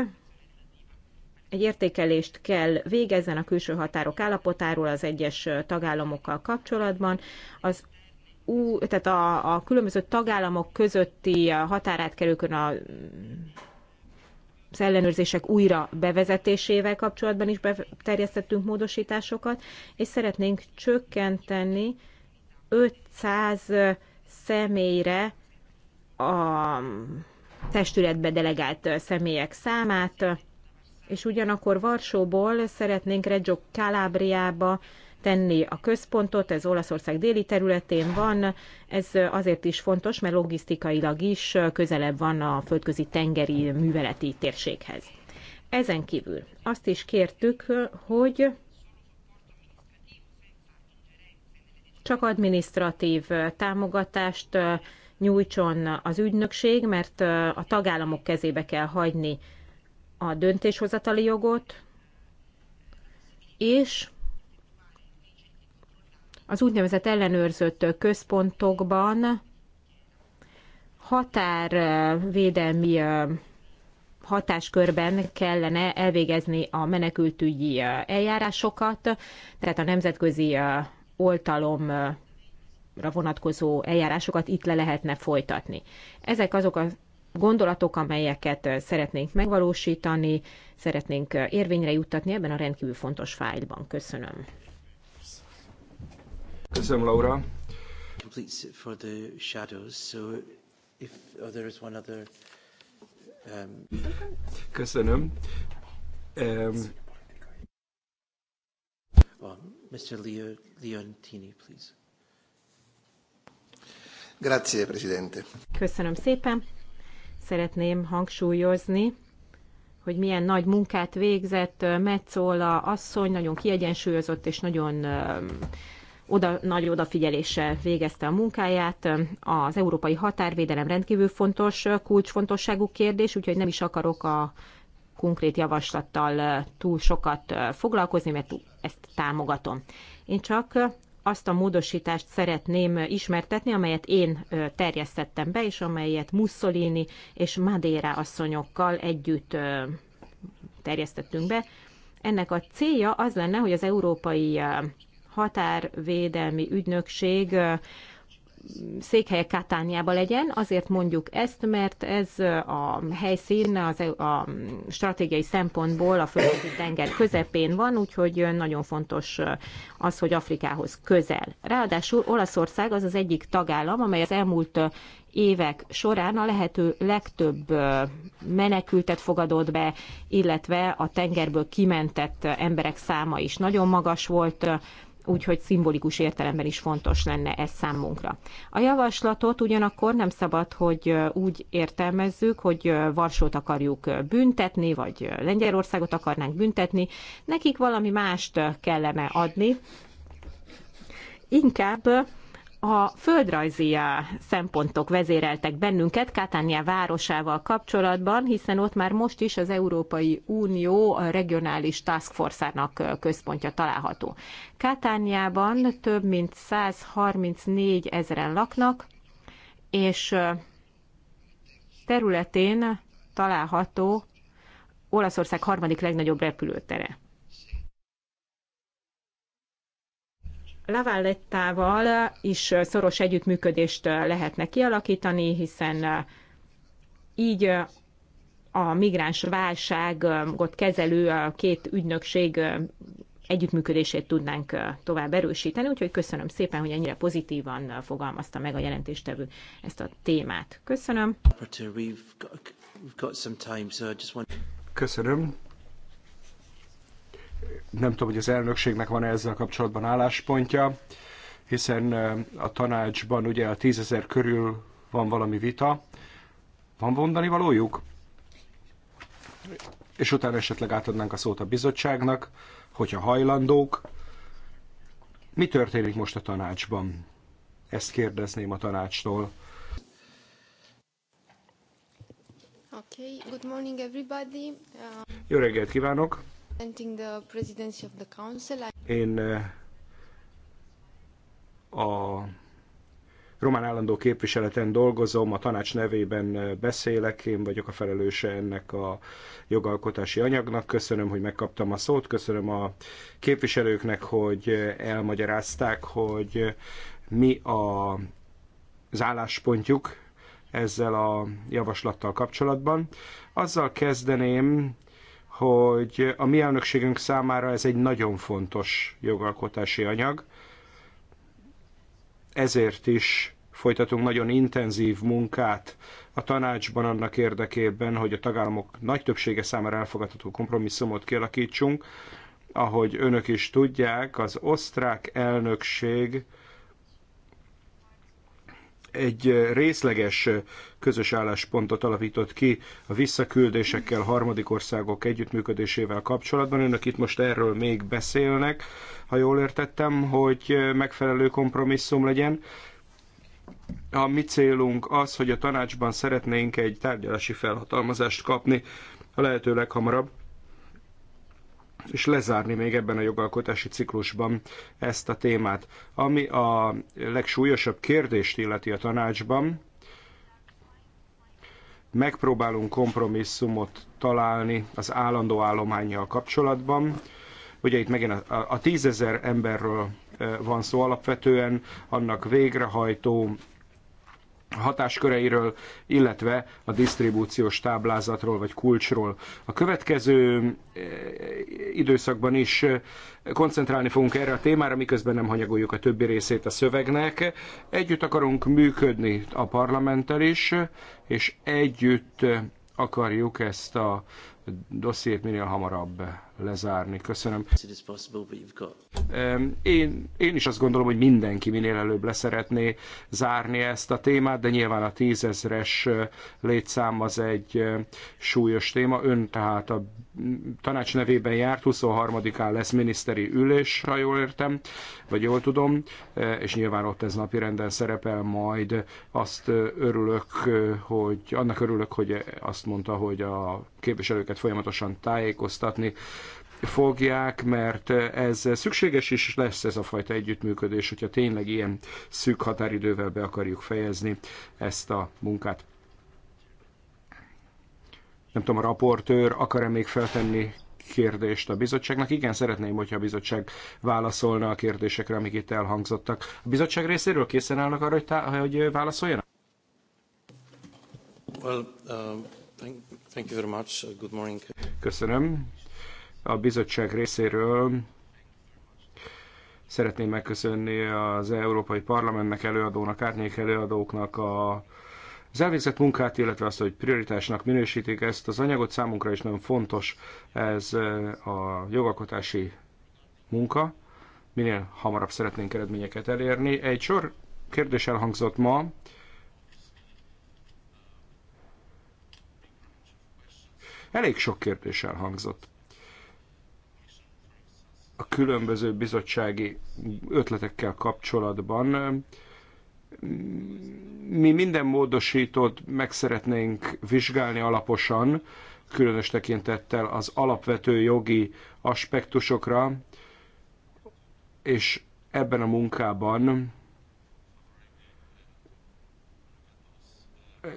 Speaker 3: egy értékelést kell végezzen a külső határok állapotáról az egyes tagállamokkal kapcsolatban. Az ú, tehát a, a különböző tagállamok közötti határátkelőkön a az ellenőrzések újra bevezetésével kapcsolatban is beterjesztettünk módosításokat, és szeretnénk csökkenteni 500 személyre a testületbe delegált személyek számát, és ugyanakkor Varsóból szeretnénk Reggio Calabriába tenni a központot, ez Olaszország déli területén van, ez azért is fontos, mert logisztikailag is közelebb van a földközi tengeri műveleti térséghez. Ezen kívül azt is kértük, hogy csak adminisztratív támogatást nyújtson az ügynökség, mert a tagállamok kezébe kell hagyni a döntéshozatali jogot, és az úgynevezett ellenőrzött központokban határvédelmi hatáskörben kellene elvégezni a menekültügyi eljárásokat, tehát a nemzetközi oltalom vonatkozó eljárásokat itt le lehetne folytatni. Ezek azok a gondolatok, amelyeket szeretnénk megvalósítani, szeretnénk érvényre juttatni ebben a rendkívül fontos fájlban. Köszönöm.
Speaker 4: Köszönöm, Laura.
Speaker 1: Oh, um,
Speaker 4: Köszönöm.
Speaker 1: Um, oh, Mr. Leo, Leontini, please.
Speaker 2: Grazie, Presidente.
Speaker 3: Köszönöm szépen. Szeretném hangsúlyozni, hogy milyen nagy munkát végzett eh, Metzola asszony, nagyon kiegyensúlyozott és nagyon eh, oda, nagy odafigyeléssel végezte a munkáját. Az európai határvédelem rendkívül fontos, eh, kulcsfontosságú kérdés, úgyhogy nem is akarok a konkrét javaslattal túl sokat foglalkozni, mert ezt támogatom. Én csak azt a módosítást szeretném ismertetni, amelyet én terjesztettem be, és amelyet Mussolini és Madeira asszonyokkal együtt terjesztettünk be. Ennek a célja az lenne, hogy az Európai Határvédelmi Ügynökség székhelye Katániába legyen. Azért mondjuk ezt, mert ez a helyszín az, e- a stratégiai szempontból a földi tenger közepén van, úgyhogy nagyon fontos az, hogy Afrikához közel. Ráadásul Olaszország az az egyik tagállam, amely az elmúlt évek során a lehető legtöbb menekültet fogadott be, illetve a tengerből kimentett emberek száma is nagyon magas volt, úgyhogy szimbolikus értelemben is fontos lenne ez számunkra. A javaslatot ugyanakkor nem szabad, hogy úgy értelmezzük, hogy Varsót akarjuk büntetni, vagy Lengyelországot akarnánk büntetni, nekik valami mást kellene adni, inkább a földrajzi szempontok vezéreltek bennünket Katánia városával kapcsolatban, hiszen ott már most is az Európai Unió a regionális task force-ának központja található. Katániában több mint 134 ezeren laknak, és területén található Olaszország harmadik legnagyobb repülőtere. Lavallettával is szoros együttműködést lehetne kialakítani, hiszen uh, így uh, a migráns válságot kezelő uh, két ügynökség együttműködését tudnánk tovább erősíteni, úgyhogy köszönöm szépen, hogy ennyire pozitívan fogalmazta meg a jelentéstevő ezt a témát. Köszönöm.
Speaker 4: Köszönöm nem tudom, hogy az elnökségnek van -e ezzel kapcsolatban álláspontja, hiszen a tanácsban ugye a tízezer körül van valami vita. Van mondani valójuk? És utána esetleg átadnánk a szót a bizottságnak, hogyha hajlandók. Mi történik most a tanácsban? Ezt kérdezném a tanácstól.
Speaker 3: Okay, good morning everybody. Uh...
Speaker 4: Jó reggelt kívánok! Én eh, a román állandó képviseleten dolgozom, a tanács nevében eh, beszélek, én vagyok a felelőse ennek a jogalkotási anyagnak. Köszönöm, hogy megkaptam a szót, köszönöm a képviselőknek, hogy eh, elmagyarázták, hogy mi a, az álláspontjuk ezzel a javaslattal kapcsolatban. Azzal kezdeném, hogy a mi elnökségünk számára ez egy nagyon fontos jogalkotási anyag. Ezért is folytatunk nagyon intenzív munkát a tanácsban annak érdekében, hogy a tagállamok nagy többsége számára elfogadható kompromisszumot kialakítsunk. Ahogy önök is tudják, az osztrák elnökség egy részleges közös álláspontot alapított ki a visszaküldésekkel harmadik országok együttműködésével kapcsolatban. Önök itt most erről még beszélnek, ha jól értettem, hogy megfelelő kompromisszum legyen. A mi célunk az, hogy a tanácsban szeretnénk egy tárgyalási felhatalmazást kapni a lehető leghamarabb és lezárni még ebben a jogalkotási ciklusban ezt a témát. Ami a legsúlyosabb kérdést illeti a tanácsban, megpróbálunk kompromisszumot találni az állandó állományjal kapcsolatban. Ugye itt megint a, a tízezer emberről eh, van szó alapvetően, annak végrehajtó hatásköreiről, illetve a disztribúciós táblázatról vagy kulcsról. A következő eh, időszakban is eh, koncentrálni fogunk erre a témára, miközben nem hanyagoljuk a többi részét a szövegnek. Együtt akarunk működni a parlamenttel is, és együtt eh, akarjuk ezt a dossziét minél hamarabb lezárni. Köszönöm. Én, én is azt gondolom, hogy mindenki minél előbb leszeretné zárni ezt a témát, de nyilván a tízezres létszám az egy súlyos téma. Ön tehát a tanács nevében járt, 23-án lesz miniszteri ülés, ha jól értem, vagy jól tudom, és nyilván ott ez napi renden szerepel majd. Azt örülök, hogy annak örülök, hogy azt mondta, hogy a képviselőket folyamatosan tájékoztatni fogják, mert ez szükséges is lesz ez a fajta együttműködés, hogyha tényleg ilyen szűk határidővel be akarjuk fejezni ezt a munkát. Nem tudom, a raportőr akar-e még feltenni kérdést a bizottságnak. Igen, szeretném, hogyha a bizottság válaszolna a kérdésekre, amik itt elhangzottak. A bizottság részéről készen állnak arra, hogy, tá- hogy válaszoljanak? Well, um, thank Thank you very much. Good morning. Köszönöm. A bizottság részéről szeretném megköszönni az Európai Parlamentnek, előadónak, árnyék előadóknak a az elvégzett munkát, illetve azt, hogy prioritásnak minősítik ezt az anyagot, számunkra is nagyon fontos ez eh, a jogalkotási munka. Minél hamarabb szeretnénk eredményeket elérni. Egy sor kérdés elhangzott ma, Elég sok kérdés elhangzott. A különböző bizottsági ötletekkel kapcsolatban um, mi minden módosítót meg szeretnénk vizsgálni alaposan, különös tekintettel az alapvető jogi aspektusokra, és ebben a munkában eh,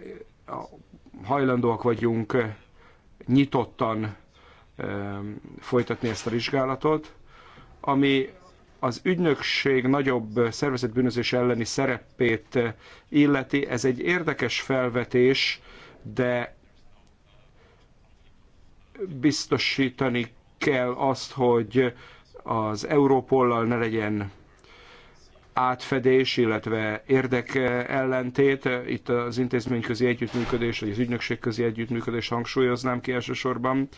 Speaker 4: hajlandóak vagyunk nyitottan folytatni ezt a vizsgálatot, ami az ügynökség nagyobb szervezetbűnözés elleni szerepét illeti. Ez egy érdekes felvetés, de biztosítani kell azt, hogy az Európollal ne legyen átfedés, illetve érdekellentét. Itt az intézményközi együttműködés, vagy az ügynökségközi együttműködés hangsúlyoznám ki elsősorban.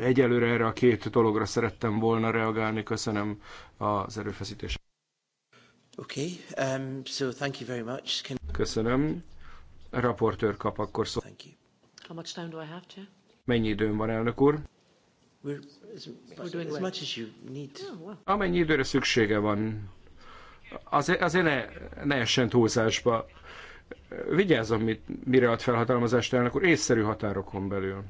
Speaker 4: Egyelőre erre a két dologra szerettem volna reagálni. Köszönöm az erőfeszítést. Okay, um, so thank you very much. Can... Köszönöm. A raportőr kap akkor szó. Thank you.
Speaker 1: How much time do I have, Chair?
Speaker 4: Mennyi időm van, elnök úr? Amennyi időre szüksége van, azért, azért ne, ne essen túlzásba. Vigyázzon, mit, mire ad felhatalmazást elnök úr, észszerű határokon belül.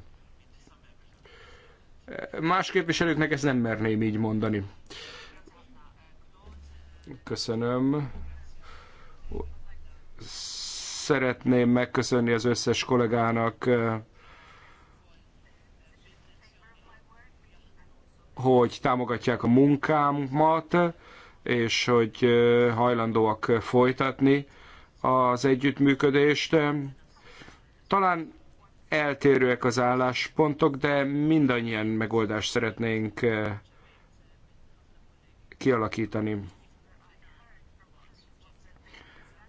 Speaker 4: Más képviselőknek ezt nem merném így mondani. Köszönöm. Szeretném megköszönni az összes kollégának hogy támogatják a munkámat, és hogy hajlandóak folytatni az együttműködést. Talán eltérőek az álláspontok, de mindannyian megoldást szeretnénk kialakítani.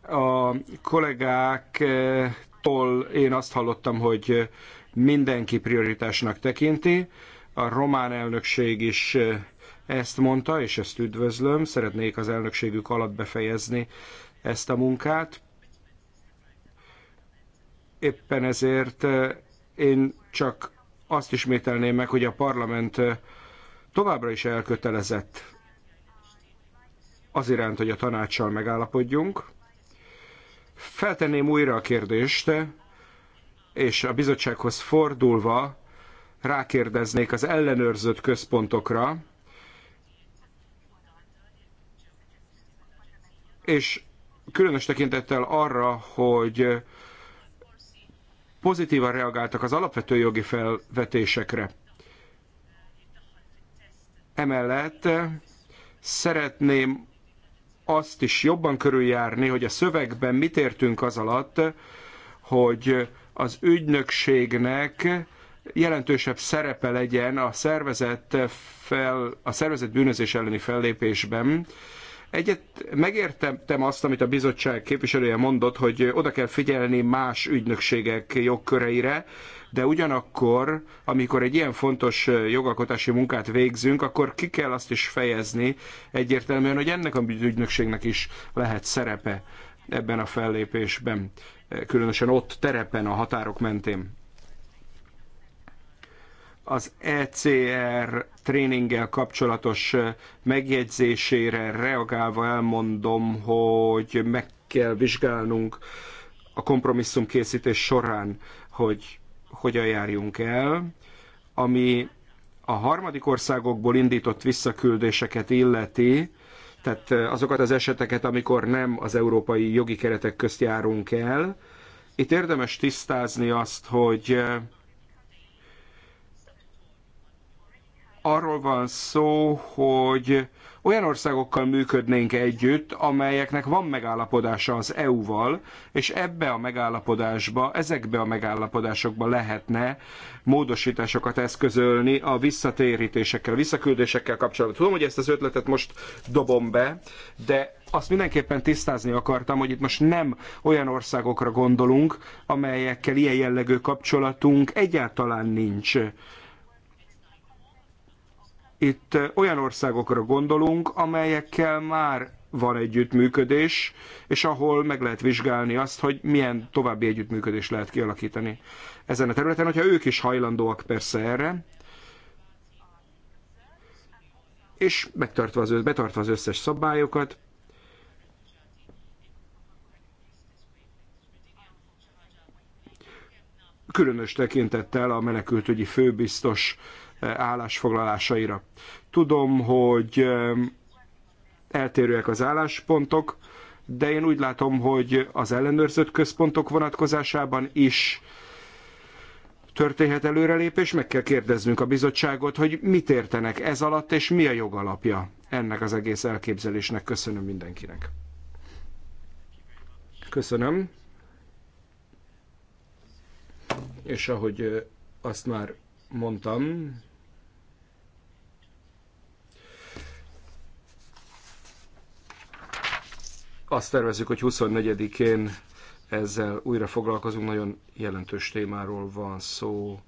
Speaker 4: A kollégáktól én azt hallottam, hogy mindenki prioritásnak tekinti, a román elnökség is ezt mondta, és ezt üdvözlöm. Szeretnék az elnökségük alatt befejezni ezt a munkát. Éppen ezért én csak azt ismételném meg, hogy a parlament továbbra is elkötelezett az iránt, hogy a tanácssal megállapodjunk. Feltenném újra a kérdést, és a bizottsághoz fordulva rákérdeznék az ellenőrzött központokra, és különös tekintettel arra, hogy pozitívan reagáltak az alapvető jogi felvetésekre. Emellett szeretném azt is jobban körüljárni, hogy a szövegben mit értünk az alatt, hogy az ügynökségnek jelentősebb szerepe legyen a szervezet, fel, a szervezet bűnözés elleni fellépésben. Egyet megértettem azt, amit a bizottság képviselője mondott, hogy oda kell figyelni más ügynökségek jogköreire, de ugyanakkor, amikor egy ilyen fontos jogalkotási munkát végzünk, akkor ki kell azt is fejezni egyértelműen, hogy ennek a ügynökségnek is lehet szerepe ebben a fellépésben, különösen ott terepen, a határok mentén az ECR tréninggel kapcsolatos megjegyzésére reagálva elmondom, hogy meg kell vizsgálnunk a kompromisszum készítés során, hogy hogyan járjunk el, ami a harmadik országokból indított visszaküldéseket illeti, tehát azokat az eseteket, amikor nem az európai jogi keretek közt járunk el. Itt érdemes tisztázni azt, hogy arról van szó, hogy olyan országokkal működnénk együtt, amelyeknek van megállapodása az EU-val, és ebbe a megállapodásba, ezekbe a megállapodásokba lehetne módosításokat eszközölni a visszatérítésekkel, a visszaküldésekkel kapcsolatban. Tudom, hogy ezt az ötletet most dobom be, de azt mindenképpen tisztázni akartam, hogy itt most nem olyan országokra gondolunk, amelyekkel ilyen jellegű kapcsolatunk egyáltalán nincs. Itt olyan országokra gondolunk, amelyekkel már van együttműködés, és ahol meg lehet vizsgálni azt, hogy milyen további együttműködés lehet kialakítani ezen a területen, hogyha ők is hajlandóak persze erre, és megtartva az, betartva az összes szabályokat, különös tekintettel a menekültügyi főbiztos állásfoglalásaira. Tudom, hogy eltérőek az álláspontok, de én úgy látom, hogy az ellenőrzött központok vonatkozásában is történhet előrelépés, meg kell kérdeznünk a bizottságot, hogy mit értenek ez alatt, és mi a jogalapja ennek az egész elképzelésnek. Köszönöm mindenkinek. Köszönöm. És ahogy azt már mondtam, Azt tervezzük, hogy 24-én ezzel újra foglalkozunk, nagyon jelentős témáról van szó.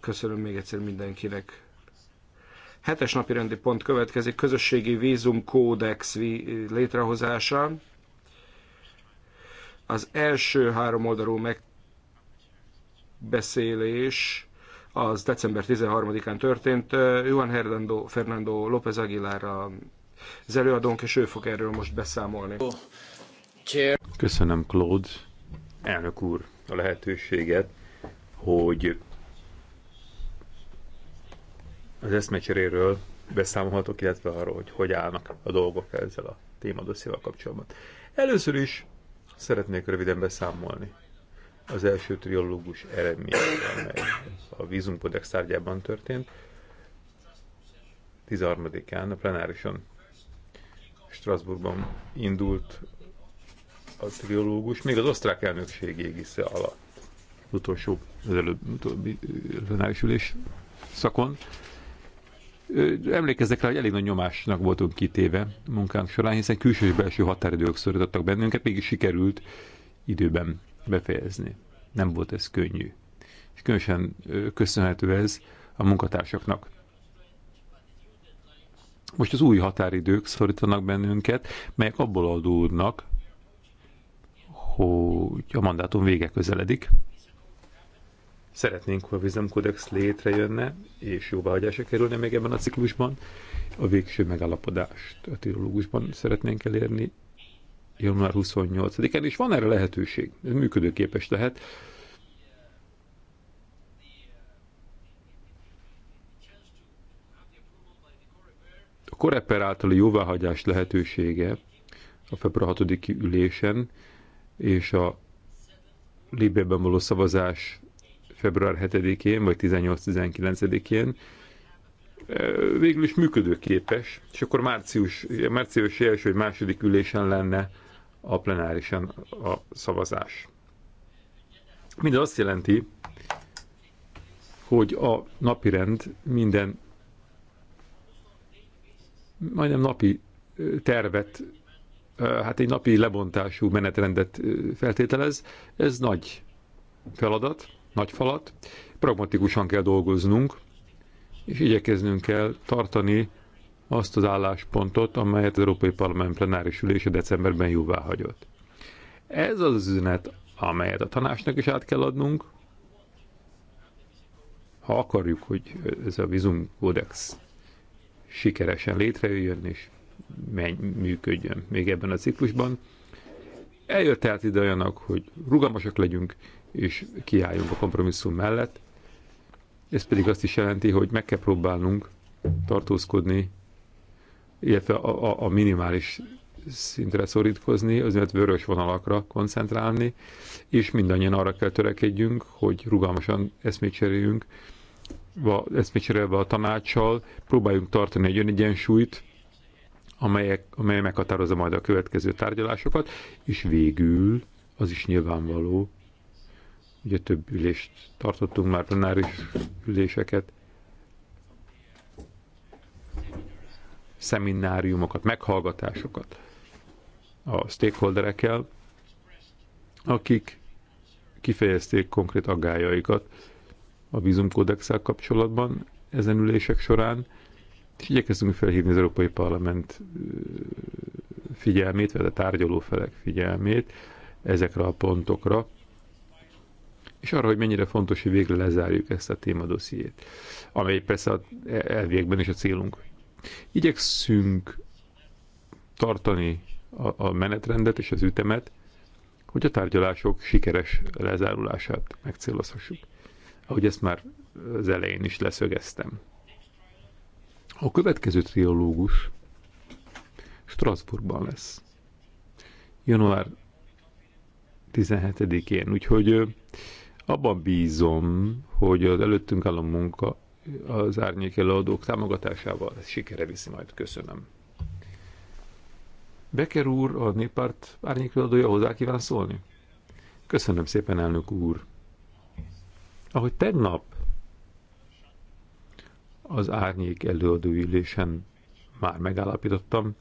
Speaker 4: Köszönöm még egyszer mindenkinek. Hetes napi rendi pont következik, közösségi vízum kódex létrehozása. Az első három oldalú megbeszélés az december 13-án történt. Juan Hernando, Fernando López Aguilar a az előadónk, és ő fog erről most beszámolni.
Speaker 2: Köszönöm, Claude, elnök úr, a lehetőséget, hogy az eszmecseréről beszámolhatok, illetve arról, hogy hogy állnak a dolgok ezzel a témadosszéval kapcsolatban. Először is szeretnék röviden beszámolni az első triológus eredményével, amely a vízumkodex tárgyában történt. 13-án a plenárison Strasbourgban indult a triológus, még az osztrák elnökség égisze alatt. Az utolsó, az előbb, utóbbi plenárisülés szakon. Emlékezzek rá, hogy elég nagy nyomásnak voltunk kitéve munkánk során, hiszen külső és belső határidők szorítottak bennünket, mégis sikerült időben befejezni. Nem volt ez könnyű. És különösen köszönhető ez a munkatársaknak most az új határidők szorítanak bennünket, melyek abból adódnak, hogy a mandátum vége közeledik. Szeretnénk, hogy a vizemkodex létrejönne, és jóváhagyásra kerülne még ebben a ciklusban. A végső megállapodást a tirológusban szeretnénk elérni január 28-án, és van erre lehetőség, ez működőképes lehet. koreper általi jóváhagyás lehetősége a február 6 ülésen és a Libyában való szavazás február 7-én vagy 18-19-én e, végül is működőképes, és akkor március, március első vagy második ülésen lenne a plenárisan a szavazás. Mindez azt jelenti, hogy a napirend minden majdnem napi tervet, hát egy napi lebontású menetrendet feltételez. Ez nagy feladat, nagy falat. Pragmatikusan kell dolgoznunk, és igyekeznünk kell tartani azt az álláspontot, amelyet az Európai Parlament plenáris ülése decemberben jóvá hagyott. Ez az üzenet, amelyet a tanácsnak is át kell adnunk, ha akarjuk, hogy ez a vizumkódex sikeresen létrejöjjön és működjön még ebben a ciklusban. Eljött tehát ide olyanak, hogy rugalmasak legyünk, és kiálljunk a kompromisszum mellett. Ez pedig azt is jelenti, hogy meg kell próbálnunk tartózkodni, illetve a, a, a minimális szintre szorítkozni, illetve vörös vonalakra koncentrálni, és mindannyian arra kell törekedjünk, hogy rugalmasan eszmét cseréljünk, eszmecserélve a tanácssal, próbáljunk tartani egy önegyensúlyt, amelyek, amely meghatározza majd a következő tárgyalásokat, és végül az is nyilvánvaló, ugye több ülést tartottunk már, plenáris üléseket, szemináriumokat, meghallgatásokat a stakeholderekkel, akik kifejezték konkrét aggájaikat a vízumkódexel kapcsolatban ezen ülések során, és igyekeztünk felhívni az Európai Parlament figyelmét, vagy a tárgyalófelek figyelmét ezekre a pontokra, és arra, hogy mennyire fontos, hogy végre lezárjuk ezt a témadossziét, amely persze a elvégben is a célunk. Igyekszünk tartani a, a menetrendet és az ütemet, hogy a tárgyalások sikeres lezárulását megcélozhassuk ahogy ezt már az elején is leszögeztem. A következő triológus Strasbourgban lesz. Január 17-én. Úgyhogy abban bízom, hogy az előttünk álló munka az árnyék előadók támogatásával sikere viszi majd. Köszönöm. Becker úr, a néppárt árnyék előadója hozzá kíván szólni? Köszönöm szépen, elnök úr. Ahogy tegnap az árnyék előadóülésen már megállapítottam,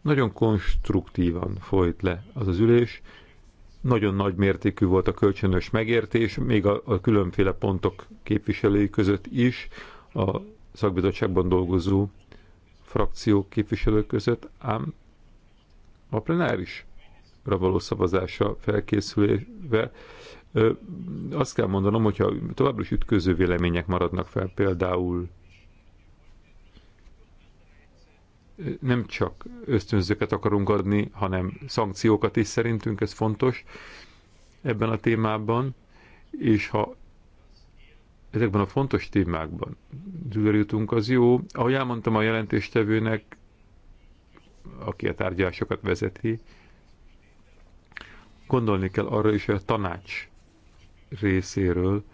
Speaker 2: nagyon konstruktívan folyt le az az ülés, nagyon nagy mértékű volt a kölcsönös megértés, még a, a különféle pontok képviselői között is, a szakbizottságban dolgozó frakciók képviselők között, ám a plenárisra való szavazása felkészülve azt kell mondanom, hogyha továbbra is ütköző vélemények maradnak fel, például nem csak ösztönzőket akarunk adni, hanem szankciókat is szerintünk, ez fontos ebben a témában, és ha ezekben a fontos témákban jutunk, az jó. Ahogy elmondtam a jelentéstevőnek, aki a tárgyalásokat vezeti, gondolni kell arra is, hogy a tanács részéről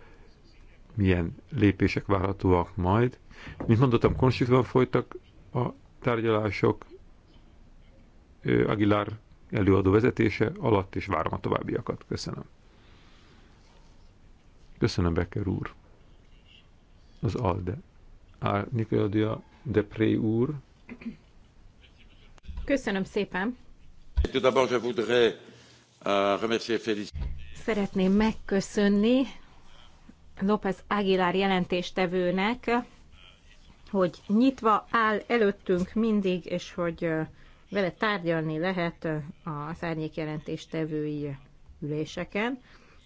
Speaker 2: milyen lépések várhatóak majd. Mint mondottam, konstruktívan folytak a tárgyalások Aguilar előadó vezetése alatt, és várom a továbbiakat. Köszönöm. Köszönöm, Becker úr. Az ALDE. de Depré
Speaker 4: úr.
Speaker 3: Köszönöm szépen.
Speaker 1: Tout d'abord, je
Speaker 6: voudrais euh, remercier Félicie
Speaker 3: szeretném megköszönni López Ágilár jelentéstevőnek, hogy nyitva áll előttünk mindig, és hogy vele tárgyalni lehet a szárnyék jelentéstevői üléseken.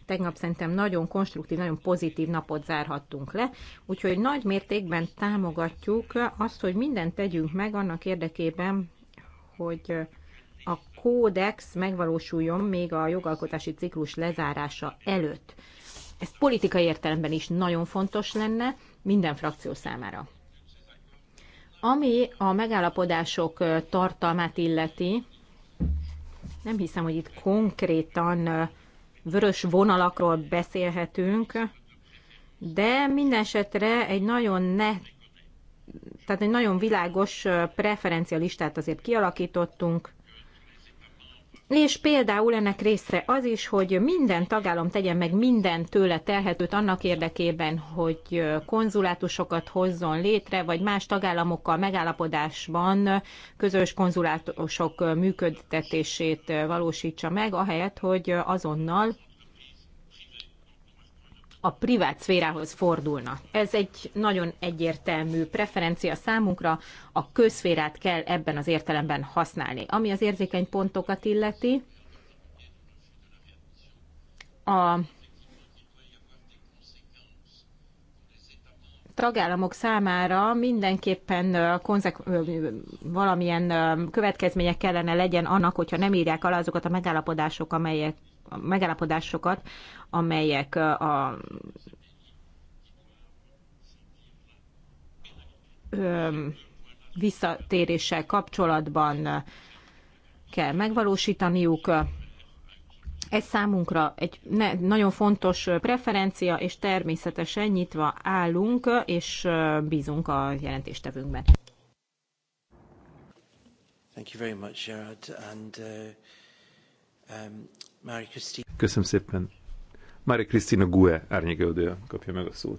Speaker 3: Tegnap szerintem nagyon konstruktív, nagyon pozitív napot zárhattunk le, úgyhogy nagy mértékben támogatjuk azt, hogy mindent tegyünk meg annak érdekében, hogy a kódex megvalósuljon még a jogalkotási ciklus lezárása előtt. Ez politikai értelemben is nagyon fontos lenne minden frakció számára. Ami a megállapodások tartalmát illeti, nem hiszem, hogy itt konkrétan vörös vonalakról beszélhetünk, de minden esetre egy nagyon ne, tehát egy nagyon világos preferencialistát azért kialakítottunk, és például ennek része az is, hogy minden tagállam tegyen meg minden tőle telhetőt annak érdekében, hogy konzulátusokat hozzon létre, vagy más tagállamokkal megállapodásban közös konzulátusok működtetését valósítsa meg, ahelyett, hogy azonnal a privát szférához fordulnak. Ez egy nagyon egyértelmű preferencia számunkra, a közszférát kell ebben az értelemben használni. Ami az érzékeny pontokat illeti, a tagállamok számára mindenképpen konzek- valamilyen következmények kellene legyen annak, hogyha nem írják alá azokat a megállapodások, amelyek megállapodásokat, amelyek a visszatéréssel kapcsolatban kell megvalósítaniuk. Ez számunkra egy nagyon fontos preferencia, és természetesen nyitva állunk, és bízunk a jelentéstevőnkben.
Speaker 1: Thank you very much, Gerard. And, uh, um,
Speaker 2: Köszönöm szépen. Mária Krisztina Gue árnyékelődő kapja meg a szót.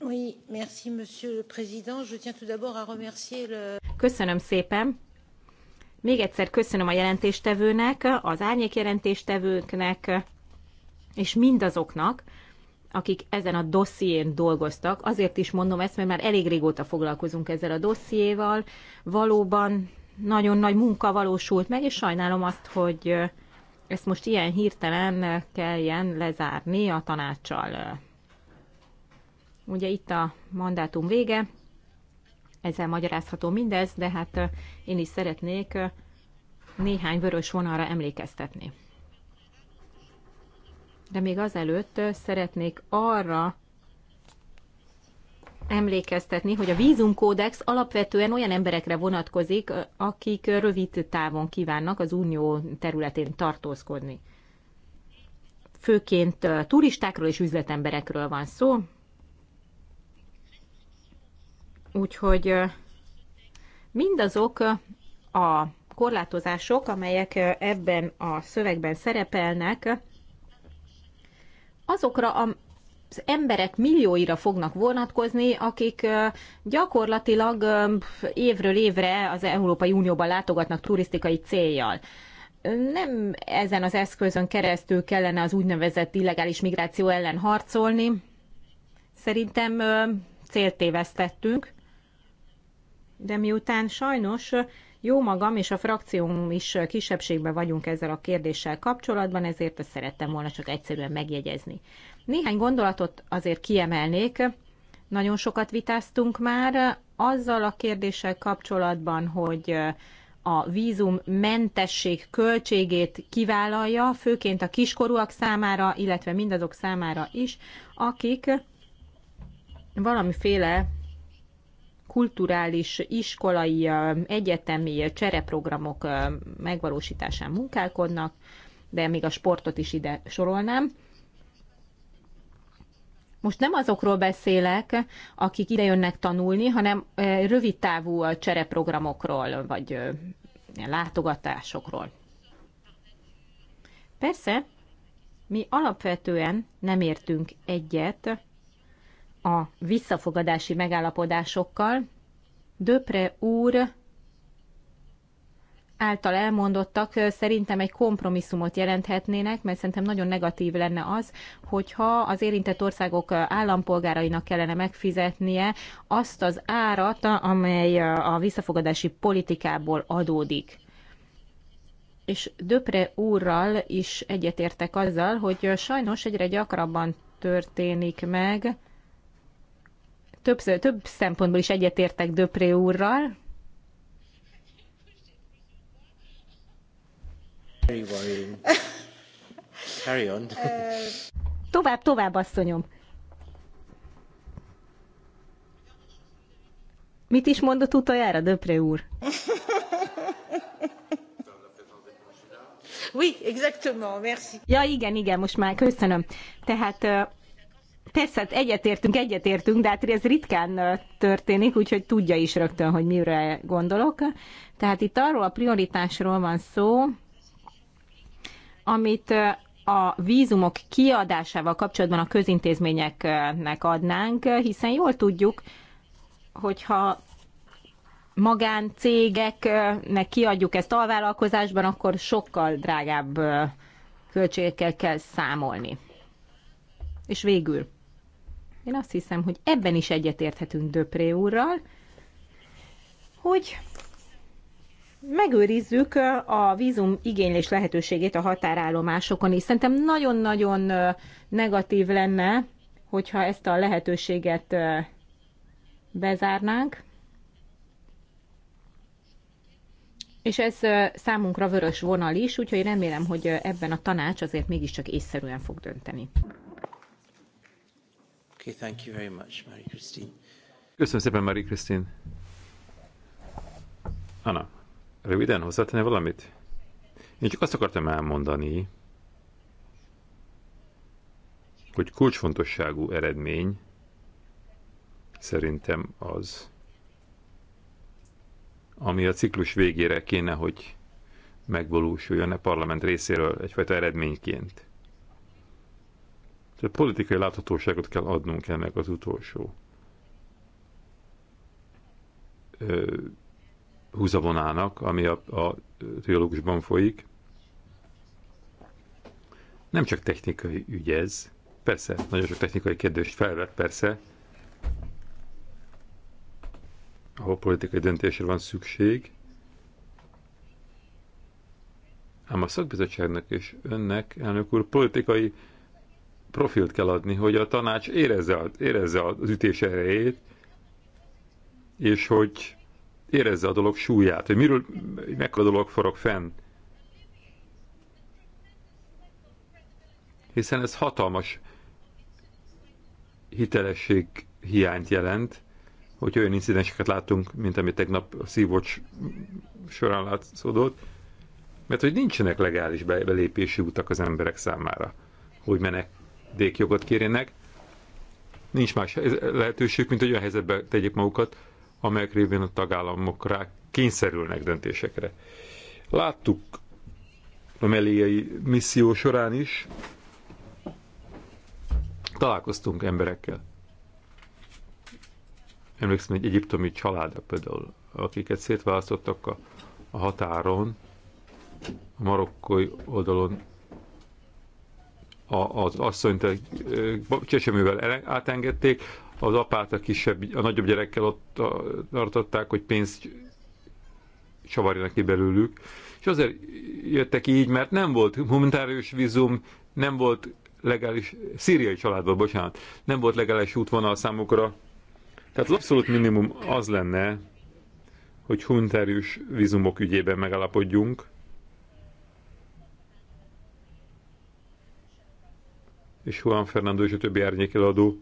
Speaker 3: Oui, merci, monsieur le président. Je tiens tout d'abord à remercier le... Köszönöm szépen. Még egyszer köszönöm a jelentéstevőnek, az árnyék jelentéstevőknek, és mindazoknak, akik ezen a dosszién dolgoztak. Azért is mondom ezt, mert már elég régóta foglalkozunk ezzel a dossziéval. Valóban nagyon nagy munka valósult meg, és sajnálom azt, hogy ezt most ilyen hirtelen kelljen lezárni a tanácssal. Ugye itt a mandátum vége, ezzel magyarázható mindez, de hát én is szeretnék néhány vörös vonalra emlékeztetni. De még azelőtt szeretnék arra emlékeztetni, hogy a vízumkódex alapvetően olyan emberekre vonatkozik, akik rövid távon kívánnak az unió területén tartózkodni. Főként turistákról és üzletemberekről van szó. Úgyhogy mindazok a korlátozások, amelyek ebben a szövegben szerepelnek, azokra az emberek millióira fognak vonatkozni, akik gyakorlatilag évről évre az Európai Unióban látogatnak turisztikai céljal. Nem ezen az eszközön keresztül kellene az úgynevezett illegális migráció ellen harcolni. Szerintem céltévesztettünk, de miután sajnos jó magam és a frakcióm is kisebbségben vagyunk ezzel a kérdéssel kapcsolatban, ezért ezt szerettem volna csak egyszerűen megjegyezni. Néhány gondolatot azért kiemelnék. Nagyon sokat vitáztunk már azzal a kérdéssel kapcsolatban, hogy a vízum mentesség költségét kivállalja, főként a kiskorúak számára, illetve mindazok számára is, akik valamiféle kulturális, iskolai, egyetemi csereprogramok megvalósításán munkálkodnak, de még a sportot is ide sorolnám. Most nem azokról beszélek, akik idejönnek tanulni, hanem rövidtávú csereprogramokról, vagy látogatásokról. Persze, mi alapvetően nem értünk egyet a visszafogadási megállapodásokkal. Döpre úr által elmondottak szerintem egy kompromisszumot jelenthetnének, mert szerintem nagyon negatív lenne az, hogyha az érintett országok állampolgárainak kellene megfizetnie azt az árat, amely a visszafogadási politikából adódik. És Döpre úrral is egyetértek azzal, hogy sajnos egyre gyakrabban történik meg, több, több szempontból is egyetértek Döpré úrral, Carry on. tovább, tovább, asszonyom. Mit is mondott utoljára, Döpré úr? Oui, exactement, merci. Ja, igen, igen, most már köszönöm. Tehát persze, hát egyetértünk, egyetértünk, de hát ez ritkán történik, úgyhogy tudja is rögtön, hogy mire gondolok. Tehát itt arról a prioritásról van szó, amit a vízumok kiadásával kapcsolatban a közintézményeknek adnánk, hiszen jól tudjuk, hogyha magáncégeknek kiadjuk ezt alvállalkozásban, akkor sokkal drágább költségekkel kell számolni. És végül, én azt hiszem, hogy ebben is egyetérthetünk Döpré úrral, hogy megőrizzük a vízum igénylés lehetőségét a határállomásokon is. Szerintem nagyon-nagyon negatív lenne, hogyha ezt a lehetőséget bezárnánk. És ez számunkra vörös vonal is, úgyhogy remélem, hogy ebben a tanács azért mégiscsak észszerűen fog dönteni.
Speaker 1: Okay, thank you very much, Marie
Speaker 2: Köszönöm szépen, Marie Christine. Anna. Röviden hozzátenni valamit? Én csak azt akartam elmondani, hogy kulcsfontosságú eredmény szerintem az, ami a ciklus végére kéne, hogy megvalósuljon a parlament részéről egyfajta eredményként. Tehát politikai láthatóságot kell adnunk ennek az utolsó ö, húzavonának, ami a, a teológusban folyik. Nem csak technikai ügy ez, persze, nagyon sok technikai kérdést felvet, persze, ahol politikai döntésre van szükség, ám a szakbizottságnak és önnek, elnök úr, politikai profilt kell adni, hogy a tanács érezze, érezze az ütés erejét, és hogy érezze a dolog súlyát, hogy miről, mekkora dolog forog fenn. Hiszen ez hatalmas hitelesség hiányt jelent, hogy olyan incidenseket látunk, mint amit tegnap a szívocs során látszódott, mert hogy nincsenek legális belépési utak az emberek számára, hogy menekdékjogot kérjenek, nincs más lehetőség, mint hogy olyan helyzetbe tegyék magukat, amelyek révén a tagállamok rá kényszerülnek döntésekre. Láttuk a meléjei misszió során is, találkoztunk emberekkel. Emlékszem egy egyiptomi családra például, akiket szétválasztottak a, a határon, a marokkói oldalon a, az asszonyt egy csecsemővel átengedték, az apát a kisebb, a nagyobb gyerekkel ott tartották, hogy pénzt csavarjanak ki belőlük. És azért jöttek így, mert nem volt humanitárius vízum, nem volt legális, szíriai családban, bocsánat, nem volt legális útvonal számukra. Tehát az abszolút minimum az lenne, hogy humanitárius vízumok ügyében megalapodjunk. és Juan Fernando és a többi árnyékeladó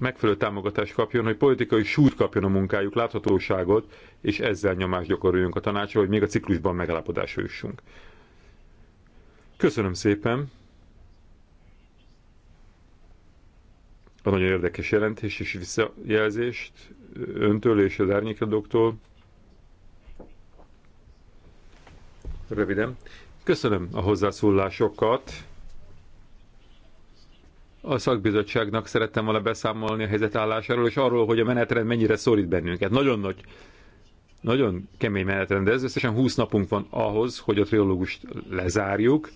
Speaker 2: megfelelő támogatást kapjon, hogy politikai súlyt kapjon a munkájuk, láthatóságot, és ezzel nyomást gyakoroljunk a tanácsra, hogy még a ciklusban megállapodásra jussunk. Köszönöm szépen! A nagyon érdekes jelentés és visszajelzést öntől és az árnyékadóktól. Röviden. Köszönöm a hozzászólásokat a szakbizottságnak szerettem volna beszámolni a helyzetállásáról, és arról, hogy a menetrend mennyire szorít bennünket. Nagyon nagy, nagyon kemény menetrend, de ez összesen 20 napunk van ahhoz, hogy a triológust lezárjuk,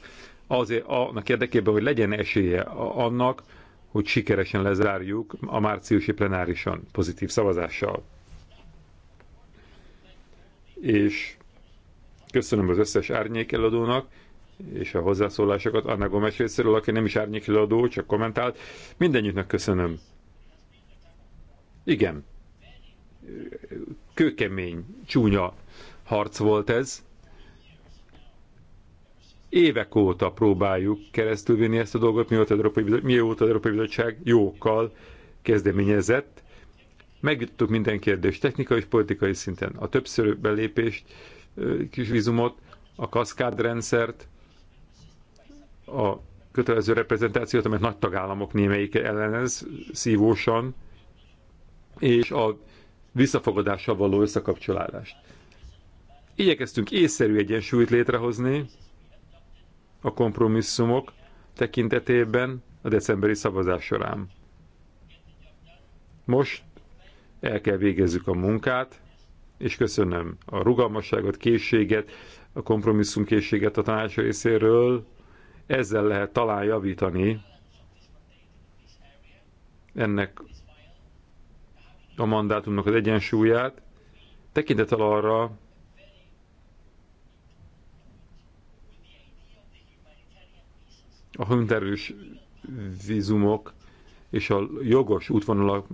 Speaker 2: azért annak érdekében, hogy legyen esélye annak, hogy sikeresen lezárjuk a márciusi plenárison pozitív szavazással. És köszönöm az összes árnyékeladónak, és a hozzászólásokat. Anna Gomes részéről, aki nem is árnyékiladó, csak kommentált. Mindennyitnek köszönöm. Igen. Kőkemény, csúnya harc volt ez. Évek óta próbáljuk keresztülvinni ezt a dolgot, mióta az Európai Bizottság, mióta az Európai Bizottság jókkal kezdeményezett. Megjuttuk minden kérdést, technikai és politikai szinten. A többször belépést, kis vízumot, a kaszkádrendszert, a kötelező reprezentációt, amit nagy tagállamok némelyike ellenez szívósan, és a visszafogadással való összekapcsolást. Igyekeztünk észszerű egyensúlyt létrehozni a kompromisszumok tekintetében a decemberi szavazás során. Most el kell végezzük a munkát, és köszönöm a rugalmasságot, készséget, a kompromisszum készséget a tanács részéről, ezzel lehet talán javítani ennek a mandátumnak az egyensúlyát, tekintettel arra, a hunterős vízumok és a jogos útvonalak,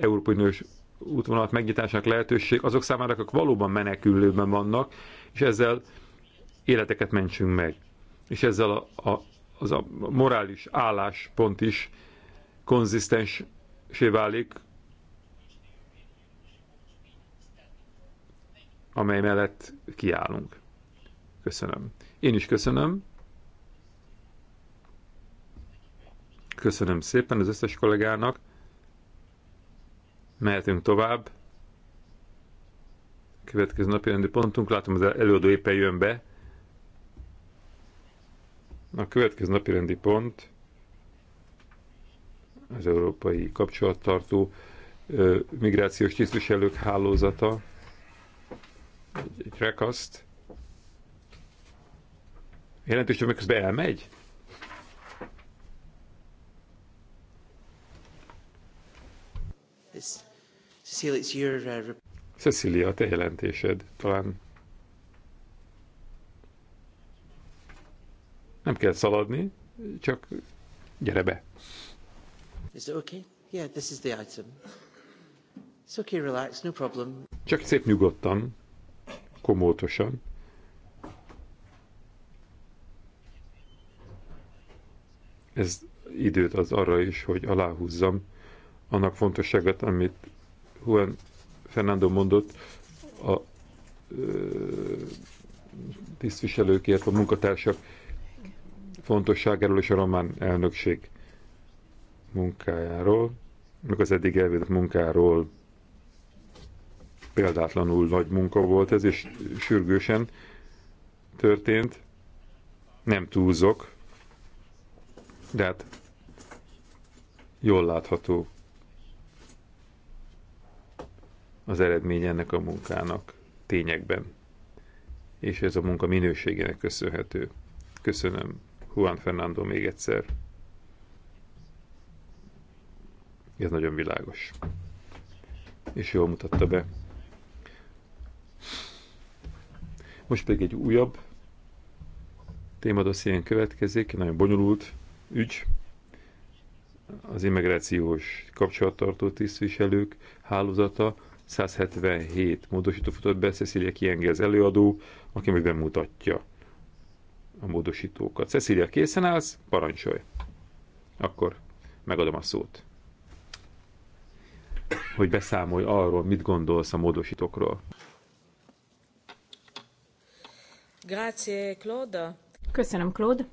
Speaker 2: Európai nős útvonalak megnyitásának lehetőség azok számára, akik valóban menekülőben vannak, és ezzel életeket mentsünk meg és ezzel a, a, az a morális álláspont is konzisztensé válik, amely mellett kiállunk. Köszönöm. Én is köszönöm. Köszönöm szépen az összes kollégának. Mehetünk tovább. Következő napi rendi pontunk, látom az előadó éppen jön be. A következő napi rendi pont az európai kapcsolattartó migrációs tisztviselők hálózata, egy, egy rekaszt. Jelentős tömeg közben elmegy? Cecilia, uh, a te jelentésed talán Nem kell szaladni, csak gyere be. Is
Speaker 1: it okay? Yeah, this is the item. It's okay, relax, no problem.
Speaker 2: Csak szép nyugodtan, komótosan. Ez időt az arra is, hogy aláhúzzam annak fontosságát, amit Juan Fernando mondott, a ö, tisztviselőkért, a munkatársak fontosságáról és a román elnökség munkájáról, meg az eddig elvédett munkáról példátlanul nagy munka volt ez, és sürgősen történt. Nem túlzok, de hát jól látható az eredmény ennek a munkának tényekben. És ez a munka minőségének köszönhető. Köszönöm. Juan Fernando még egyszer. Ez nagyon világos. És jól mutatta be. Most pedig egy újabb témadosszien következik, nagyon bonyolult ügy. Az immigrációs kapcsolattartó tisztviselők hálózata 177 módosító futott be, Cecilia Kienge az előadó, aki meg bemutatja a módosítókat. Cecilia, készen állsz? Parancsolj! Akkor megadom a szót. Hogy beszámolj arról, mit gondolsz a módosítókról.
Speaker 3: Grazie, Claude. Köszönöm, Claude.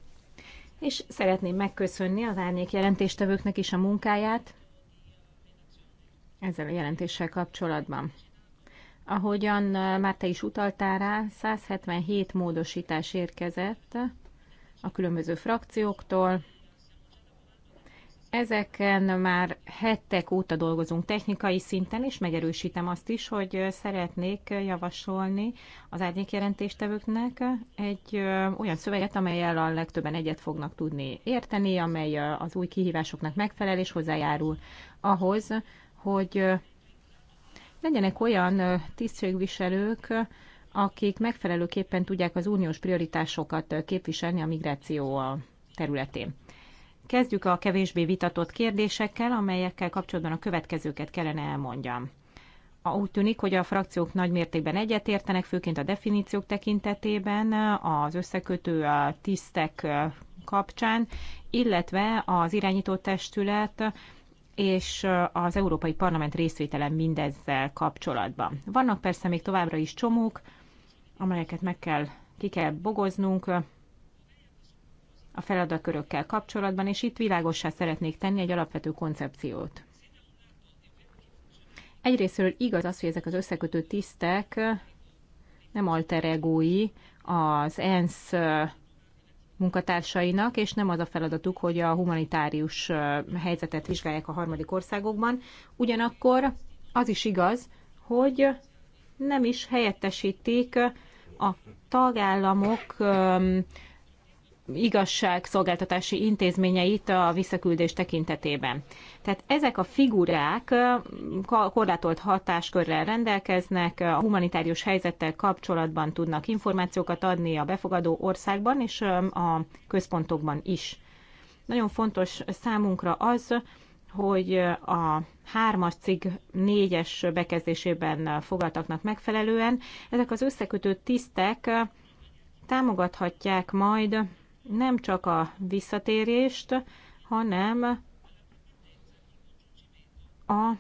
Speaker 3: És szeretném megköszönni az árnyék jelentéstevőknek is a munkáját ezzel a jelentéssel kapcsolatban. Ahogyan már te is utaltál rá, 177 módosítás érkezett a különböző frakcióktól. Ezeken már hetek óta dolgozunk technikai szinten, és megerősítem azt is, hogy szeretnék javasolni az árnyékjelentéstevőknek egy olyan szöveget, amelyel a legtöbben egyet fognak tudni érteni, amely az új kihívásoknak megfelel és hozzájárul ahhoz, hogy legyenek olyan tisztségviselők, akik megfelelőképpen tudják az uniós prioritásokat képviselni a migráció területén. Kezdjük a kevésbé vitatott kérdésekkel, amelyekkel kapcsolatban a következőket kellene elmondjam. Úgy tűnik, hogy a frakciók nagy mértékben egyetértenek, főként a definíciók tekintetében, az összekötő a tisztek kapcsán, illetve az irányító testület és az Európai Parlament részvételen mindezzel kapcsolatban. Vannak persze még továbbra is csomók, amelyeket meg kell, ki kell bogoznunk a feladatkörökkel kapcsolatban, és itt világossá szeretnék tenni egy alapvető koncepciót. Egyrésztről igaz az, hogy ezek az összekötő tisztek nem alteregói az ENSZ munkatársainak, és nem az a feladatuk, hogy a humanitárius helyzetet vizsgálják a harmadik országokban. Ugyanakkor az is igaz, hogy nem is helyettesítik a tagállamok szolgáltatási intézményeit a visszaküldés tekintetében. Tehát ezek a figurák korlátolt hatáskörrel rendelkeznek, a humanitárius helyzettel kapcsolatban tudnak információkat adni a befogadó országban és a központokban is. Nagyon fontos számunkra az, hogy a hármas cikk négyes bekezdésében fogaltaknak megfelelően ezek az összekötő tisztek támogathatják majd nem csak a visszatérést, hanem a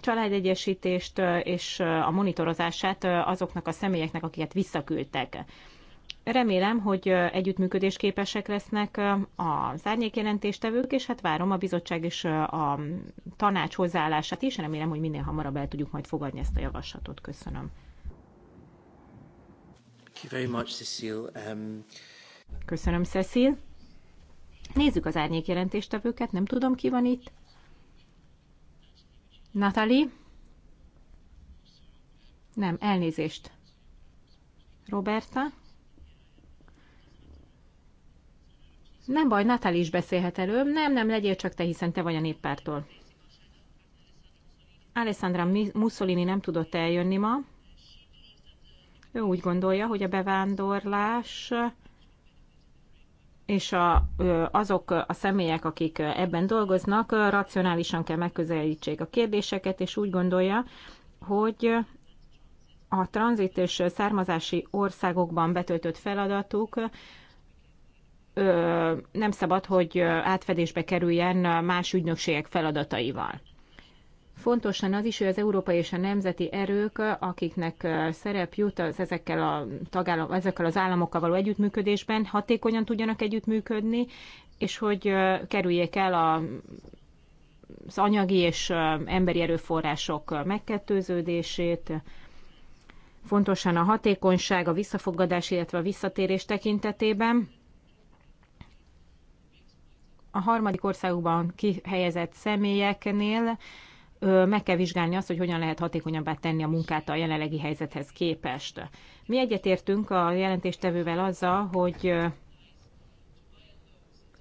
Speaker 3: családegyesítést és a monitorozását azoknak a személyeknek, akiket visszaküldtek. Remélem, hogy együttműködésképesek lesznek az árnyékjelentéstevők, és hát várom a bizottság és a tanács hozzáállását is. Remélem, hogy minél hamarabb el tudjuk majd fogadni ezt a javaslatot. Köszönöm.
Speaker 1: Thank you very much, Cecile. Um...
Speaker 3: Köszönöm, Cecil. Nézzük az árnyék jelentéstevőket, nem tudom, ki van itt. Natalie? Nem, elnézést. Roberta? Nem baj, Natali is beszélhet előm. Nem, nem, legyél csak te, hiszen te vagy a néppártól. Alessandra Mussolini nem tudott eljönni ma. Ő úgy gondolja, hogy a bevándorlás és a, azok a személyek, akik ebben dolgoznak, racionálisan kell megközelítsék a kérdéseket, és úgy gondolja, hogy a tranzit és származási országokban betöltött feladatuk nem szabad, hogy átfedésbe kerüljen más ügynökségek feladataival. Fontosan az is, hogy az európai és a nemzeti erők, akiknek szerep jut az ezekkel, a tagállam, ezekkel az államokkal való együttműködésben, hatékonyan tudjanak együttműködni, és hogy kerüljék el a, az anyagi és emberi erőforrások megkettőződését, fontosan a hatékonyság, a visszafogadás, illetve a visszatérés tekintetében. A harmadik országokban kihelyezett személyeknél meg kell vizsgálni azt, hogy hogyan lehet hatékonyabbá tenni a munkát a jelenlegi helyzethez képest. Mi egyetértünk a jelentéstevővel azzal, hogy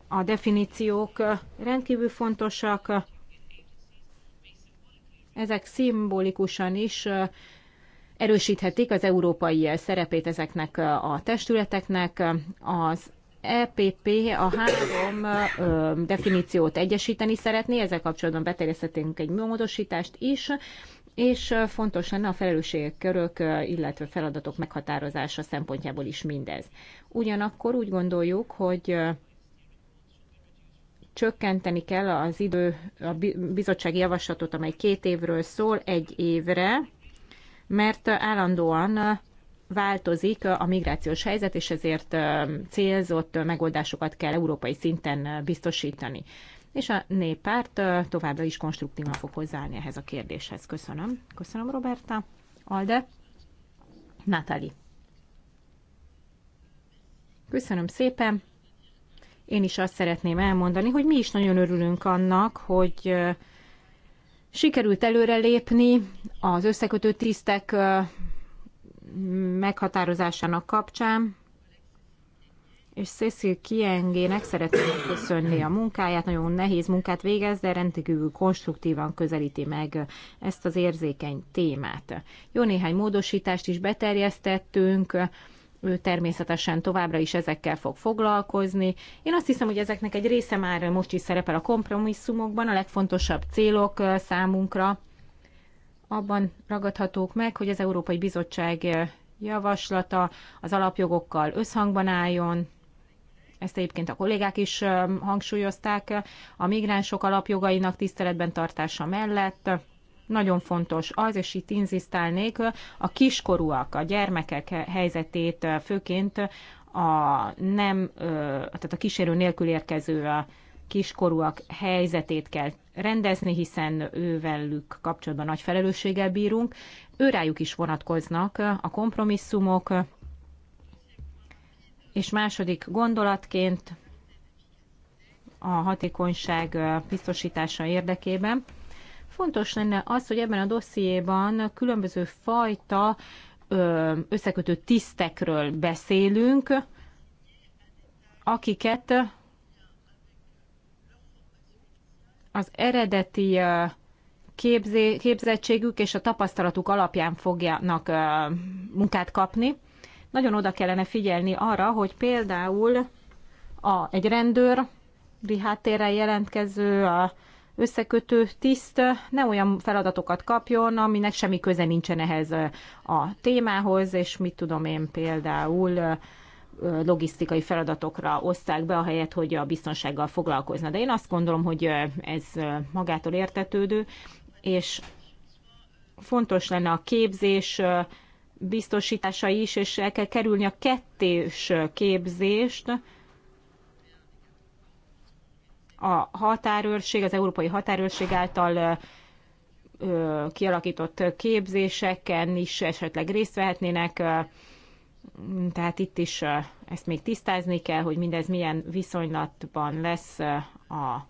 Speaker 3: a definíciók rendkívül fontosak, ezek szimbolikusan is erősíthetik az európai szerepét ezeknek a testületeknek. Az EPP a három ö, definíciót egyesíteni szeretné, ezzel kapcsolatban beterjesztettünk egy módosítást is, és fontos lenne a körök illetve feladatok meghatározása szempontjából is mindez. Ugyanakkor úgy gondoljuk, hogy csökkenteni kell az idő, a bizottsági javaslatot, amely két évről szól, egy évre, mert állandóan változik a migrációs helyzet, és ezért célzott megoldásokat kell európai szinten biztosítani. És a néppárt továbbra is konstruktívan fog hozzáállni ehhez a kérdéshez. Köszönöm. Köszönöm, Roberta. Alde. Natali. Köszönöm szépen. Én is azt szeretném elmondani, hogy mi is nagyon örülünk annak, hogy sikerült előrelépni az összekötő tisztek meghatározásának kapcsán, és Cecil Kiengének szeretném köszönni a munkáját, nagyon nehéz munkát végez, de rendkívül konstruktívan közelíti meg ezt az érzékeny témát. Jó néhány módosítást is beterjesztettünk, ő természetesen továbbra is ezekkel fog foglalkozni. Én azt hiszem, hogy ezeknek egy része már most is szerepel a kompromisszumokban, a legfontosabb célok számunkra, abban ragadhatók meg, hogy az Európai Bizottság javaslata az alapjogokkal összhangban álljon, ezt egyébként a kollégák is hangsúlyozták, a migránsok alapjogainak tiszteletben tartása mellett nagyon fontos az, és itt inzisztálnék, a kiskorúak, a gyermekek helyzetét főként a nem, tehát a kísérő nélkül érkező kiskorúak helyzetét kell rendezni, hiszen ővelük kapcsolatban nagy felelősséggel bírunk. Őrájuk is vonatkoznak a kompromisszumok, és második gondolatként a hatékonyság biztosítása érdekében. Fontos lenne az, hogy ebben a dossziéban különböző fajta összekötő tisztekről beszélünk, akiket az eredeti képzé, képzettségük és a tapasztalatuk alapján fogjanak munkát kapni. Nagyon oda kellene figyelni arra, hogy például a, egy rendőr, háttérrel jelentkező a összekötő tiszt ne olyan feladatokat kapjon, aminek semmi köze nincsen ehhez a témához, és mit tudom én például logisztikai feladatokra oszták be, ahelyett, hogy a biztonsággal foglalkozna. De én azt gondolom, hogy ez magától értetődő, és fontos lenne a képzés biztosítása is, és el kell kerülni a kettős képzést, a határőrség, az európai határőrség által kialakított képzéseken is esetleg részt vehetnének tehát itt is ezt még tisztázni kell, hogy mindez milyen viszonylatban lesz a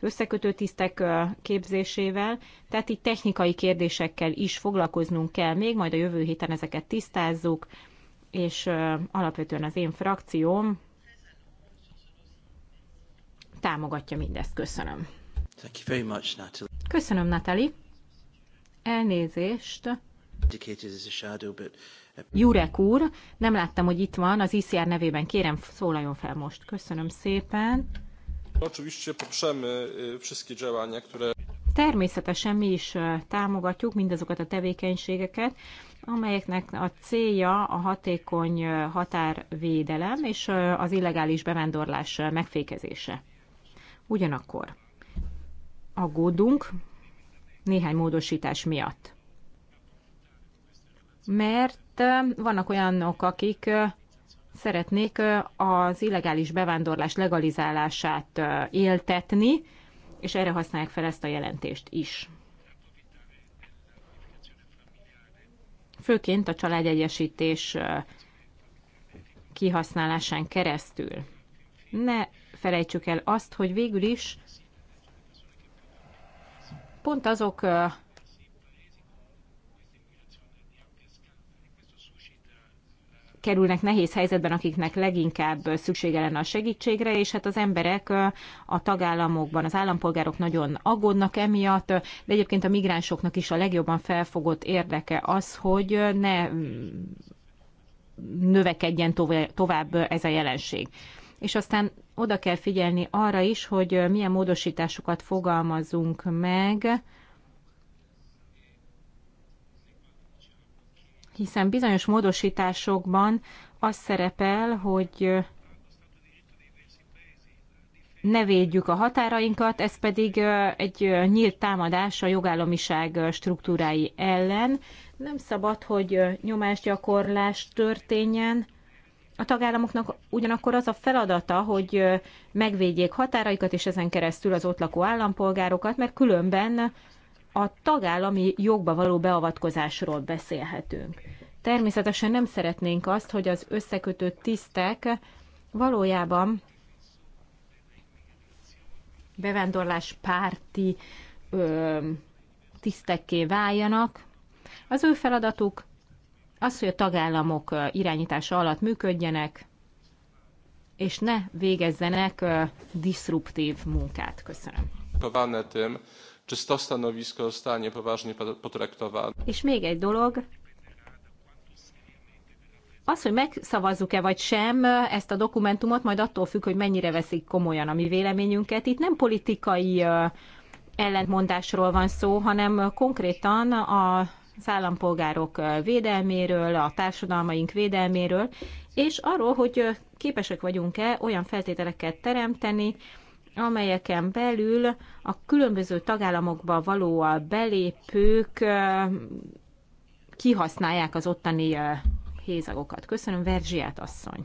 Speaker 3: összekötő tisztek képzésével, tehát itt technikai kérdésekkel is foglalkoznunk kell még, majd a jövő héten ezeket tisztázzuk, és alapvetően az én frakcióm támogatja mindezt. Köszönöm.
Speaker 1: Thank you very much, Natalie.
Speaker 3: Köszönöm, Natalie. Elnézést. Jurek úr, nem láttam, hogy itt van, az ICR nevében kérem szólaljon fel most. Köszönöm szépen. Természetesen mi is e, támogatjuk mindazokat a tevékenységeket, amelyeknek a célja a hatékony e, határvédelem és e, az illegális bevándorlás megfékezése. Ugyanakkor aggódunk néhány módosítás miatt mert vannak olyanok, akik szeretnék az illegális bevándorlás legalizálását éltetni, és erre használják fel ezt a jelentést is. Főként a családegyesítés kihasználásán keresztül. Ne felejtsük el azt, hogy végül is pont azok kerülnek nehéz helyzetben, akiknek leginkább szüksége lenne a segítségre, és hát az emberek a tagállamokban, az állampolgárok nagyon aggódnak emiatt, de egyébként a migránsoknak is a legjobban felfogott érdeke az, hogy ne mm, növekedjen tovább ez a jelenség. És aztán oda kell figyelni arra is, hogy milyen módosításokat fogalmazunk meg, hiszen bizonyos módosításokban az szerepel, hogy ne védjük a határainkat, ez pedig egy nyílt támadás a jogállamiság struktúrái ellen. Nem szabad, hogy nyomásgyakorlás történjen. A tagállamoknak ugyanakkor az a feladata, hogy megvédjék határaikat, és ezen keresztül az ott lakó állampolgárokat, mert különben a tagállami jogba való beavatkozásról beszélhetünk. Természetesen nem szeretnénk azt, hogy az összekötő tisztek valójában bevándorlás párti ö, tisztekké váljanak. Az ő feladatuk az, hogy a tagállamok irányítása alatt működjenek, és ne végezzenek disruptív diszruptív munkát. Köszönöm.
Speaker 4: Czy to stanowisko zostanie poważnie potraktowane?
Speaker 3: És még egy dolog, az, hogy megszavazzuk-e vagy sem ezt a dokumentumot, majd attól függ, hogy mennyire veszik komolyan a mi véleményünket. Itt nem politikai ellentmondásról van szó, hanem konkrétan a az állampolgárok védelméről, a társadalmaink védelméről, és arról, hogy képesek vagyunk-e olyan feltételeket teremteni, amelyeken belül a különböző tagállamokba való a belépők kihasználják az ottani hézagokat. Köszönöm, Verzsiát asszony!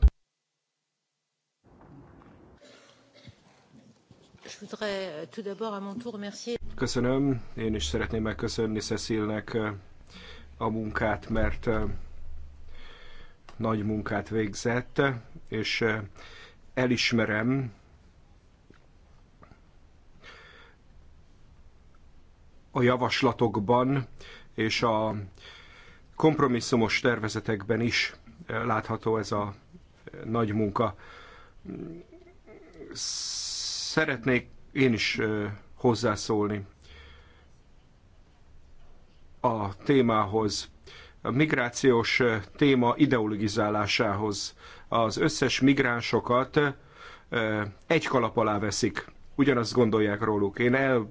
Speaker 3: Euh,
Speaker 4: Köszönöm, én is szeretném megköszönni Cecilnek a munkát, mert nagy munkát végzett, és elismerem a javaslatokban és a kompromisszumos tervezetekben is eh, látható ez a eh, nagy munka. Szeretnék én is eh, hozzászólni a témához, a migrációs téma ideologizálásához. Az összes migránsokat egy kalap alá veszik, ugyanazt gondolják róluk. Én el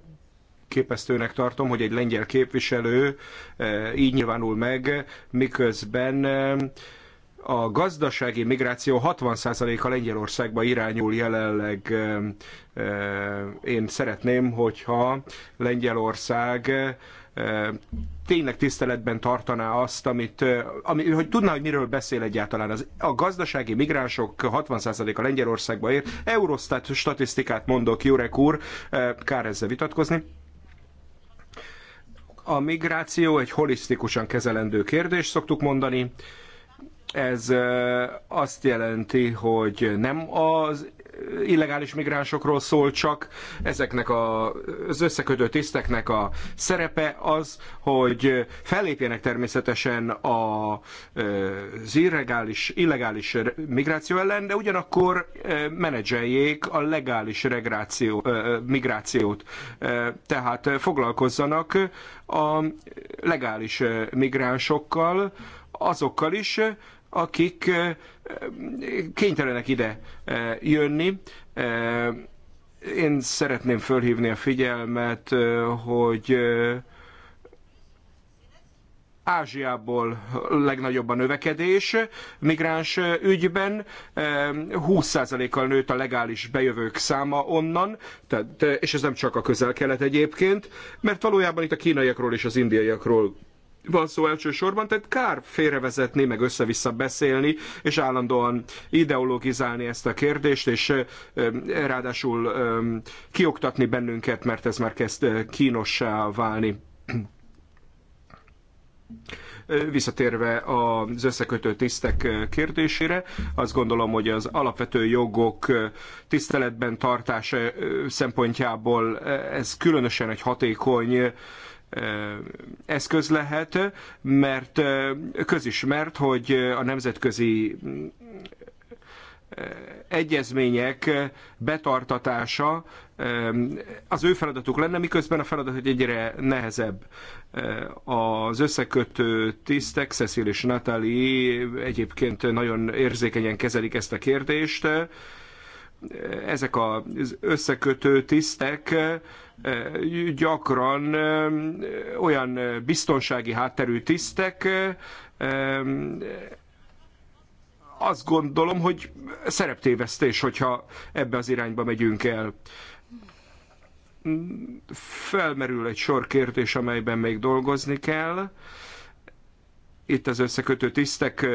Speaker 4: elképesztőnek tartom, hogy egy lengyel képviselő eh, így nyilvánul meg, miközben eh, a gazdasági migráció 60%-a Lengyelországba irányul jelenleg. Eh, én szeretném, hogyha Lengyelország tényleg tiszteletben tartaná azt, amit, ami, hogy tudná, hogy miről beszél egyáltalán. Az, a gazdasági migránsok 60%-a Lengyelországba ér. Eurostat statisztikát mondok, Jurek úr, kár ezzel vitatkozni. A migráció egy holisztikusan kezelendő kérdés, szoktuk mondani. Ez azt jelenti, hogy nem az illegális migránsokról szól csak, ezeknek a, az összekötő tiszteknek a szerepe az, hogy fellépjenek természetesen a, az illegális, illegális migráció ellen, de ugyanakkor menedzseljék a legális regráció, migrációt. Tehát foglalkozzanak a legális migránsokkal, azokkal is, akik kénytelenek ide jönni. Én szeretném fölhívni a figyelmet, hogy Ázsiából legnagyobb a növekedés migráns ügyben, 20%-kal nőtt a legális bejövők száma onnan, tehát, és ez nem csak a közel-kelet egyébként, mert valójában itt a kínaiakról és az indiaiakról van szó elsősorban, tehát kár félrevezetni, meg össze-vissza beszélni, és állandóan ideologizálni ezt a kérdést, és ráadásul kioktatni bennünket, mert ez már kezd kínossá válni. Visszatérve az összekötő tisztek kérdésére, azt gondolom, hogy az alapvető jogok tiszteletben tartása szempontjából ez különösen egy hatékony eszköz lehet, mert közismert, hogy a nemzetközi egyezmények betartatása az ő feladatuk lenne, miközben a feladat hogy egyre nehezebb. Az összekötő tisztek, Cecil és Natalie egyébként nagyon érzékenyen kezelik ezt a kérdést. Ezek az összekötő tisztek gyakran olyan biztonsági hátterű tisztek, azt gondolom, hogy szereptévesztés, hogyha ebbe az irányba megyünk el. Felmerül egy sor kérdés, amelyben még dolgozni kell. Itt az összekötő tisztek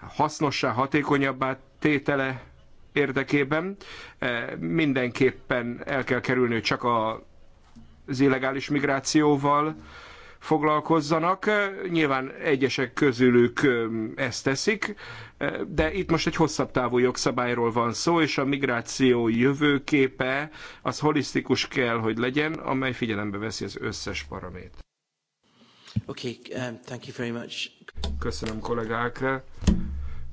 Speaker 4: hasznossá, hatékonyabbá tétele érdekében. E, mindenképpen el kell kerülni, hogy csak az illegális migrációval foglalkozzanak. E, nyilván egyesek közülük e, ezt teszik, de itt most egy hosszabb távú jogszabályról van szó, és a migráció jövőképe az holisztikus kell, hogy legyen, amely figyelembe veszi az összes paramét.
Speaker 1: Okay, um, thank you very much.
Speaker 4: Köszönöm kollégák.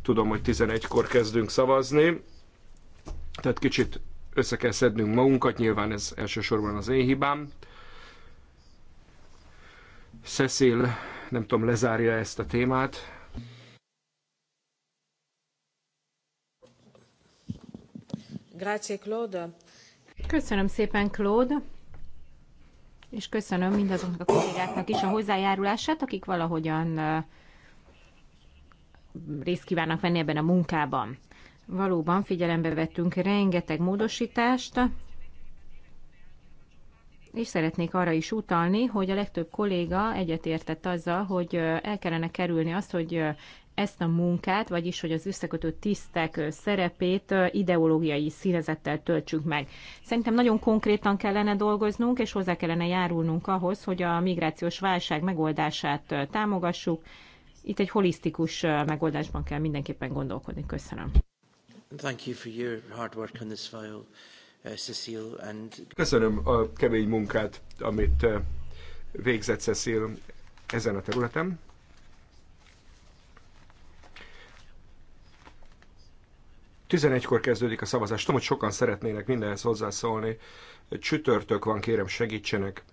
Speaker 4: Tudom, hogy 11-kor kezdünk szavazni. Tehát kicsit össze kell szednünk magunkat, nyilván ez elsősorban az én hibám. Cecil, nem tudom, lezárja ezt a
Speaker 3: témát. Grazie, Claude. Köszönöm szépen, Claude, és köszönöm mindazoknak a kollégáknak is a hozzájárulását, akik valahogyan részt kívánnak venni ebben a munkában valóban figyelembe vettünk rengeteg módosítást, és szeretnék arra is utalni, hogy a legtöbb kolléga egyetértett azzal, hogy el kellene kerülni azt, hogy ezt a munkát, vagyis hogy az összekötő tisztek szerepét ideológiai színezettel töltsük meg. Szerintem nagyon konkrétan kellene dolgoznunk, és hozzá kellene járulnunk ahhoz, hogy a migrációs válság megoldását támogassuk. Itt egy holisztikus megoldásban kell mindenképpen gondolkodni. Köszönöm.
Speaker 1: Thank you for your hard work on this file, uh, Cecile. And...
Speaker 4: Köszönöm a kemény munkát, amit uh, végzett Cecile ezen a területen. Tizenegykor kezdődik a szavazás. Tudom, hogy sokan szeretnének mindenhez hozzászólni. Csütörtök van, kérem segítsenek.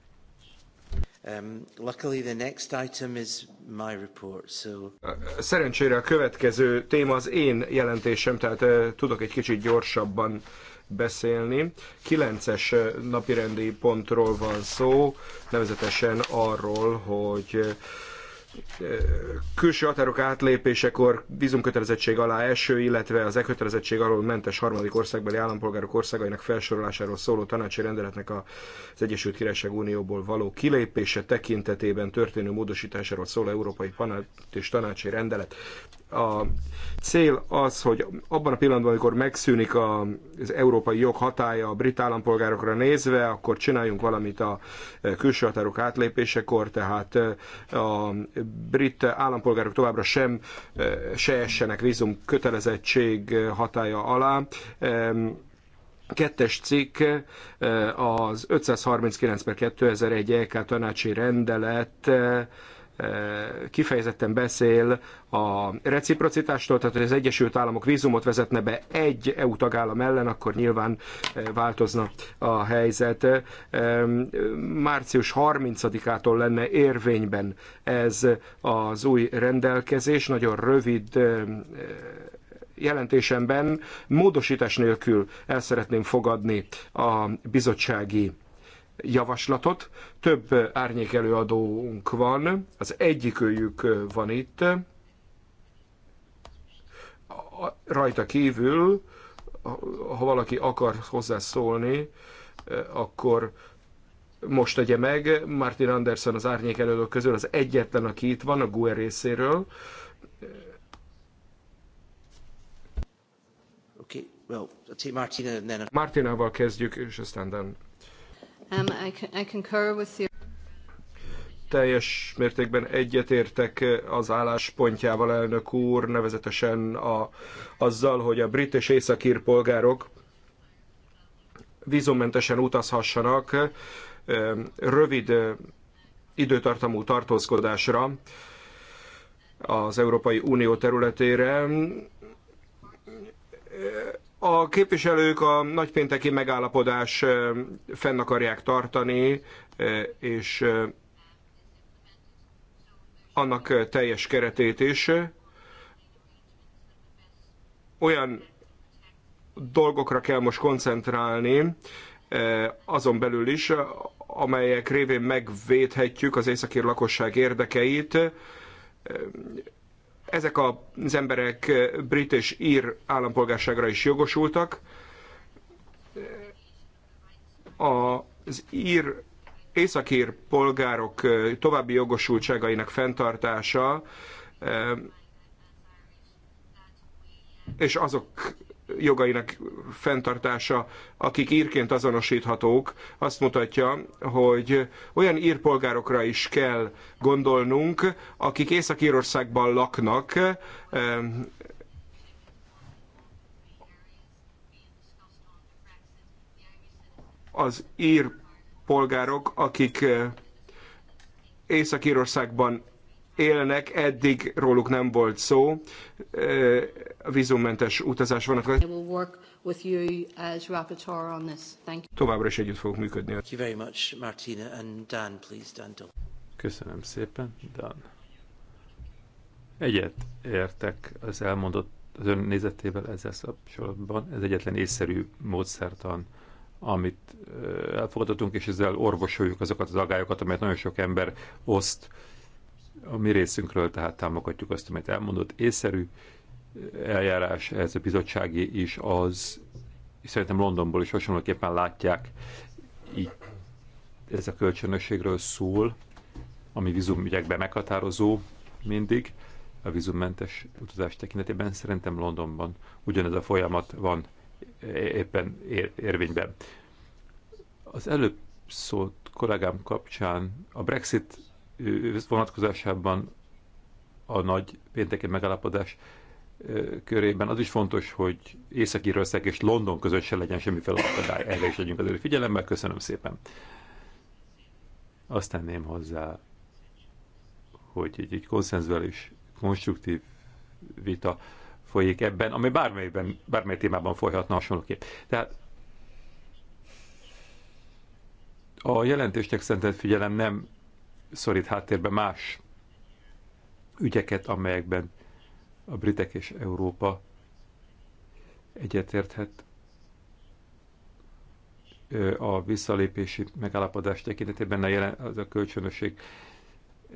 Speaker 4: Szerencsére a következő téma az én jelentésem, tehát uh, tudok egy kicsit gyorsabban beszélni. Kilences uh, napirendi pontról van szó, nevezetesen arról, hogy külső határok átlépésekor vízumkötelezettség alá eső, illetve az ekötelezettség alól mentes harmadik országbeli állampolgárok országainak felsorolásáról szóló tanácsi rendeletnek az Egyesült Királyság Unióból való kilépése tekintetében történő módosításáról szóló Európai Panát és Tanácsi Rendelet. A cél az, hogy abban a pillanatban, amikor megszűnik az európai jog hatája a brit állampolgárokra nézve, akkor csináljunk valamit a külső határok átlépésekor, tehát a brit állampolgárok továbbra sem eh, se essenek vízum kötelezettség hatája alá. Kettes cikk eh, az 539 per 2001 EK e tanácsi rendelet eh, kifejezetten beszél a reciprocitástól, tehát hogy az Egyesült Államok vízumot vezetne be egy EU tagállam ellen, akkor nyilván változna a helyzet. Március 30-ától lenne érvényben ez az új rendelkezés, nagyon rövid jelentésemben módosítás nélkül el szeretném fogadni a bizottsági javaslatot. Több árnyékelőadónk van, az egyikőjük van itt. Rajta kívül, ha valaki akar hozzászólni, akkor most tegye meg. Martin Anderson az árnyékelők közül az egyetlen, aki itt van a GUE részéről. Okay, well, Martina, then... Martinával kezdjük, és aztán Dan. Um, Teljes mértékben egyetértek eh, az álláspontjával, elnök úr, nevezetesen a, azzal, hogy a brit és északír polgárok vízummentesen utazhassanak eh, rövid eh, időtartamú tartózkodásra az Európai Unió területére a képviselők a nagypénteki megállapodás fenn akarják tartani, és annak teljes keretét is. Olyan dolgokra kell most koncentrálni, azon belül is, amelyek révén megvédhetjük az északír lakosság érdekeit, ezek az emberek brit és ír állampolgárságra is jogosultak. Az ír északír polgárok további jogosultságainak fenntartása és azok jogainak fenntartása, akik írként azonosíthatók, azt mutatja, hogy olyan írpolgárokra is kell gondolnunk, akik Észak-Írországban laknak, az ír polgárok, akik eh, Észak-Írországban élnek, eddig róluk nem volt szó. A vízummentes utazás van. Továbbra is együtt fogunk működni.
Speaker 2: Köszönöm szépen, Dan. Egyet értek az elmondott az ön nézetével ezzel kapcsolatban. Ez egyetlen észszerű módszertan, amit elfogadhatunk, és ezzel orvosoljuk azokat az agályokat, amelyet nagyon sok ember oszt a mi részünkről tehát támogatjuk azt, amit elmondott. Észszerű eh, eljárás, ez a bizottsági is az, és szerintem Londonból is hasonlóképpen látják, így ez a kölcsönösségről szól, ami vízumügyekben meghatározó mindig, a vízummentes utazás tekintetében szerintem Londonban ugyanez a folyamat van eh, éppen ér érvényben. Az előbb szólt kollégám kapcsán a Brexit vonatkozásában a nagy pénteki megállapodás körében az is fontos, hogy Észak-Írország és London között se legyen semmi akadály. Erre is legyünk azért figyelemmel. Köszönöm szépen. Azt tenném hozzá, hogy egy, egy konszenzuális, konstruktív vita folyik ebben, ami bármelyben, bármely témában folyhatna hasonlóképp. Tehát a jelentésnek szentelt figyelem nem szorít háttérbe más ügyeket, amelyekben a britek és Európa egyetérthet a visszalépési megállapodás tekintetében a, jelen, az a kölcsönösség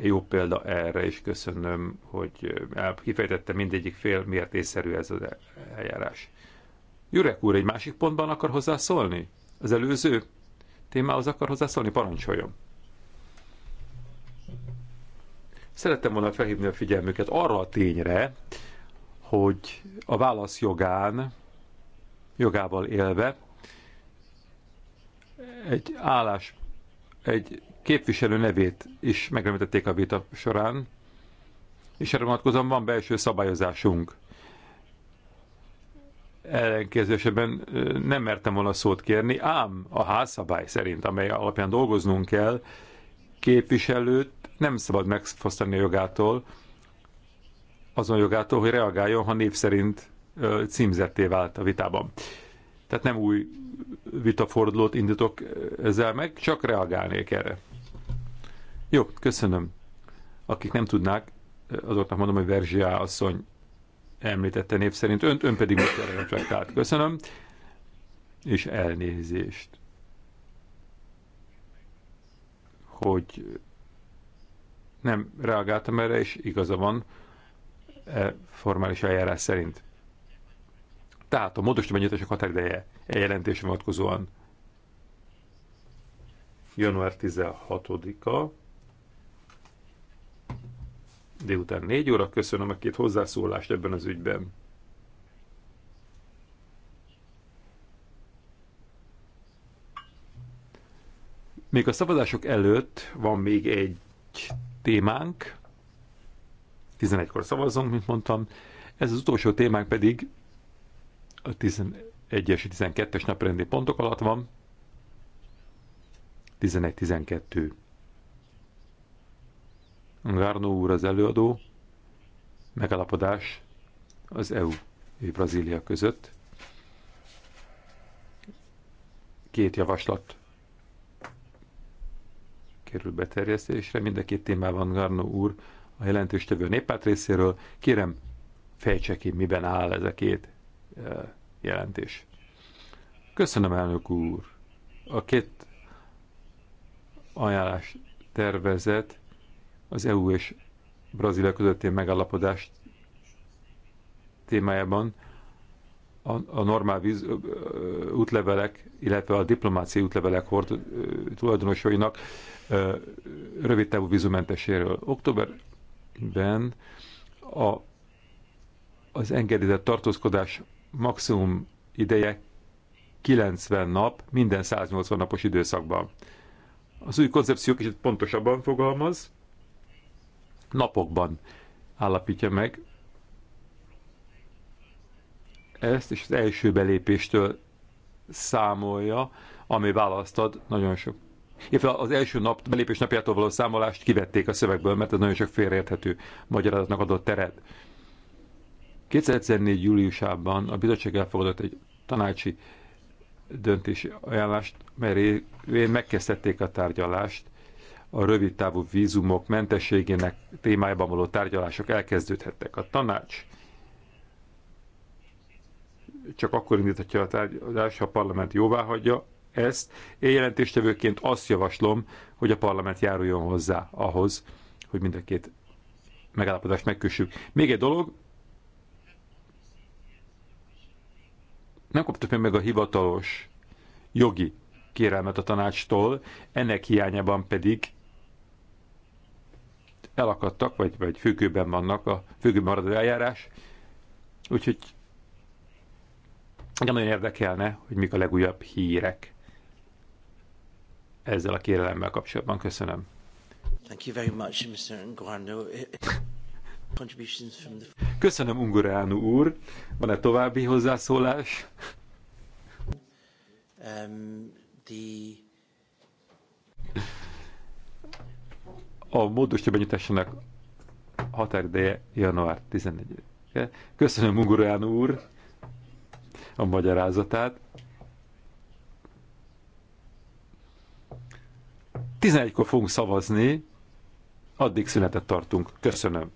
Speaker 2: jó példa erre, és köszönöm, hogy kifejtette mindegyik fél, miért észszerű ez az eljárás. Jurek úr egy másik pontban akar hozzászólni? Az előző témához akar hozzászólni? Parancsoljon! Szerettem volna felhívni a figyelmüket arra a tényre, hogy a válasz jogán, jogával élve, egy állás, egy képviselő nevét is megremetették a vita során, és erre vonatkozóan van belső szabályozásunk. Ellenkező nem mertem volna szót kérni, ám a házszabály szerint, amely alapján dolgoznunk kell, képviselőt nem szabad megfosztani a jogától, azon jogától, hogy reagáljon, ha név szerint címzetté vált a vitában. Tehát nem új vitafordulót indítok ezzel meg, csak reagálnék erre. Jó, köszönöm. Akik nem tudnák, azoknak mondom, hogy Verzsiá asszony említette név szerint, ön, ön pedig most reflektált. Köszönöm, és elnézést. hogy nem reagáltam erre, és igaza van e formális eljárás szerint. Tehát a módosító benyújtások határideje e vonatkozóan január 16-a délután 4 óra. Köszönöm a két hozzászólást ebben az ügyben. Még a szavazások előtt van még egy témánk, 11-kor szavazzunk, mint mondtam, ez az utolsó témánk pedig a 11-es, 12-es naprendi pontok alatt van, 11-12. Gárnó úr az előadó, megalapodás az EU és Brazília között. Két javaslat kerül beterjesztésre. Mind a két témában Garnó úr a jelentős tevő néppárt részéről. Kérem, fejtse ki, miben áll ez a két eh, jelentés. Köszönöm, elnök úr. A két ajánlás tervezet az EU és Brazília közötti megállapodást témájában a, a normál víz, ö, ö, útlevelek, illetve a diplomáciai útlevelek hord, ö, tulajdonosainak rövid távú vízumenteséről. Októberben a, az engedélyezett tartózkodás maximum ideje 90 nap minden 180 napos időszakban. Az új koncepció kicsit pontosabban fogalmaz, napokban állapítja meg ezt, és az első belépéstől számolja, ami választad nagyon sok Éve az első nap, belépés napjától való számolást kivették a szövegből, mert ez nagyon sok félreérthető magyarázatnak adott teret. 2014. júliusában a bizottság elfogadott egy tanácsi döntési ajánlást, mert én megkezdették a tárgyalást a rövidtávú vízumok mentességének témájában való tárgyalások elkezdődhettek. A tanács csak akkor indíthatja a tárgyalást, ha a parlament jóvá hagyja, ezt. Én jelentéstevőként azt javaslom, hogy a parlament járuljon hozzá ahhoz, hogy mind a két megállapodást megkössük. Még egy dolog, nem kaptuk meg a hivatalos jogi kérelmet a tanácstól, ennek hiányában pedig elakadtak, vagy, vagy függőben vannak a függőben maradó eljárás, úgyhogy nagyon érdekelne, hogy mik a legújabb hírek ezzel a kérelemmel kapcsolatban. Köszönöm.
Speaker 1: Thank you very much, Mr. (laughs)
Speaker 2: Köszönöm, Ungureanu úr. Van-e további hozzászólás?
Speaker 1: Um, the...
Speaker 2: A módosítja benyitásának határideje január 11 -e. Köszönöm, Ungureanu úr, a magyarázatát. 11-kor fogunk szavazni, addig szünetet tartunk. Köszönöm.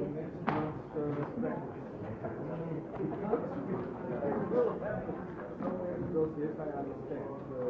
Speaker 5: Thank you.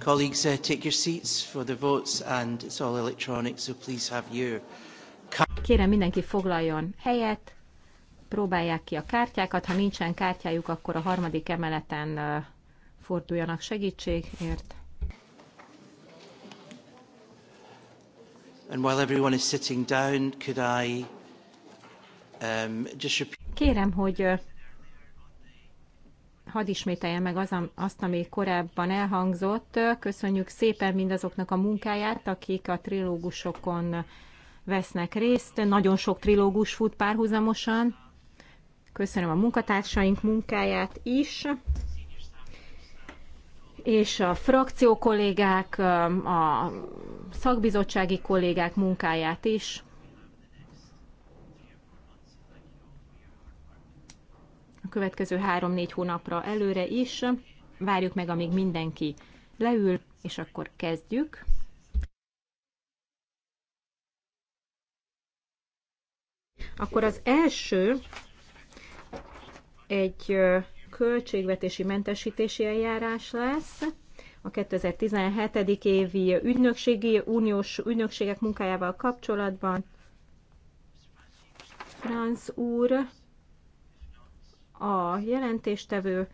Speaker 1: Colleagues, uh, take your seats for the votes, and it's all electronic, so please have your...
Speaker 3: Kérem, mindenki foglaljon helyet, próbálják ki a kártyákat, ha nincsen kártyájuk, akkor a harmadik emeleten uh, forduljanak segítségért.
Speaker 1: And while everyone is sitting down, could I um, just repeat...
Speaker 3: Kérem, hogy uh, hadd ismételjem meg az, azt, ami korábban elhangzott. Köszönjük szépen mindazoknak a munkáját, akik a trilógusokon vesznek részt. Nagyon sok trilógus fut párhuzamosan. Köszönöm a munkatársaink munkáját is és a frakció kollégák, a szakbizottsági kollégák munkáját is. következő három-négy hónapra előre is. Várjuk meg, amíg mindenki leül, és akkor kezdjük. Akkor az első egy költségvetési mentesítési eljárás lesz a 2017. évi ügynökségi, uniós ügynökségek munkájával kapcsolatban. Franz úr a jelentéstevő.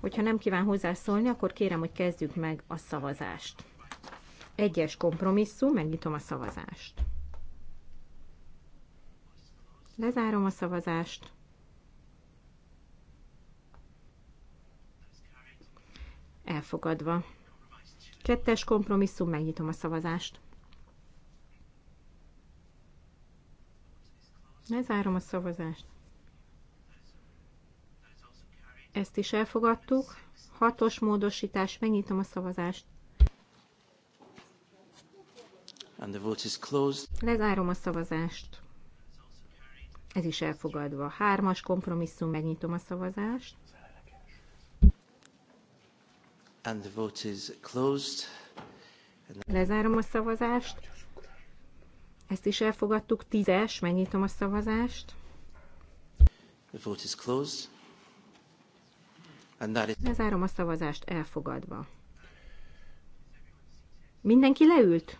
Speaker 3: Hogyha nem kíván hozzászólni, akkor kérem, hogy kezdjük meg a szavazást. Egyes kompromisszum, megnyitom a szavazást. Lezárom a szavazást. Elfogadva. Kettes kompromisszum, megnyitom a szavazást. Lezárom a szavazást. Ezt is elfogadtuk. Hatos módosítás, megnyitom a szavazást.
Speaker 1: And the vote is closed.
Speaker 3: Lezárom a szavazást. Ez is elfogadva. Hármas kompromisszum, megnyitom a szavazást.
Speaker 1: And the vote is closed.
Speaker 3: Lezárom a szavazást. Ezt is elfogadtuk. Tízes, megnyitom a szavazást.
Speaker 1: The vote is closed. Lezárom
Speaker 3: a szavazást elfogadva. Mindenki leült?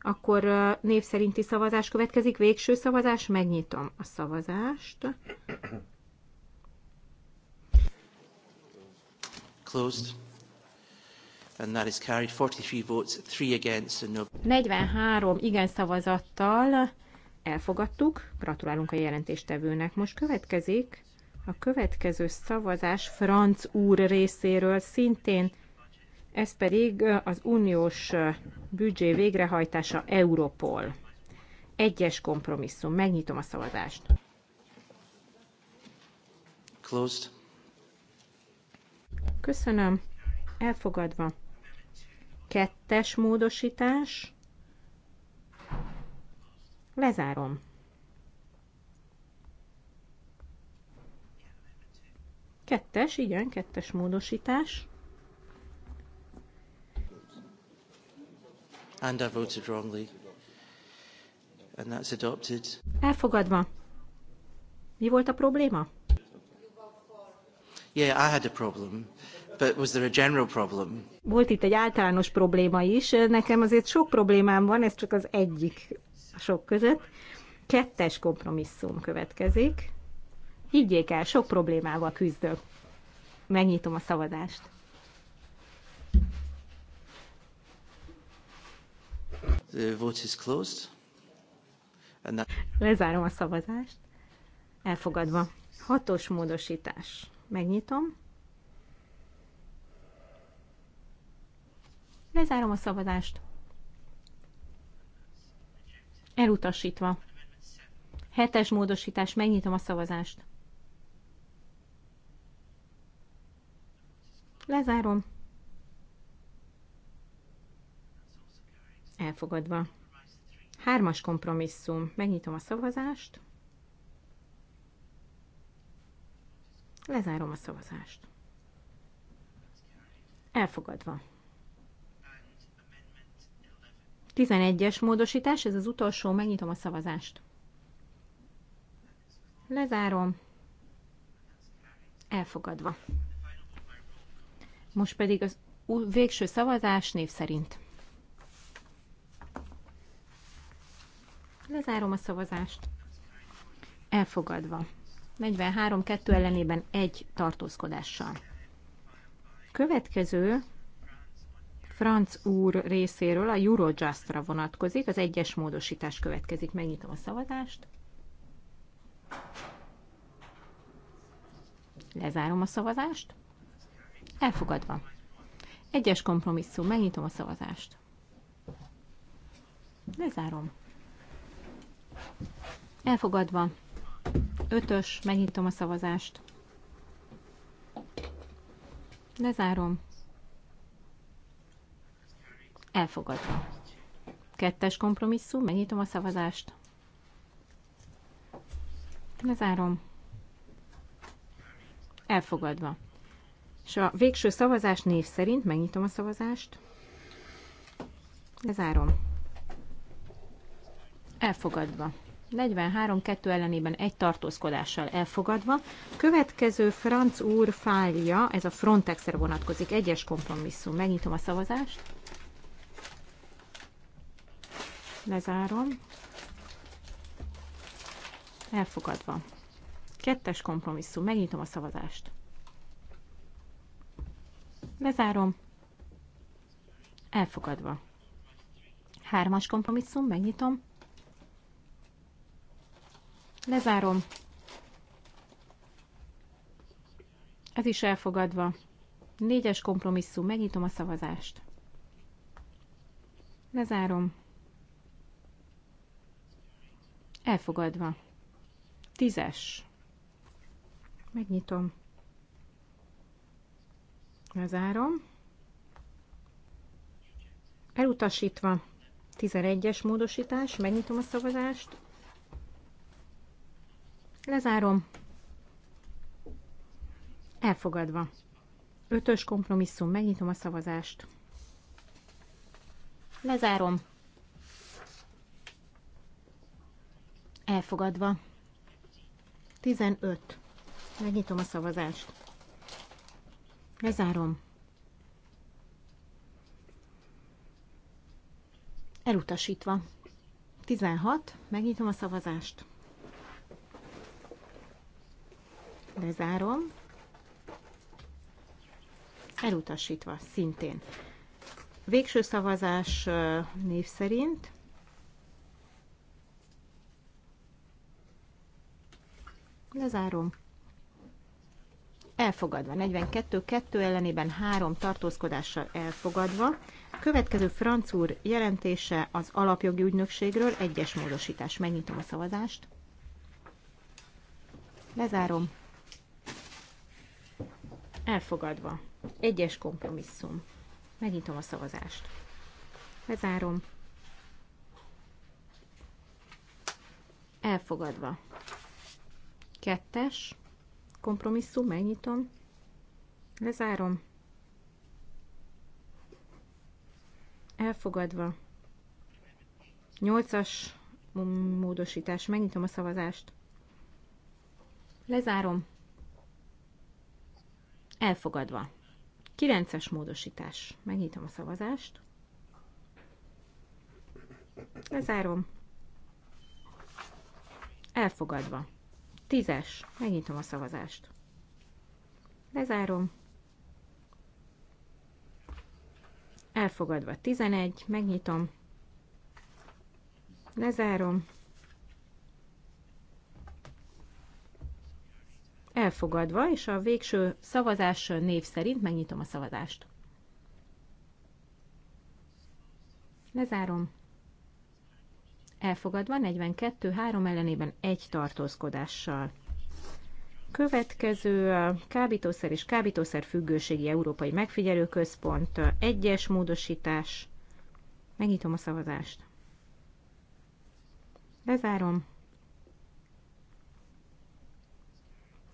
Speaker 3: Akkor név szerinti szavazás következik, végső szavazás, megnyitom a szavazást.
Speaker 1: Closed. And that is carried 43 votes, 3 against and no...
Speaker 3: 43 igen szavazattal elfogadtuk. Gratulálunk a jelentéstevőnek. Most következik a következő szavazás Franc úr részéről szintén, ez pedig az uniós büdzsé végrehajtása Europol. Egyes kompromisszum. Megnyitom a szavazást. Closed. Köszönöm. Elfogadva. Kettes módosítás. Lezárom. Kettes, igen, kettes módosítás.
Speaker 1: And I voted wrongly. And that's adopted.
Speaker 3: Elfogadva. Mi volt a probléma?
Speaker 1: Yeah, I had a problem. But was there a general problem?
Speaker 3: Volt itt egy általános probléma is. Nekem azért sok problémám van, ez csak az egyik a sok között. Kettes kompromisszum következik. Higgyék el, sok problémával küzdök. Megnyitom a szavazást.
Speaker 1: The vote is closed. And that...
Speaker 3: Lezárom a szavazást. Elfogadva. Hatos módosítás. Megnyitom. Lezárom a szavazást. Elutasítva. Hetes módosítás. Megnyitom a szavazást. Lezárom. Elfogadva. Hármas kompromisszum. Megnyitom a szavazást. Lezárom a szavazást. Elfogadva. 11-es módosítás, ez az utolsó, megnyitom a szavazást. Lezárom. Elfogadva. Most pedig az végső szavazás név szerint. Lezárom a szavazást. Elfogadva. 43-2 ellenében egy tartózkodással. Következő Franz úr részéről a Eurojustra vonatkozik, az egyes módosítás következik. Megnyitom a szavazást. Lezárom a szavazást. Elfogadva. Egyes kompromisszum. Megnyitom a szavazást. Lezárom. Elfogadva. Ötös. Megnyitom a szavazást. Lezárom. Elfogadva. Kettes kompromisszum. Megnyitom a szavazást. Lezárom. Elfogadva. És a végső szavazás név szerint megnyitom a szavazást. Lezárom. Elfogadva. 43-2 ellenében egy tartózkodással elfogadva. Következő franc úr fájlja, ez a Frontexre vonatkozik, egyes kompromisszum. Megnyitom a szavazást. Lezárom. Elfogadva. Kettes kompromisszum. Megnyitom a szavazást. Lezárom. Elfogadva. Hármas kompromisszum, megnyitom. Lezárom. Ez is elfogadva. Négyes kompromisszum, megnyitom a szavazást. Lezárom. Elfogadva. Tízes. Megnyitom. Lezárom. Elutasítva 11-es módosítás, megnyitom a szavazást. Lezárom. Elfogadva. Ötös kompromisszum, megnyitom a szavazást. Lezárom. Elfogadva. 15. Megnyitom a szavazást. Lezárom. Elutasítva. 16. Megnyitom a szavazást. Lezárom. Elutasítva, szintén. Végső szavazás név szerint. Lezárom elfogadva. 42 2 ellenében három tartózkodással elfogadva. Következő francúr jelentése az alapjogi ügynökségről, egyes módosítás. Megnyitom a szavazást. Lezárom. Elfogadva. Egyes kompromisszum. Megnyitom a szavazást. Lezárom. Elfogadva. Kettes kompromisszum, megnyitom, lezárom, elfogadva, 8-as módosítás, megnyitom a szavazást, lezárom, elfogadva, 9-es módosítás, megnyitom a szavazást, lezárom, elfogadva. Tízes. Megnyitom a szavazást. Lezárom. Elfogadva 11. Megnyitom. Lezárom. Elfogadva, és a végső szavazás név szerint megnyitom a szavazást. Lezárom elfogadva 42 3 ellenében egy tartózkodással. Következő kábítószer és kábítószer függőségi Európai Megfigyelőközpont egyes módosítás. Megnyitom a szavazást. Bezárom.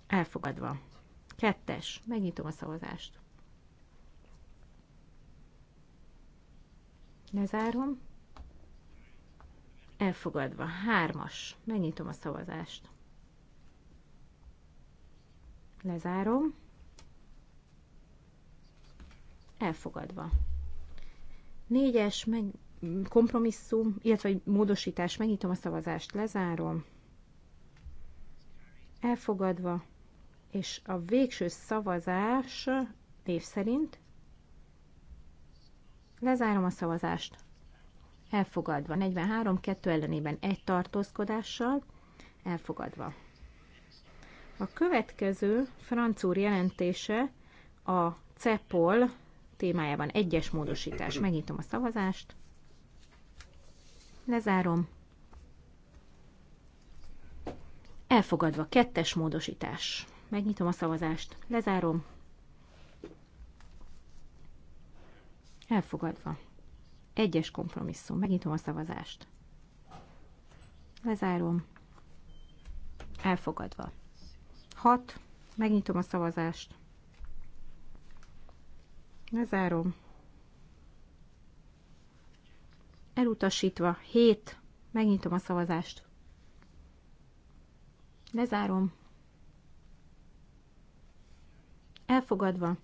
Speaker 3: Elfogadva. Kettes. Megnyitom a szavazást. Lezárom. Elfogadva. Hármas. Megnyitom a szavazást. Lezárom. Elfogadva. Négyes meg kompromisszum, illetve egy módosítás. Megnyitom a szavazást. Lezárom. Elfogadva. És a végső szavazás név szerint lezárom a szavazást elfogadva. 43, 2 ellenében egy tartózkodással, elfogadva. A következő francúr jelentése a CEPOL témájában egyes módosítás. Megnyitom a szavazást. Lezárom. Elfogadva kettes módosítás. Megnyitom a szavazást. Lezárom. Elfogadva. Egyes kompromisszum. Megnyitom a szavazást. Lezárom. Elfogadva. 6. Megnyitom a szavazást. Lezárom. Elutasítva. 7. Megnyitom a szavazást. Lezárom. Elfogadva.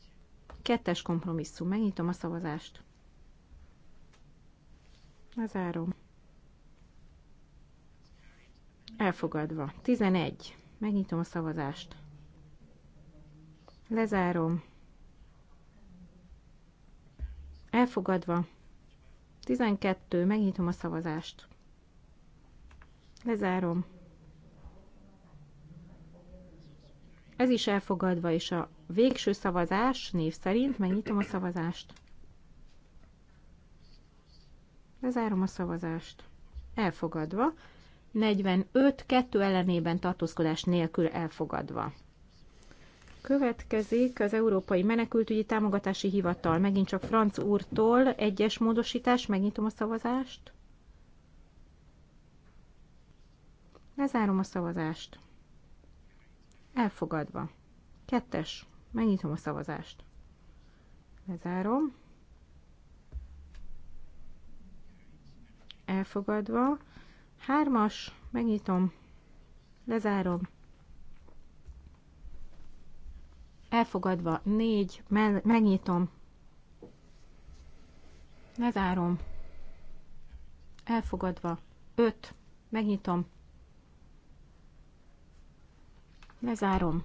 Speaker 3: Kettes kompromisszum. Megnyitom a szavazást. Lezárom. Elfogadva. 11. Megnyitom a szavazást. Lezárom. Elfogadva. 12. Megnyitom a szavazást. Lezárom. Ez is elfogadva, és a végső szavazás név szerint megnyitom a szavazást. Lezárom a szavazást. Elfogadva. 45, 2 ellenében tartózkodás nélkül elfogadva. Következik az Európai Menekültügyi Támogatási Hivatal. Megint csak Franc úrtól egyes módosítás. Megnyitom a szavazást. Lezárom a szavazást. Elfogadva. Kettes. Megnyitom a szavazást. Lezárom. elfogadva. Hármas, megnyitom, lezárom. Elfogadva, négy, megnyitom, lezárom. Elfogadva, öt, megnyitom, lezárom.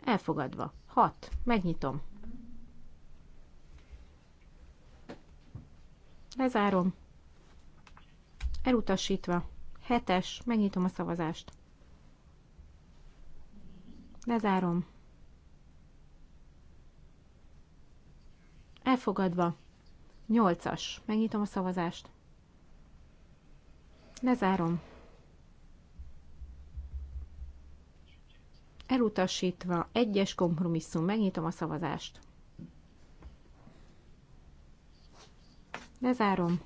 Speaker 3: Elfogadva, hat, megnyitom, Lezárom. Elutasítva. Hetes. Megnyitom a szavazást. Lezárom. Elfogadva. Nyolcas. Megnyitom a szavazást. Lezárom. Elutasítva. Egyes kompromisszum. Megnyitom a szavazást. Lezárom.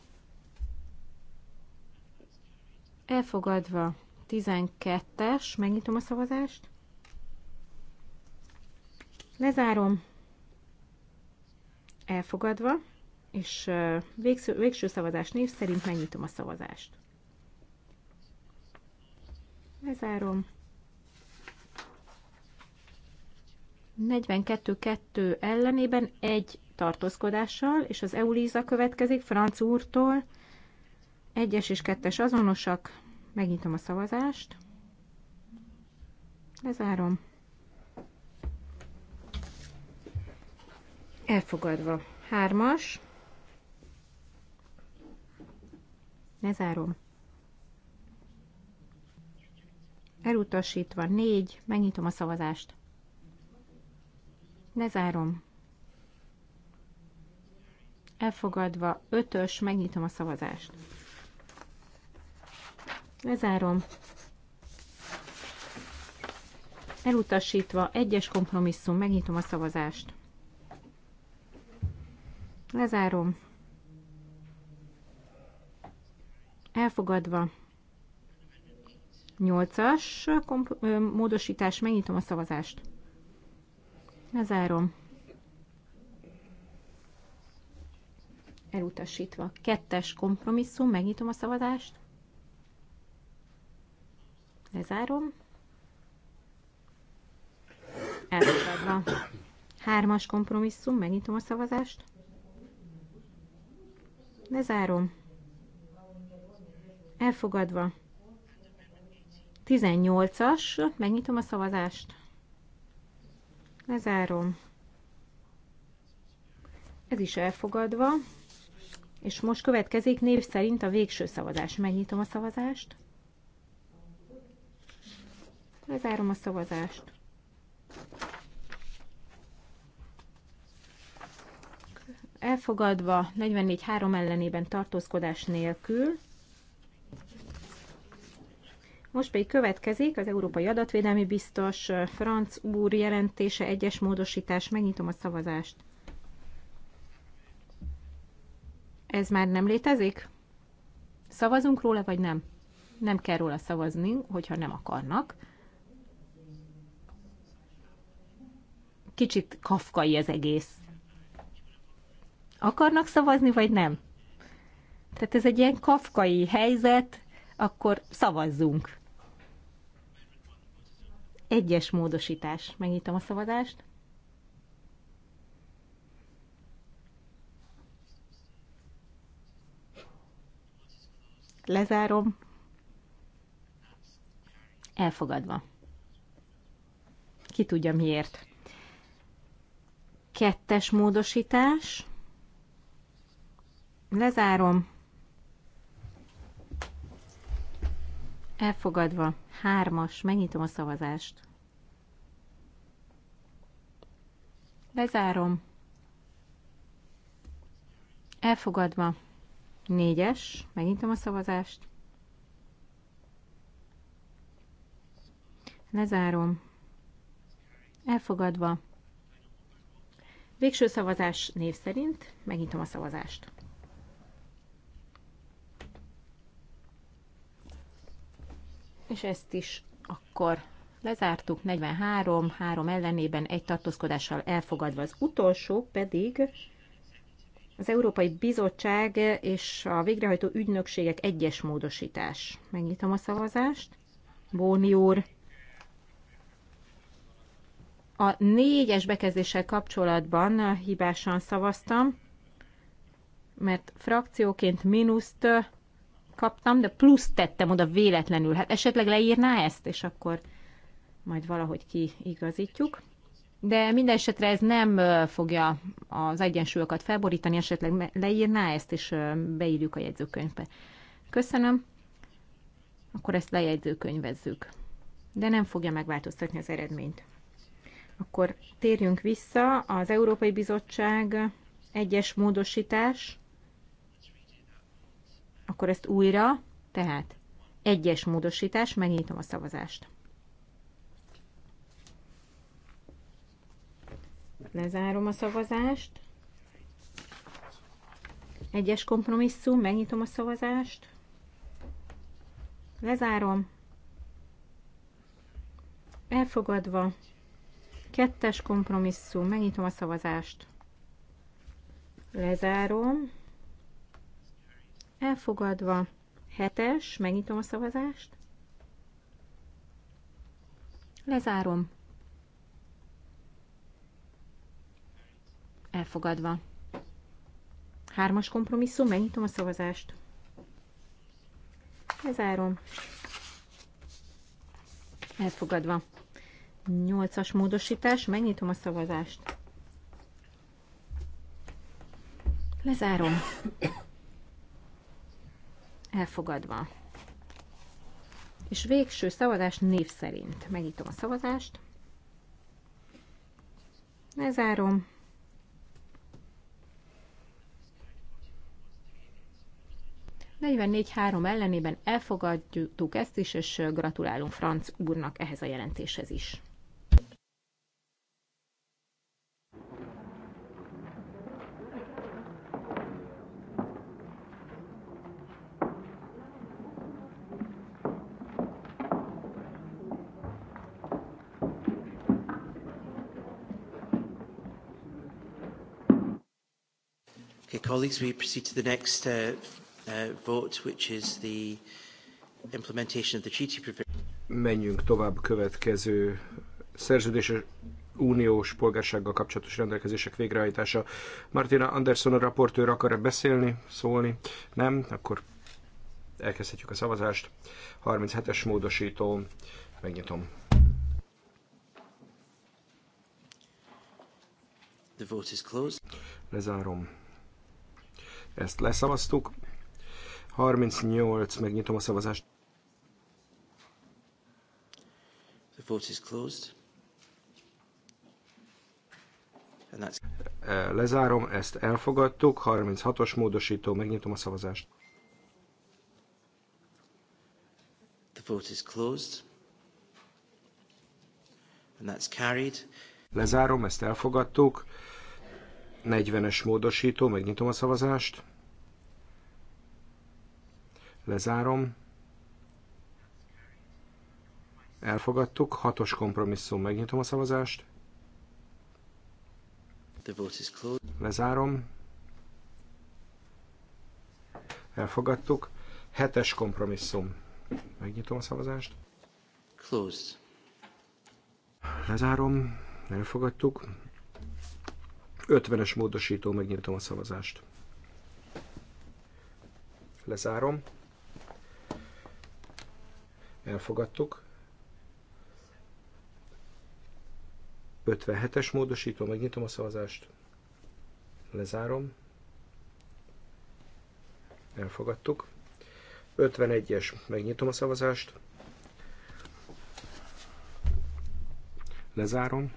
Speaker 3: Elfogadva 12-es, megnyitom a szavazást. Lezárom. Elfogadva, és végső, végső szavazás név szerint megnyitom a szavazást. Lezárom. 42-2 ellenében egy tartózkodással, és az EULISA következik Franc úrtól. Egyes és kettes azonosak. Megnyitom a szavazást. Lezárom. Elfogadva. Hármas. Lezárom. Elutasítva. Négy. Megnyitom a szavazást. Lezárom elfogadva, ötös, megnyitom a szavazást. Lezárom. Elutasítva, egyes kompromisszum, megnyitom a szavazást. Lezárom. Elfogadva. Nyolcas módosítás, megnyitom a szavazást. Lezárom. elutasítva. Kettes kompromisszum, megnyitom a szavazást. Lezárom. Elfogadva. Hármas kompromisszum, megnyitom a szavazást. Lezárom. Elfogadva. 18-as, megnyitom a szavazást. Lezárom. Ez is elfogadva. És most következik név szerint a végső szavazás. Megnyitom a szavazást. Lezárom a szavazást. Elfogadva 44-3 ellenében tartózkodás nélkül. Most pedig következik az Európai Adatvédelmi Biztos Franc úr jelentése, egyes módosítás. Megnyitom a szavazást. Ez már nem létezik? Szavazunk róla, vagy nem? Nem kell róla szavazni, hogyha nem akarnak. Kicsit kafkai az egész. Akarnak szavazni, vagy nem? Tehát ez egy ilyen kafkai helyzet, akkor szavazzunk. Egyes módosítás. Megnyitom a szavazást. Lezárom. Elfogadva. Ki tudja miért. Kettes módosítás. Lezárom. Elfogadva. Hármas. Megnyitom a szavazást. Lezárom. Elfogadva. Négyes, megnyitom a szavazást. Lezárom. Elfogadva. Végső szavazás név szerint megnyitom a szavazást. És ezt is akkor lezártuk, 43, 3 ellenében, egy tartózkodással elfogadva. Az utolsó pedig az Európai Bizottság és a végrehajtó ügynökségek egyes módosítás. Megnyitom a szavazást. Bóni úr. A négyes bekezdéssel kapcsolatban hibásan szavaztam, mert frakcióként mínuszt kaptam, de plusz tettem oda véletlenül. Hát esetleg leírná ezt, és akkor majd valahogy kiigazítjuk de minden esetre ez nem fogja az egyensúlyokat felborítani, esetleg leírná ezt, és beírjuk a jegyzőkönyvbe. Köszönöm. Akkor ezt lejegyzőkönyvezzük. De nem fogja megváltoztatni az eredményt. Akkor térjünk vissza az Európai Bizottság egyes módosítás. Akkor ezt újra, tehát egyes módosítás, megnyitom a szavazást. Lezárom a szavazást. Egyes kompromisszum, megnyitom a szavazást. Lezárom. Elfogadva. Kettes kompromisszum, megnyitom a szavazást. Lezárom. Elfogadva. Hetes, megnyitom a szavazást. Lezárom. Elfogadva. Hármas kompromisszum, megnyitom a szavazást. Lezárom. Elfogadva. Nyolcas módosítás, megnyitom a szavazást. Lezárom. Elfogadva. És végső szavazás név szerint. Megnyitom a szavazást. Lezárom. 44-3 ellenében elfogadjuk ezt is, és gratulálunk Franz úrnak ehhez a jelentéshez is.
Speaker 1: Okay, colleagues, we proceed to the next uh, uh, vote, which is the implementation of the treaty provision.
Speaker 4: Menjünk tovább következő szerződés uniós polgársággal kapcsolatos rendelkezések végrehajtása. Martina Anderson a raportőr akar -e beszélni, szólni? Nem? Akkor elkezdhetjük a szavazást. 37-es módosító. Megnyitom. The vote is closed. Lezárom. Ezt leszavaztuk. 38, megnyitom a szavazást. The vote is closed. And that's... E, lezárom, ezt elfogadtuk. 36-os módosító, megnyitom a szavazást.
Speaker 1: The vote is closed.
Speaker 4: And that's carried. Lezárom, ezt elfogadtuk. 40-es módosító, megnyitom a szavazást. Lezárom. Elfogadtuk. Hatos kompromisszum. Megnyitom a szavazást. Lezárom. Elfogadtuk. Hetes kompromisszum. Megnyitom a szavazást. Closed. Lezárom. Elfogadtuk. 50-es módosító. Megnyitom a szavazást. Lezárom elfogadtuk. 57-es módosító, megnyitom a szavazást, lezárom, elfogadtuk. 51-es, megnyitom a szavazást, lezárom.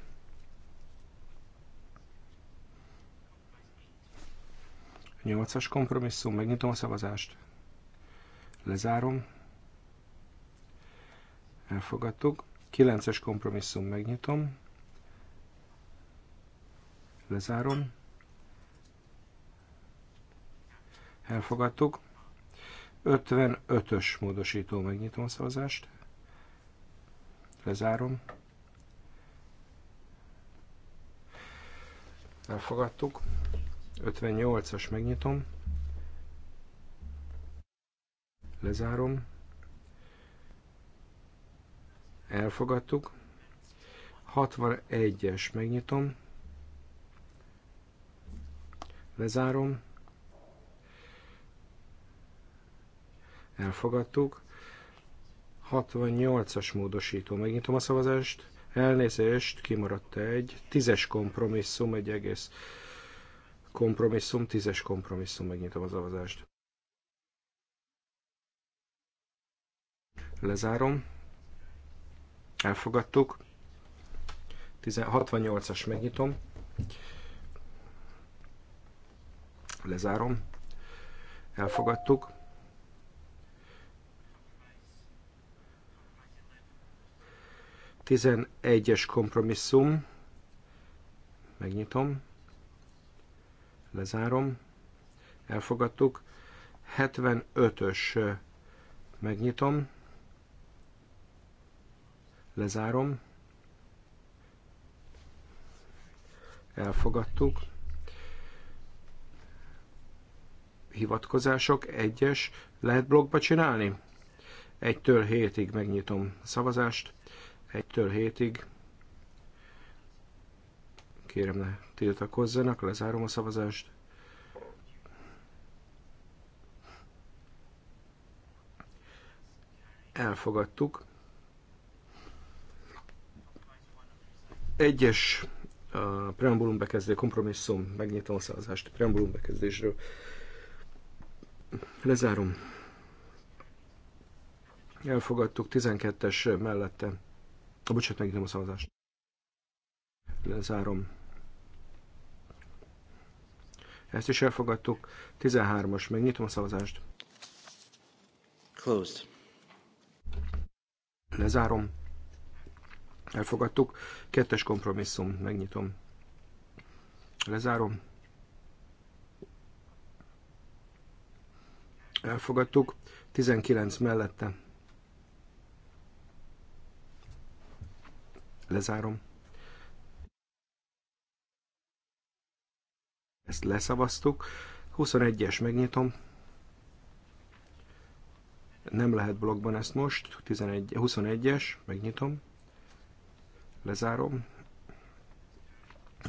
Speaker 4: Nyolcas kompromisszum, megnyitom a szavazást, lezárom elfogadtuk. 9-es kompromisszum megnyitom, lezárom, elfogadtuk. 55-ös módosító megnyitom szavazást, lezárom, elfogadtuk. 58-as megnyitom, lezárom, elfogadtuk. 61-es megnyitom, lezárom, elfogadtuk. 68-as módosító, megnyitom a szavazást, elnézést, kimaradt egy, 10-es kompromisszum, egy egész kompromisszum, 10-es kompromisszum, megnyitom a szavazást. Lezárom. Elfogadtuk. 68-as megnyitom. Lezárom. Elfogadtuk. Tizenegyes kompromisszum. Megnyitom. Lezárom. Elfogadtuk. 75-ös megnyitom Lezárom. Elfogadtuk. Hivatkozások egyes. Lehet blogba csinálni? 1-től 7-ig megnyitom a szavazást. 1-től 7-ig. Kérem ne tiltakozzanak, lezárom a szavazást. Elfogadtuk. Egyes a preambulum bekezdő kompromisszum, megnyitom a szavazást preambulum bekezdésről. Lezárom. Elfogadtuk 12-es mellette. A bocsánat, megnyitom a szavazást. Lezárom. Ezt is elfogadtuk. 13-as, megnyitom a szavazást. Closed. Lezárom. Elfogadtuk. Kettes kompromisszum. Megnyitom. Lezárom. Elfogadtuk. 19 mellette. Lezárom. Ezt leszavaztuk. 21-es megnyitom. Nem lehet blogban ezt most. 21-es, megnyitom. Lezárom.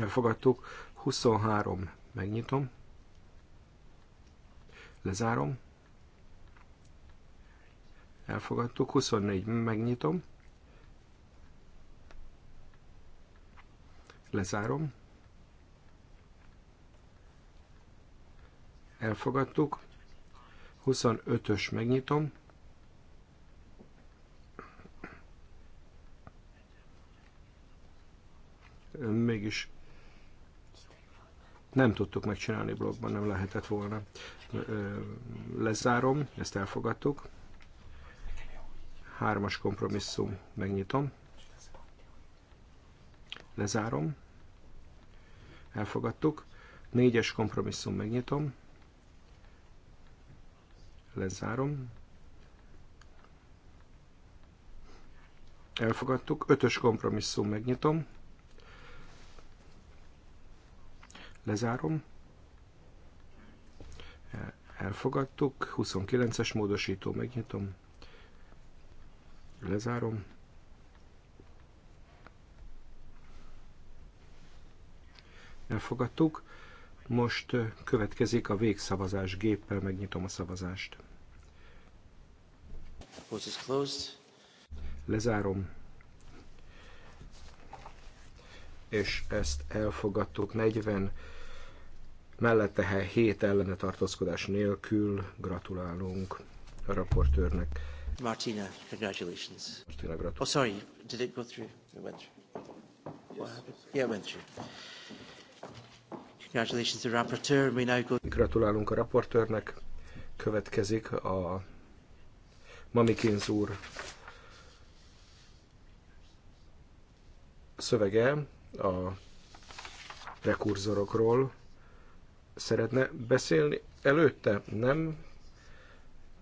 Speaker 4: Elfogadtuk. 23. Megnyitom. Lezárom. Elfogadtuk. 24. Megnyitom. Lezárom. Elfogadtuk. 25-ös megnyitom. mégis nem tudtuk megcsinálni blogban, nem lehetett volna. Lezárom, ezt elfogadtuk. Hármas kompromisszum, megnyitom. Lezárom. Elfogadtuk. Négyes kompromisszum, megnyitom. Lezárom. Elfogadtuk. Ötös kompromisszum, megnyitom. Lezárom. Elfogadtuk. 29-es módosító, megnyitom. Lezárom. Elfogadtuk. Most következik a végszavazás géppel, megnyitom a szavazást. Lezárom. és ezt elfogadtuk 40 mellette 7 ellene tartózkodás nélkül. Gratulálunk a raportőrnek.
Speaker 1: Martina, congratulations. Martina, gratulálunk. Oh, sorry, did it go through? It went through. What happened? Yeah, it went through.
Speaker 4: Congratulations to the rapporteur. We now go... Gratulálunk a raportőrnek. Következik a Mamikins úr szövege a prekurzorokról szeretne beszélni előtte? Nem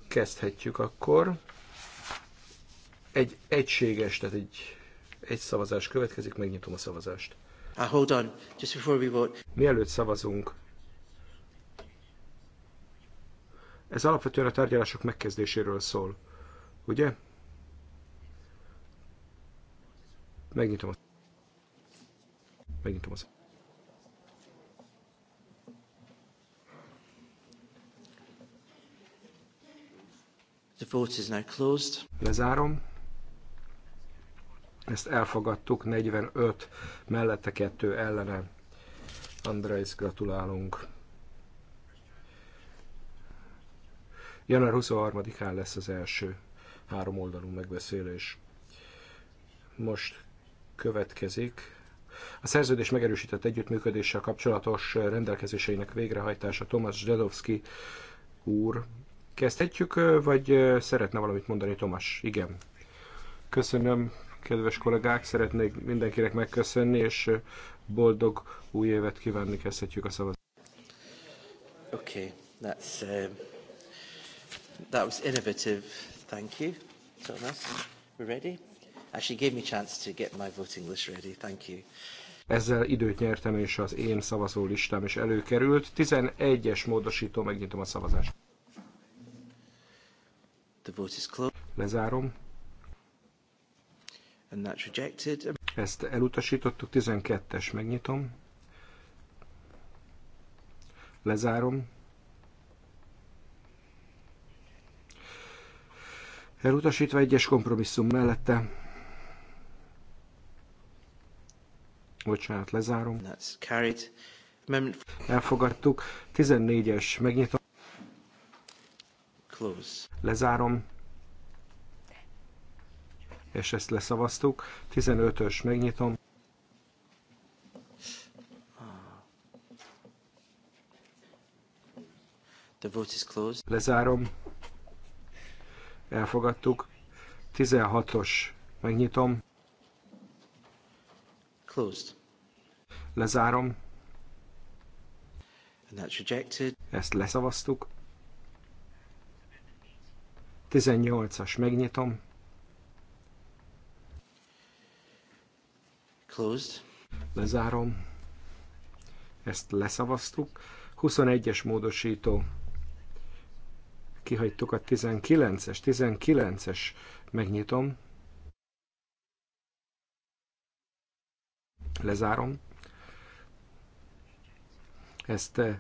Speaker 4: kezdhetjük akkor. Egy egységes, tehát egy, egy szavazás következik, megnyitom a szavazást. Uh, hold on, just before we vote. Mielőtt szavazunk, ez alapvetően a tárgyalások megkezdéséről szól, ugye? Megnyitom a Megnyitom az. The vote is now closed. Lezárom. Ezt elfogadtuk, 45 mellette, kettő ellene. Andrész, gratulálunk. Január 23-án lesz az első három oldalú megbeszélés. Most következik a szerződés megerősített együttműködéssel kapcsolatos rendelkezéseinek végrehajtása Tomasz Zsdedovszki úr. Kezdhetjük, vagy szeretne valamit mondani Tomas? Igen. Köszönöm, kedves kollégák, szeretnék mindenkinek megköszönni, és boldog új évet kívánni, kezdhetjük a szavazást.
Speaker 1: Okay, that's, uh, that was innovative. Thank you, Thomas. We're ready? actually gave me chance to get my ready. Thank you.
Speaker 4: Ezzel időt nyertem, és az én szavazó listám is előkerült. 11-es módosító, megnyitom a szavazást. The vote is closed. Lezárom. And that's rejected. Ezt elutasítottuk, 12-es, megnyitom. Lezárom. Elutasítva egyes kompromisszum mellette Bocsánat, lezárom. Elfogadtuk. 14-es, megnyitom. Close. Lezárom. És ezt leszavaztuk. 15-ös, megnyitom. The vote is closed. Lezárom. Elfogadtuk. 16-os, megnyitom. Closed. Lezárom. And that's rejected. Ezt leszavaztuk. 18-as megnyitom. Closed. Lezárom. Ezt leszavaztuk. 21-es módosító. Kihagytuk a 19-es. 19-es megnyitom. Lezárom. Ezt eh,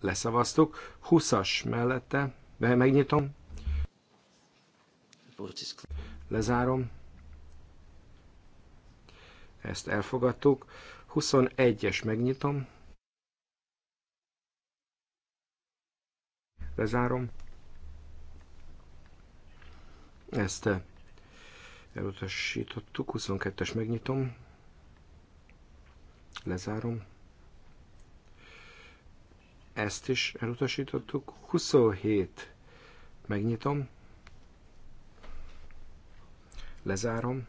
Speaker 4: leszavaztuk. 20-as mellette, megnyitom. Lezárom. Ezt elfogadtuk. 21-es megnyitom. Lezárom. Ezt eh, elutasítottuk. 22-es megnyitom. Lezárom. Ezt is elutasítottuk. 27. Megnyitom. Lezárom.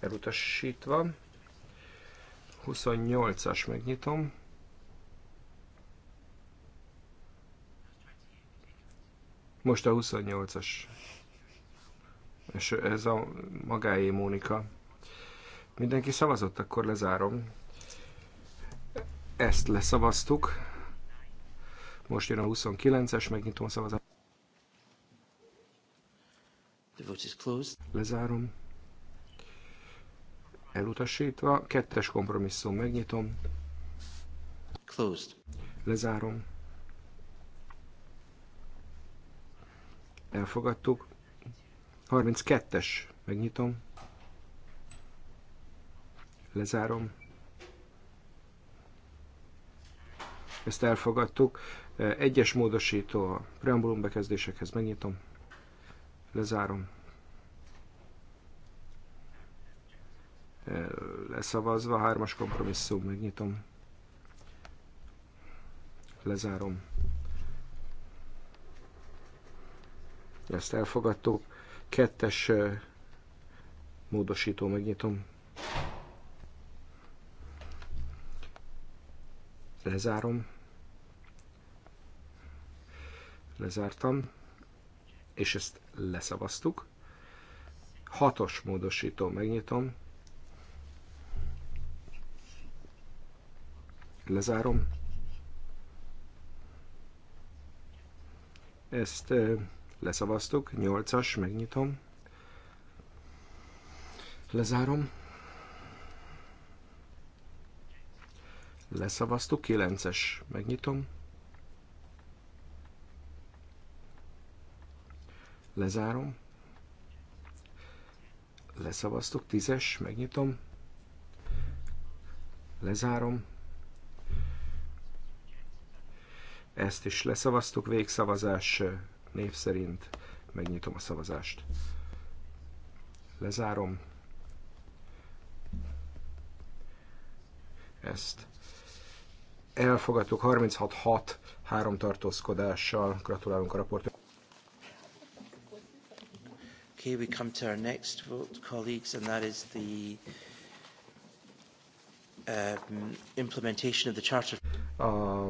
Speaker 4: Elutasítva. 28-as megnyitom. Most a 28-as. És ez a magáé Mónika. Mindenki szavazott, akkor lezárom. Ezt leszavaztuk. Most jön a 29-es, megnyitom a szavazást. The vote is closed. Lezárom. Elutasítva. Kettes kompromisszum, megnyitom. Closed. Lezárom. Elfogadtuk. 32-es, megnyitom. Lezárom. Ezt elfogadtuk. Egyes módosító a preambulum bekezdésekhez megnyitom. Lezárom. Leszavazva, hármas kompromisszum, megnyitom. Lezárom. Ezt elfogadtuk. Kettes eh, módosító, megnyitom. Lezárom. Lezártam. És ezt leszavaztuk. Hatos módosító, megnyitom. Lezárom. Ezt leszavaztuk. Nyolcas, megnyitom. Lezárom. leszavaztuk, 9-es megnyitom, lezárom, leszavaztuk, 10-es, megnyitom, lezárom, ezt is leszavaztuk, végszavazás név szerint megnyitom a szavazást. Lezárom. Ezt elfogadtuk 36-6 három tartózkodással. Gratulálunk a raportőr.
Speaker 1: Okay, we come to our next vote, colleagues, and that is the
Speaker 4: um, implementation of the Charter. A,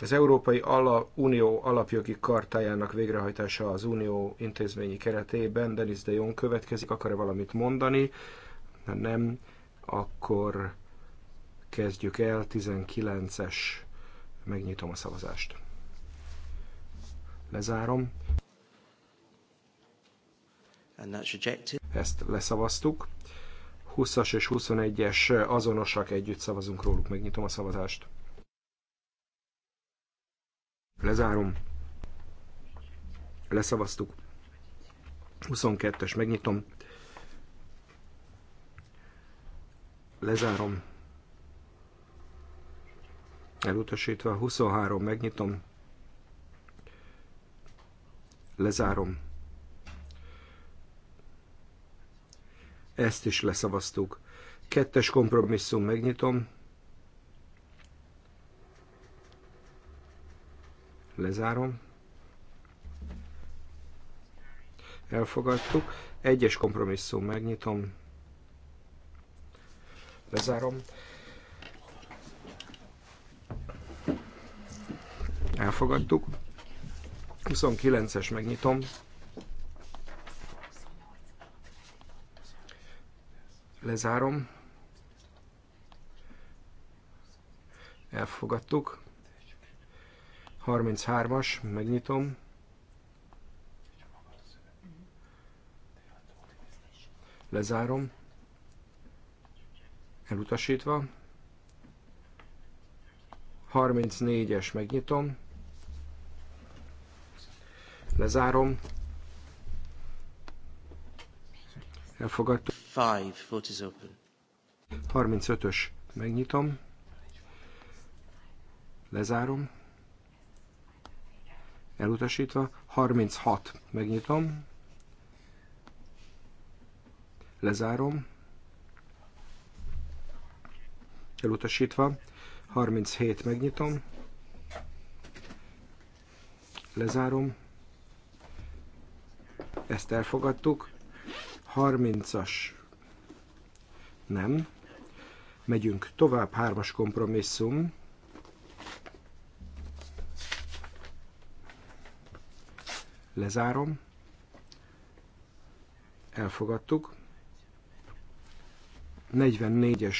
Speaker 4: az Európai Ala, Unió alapjogi kartájának végrehajtása az Unió intézményi keretében. Denis de Jong következik, akar-e valamit mondani? Ha nem, akkor kezdjük el, 19-es, megnyitom a szavazást. Lezárom. Ezt leszavaztuk. 20-as és 21-es azonosak, együtt szavazunk róluk, megnyitom a szavazást. Lezárom. Leszavaztuk. 22-es, megnyitom. Lezárom elutasítva, 23 megnyitom, lezárom. Ezt is leszavaztuk. Kettes kompromisszum megnyitom, lezárom. Elfogadtuk. Egyes kompromisszum megnyitom, lezárom. Elfogadtuk. 29-es megnyitom. Lezárom. Elfogadtuk. 33-as, megnyitom. Lezárom. Elutasítva. 34-es, megnyitom. Lezárom. Elfogadtuk. 35-ös. Megnyitom. Lezárom. Elutasítva. 36. Megnyitom. Lezárom. Elutasítva. 37. Megnyitom. Lezárom ezt elfogadtuk. 30-as nem. Megyünk tovább, hármas kompromisszum. Lezárom. Elfogadtuk. 44-es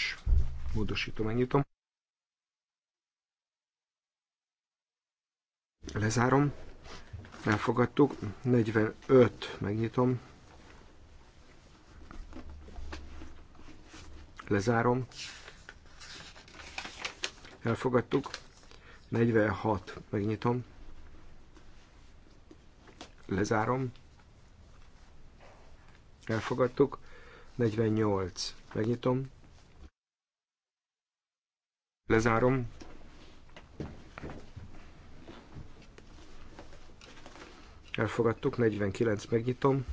Speaker 4: módosító megnyitom. Lezárom elfogadtuk. 45, megnyitom. Lezárom. Elfogadtuk. 46, megnyitom. Lezárom. Elfogadtuk. 48, megnyitom. Lezárom. Elfogadtuk. 49 megnyitom.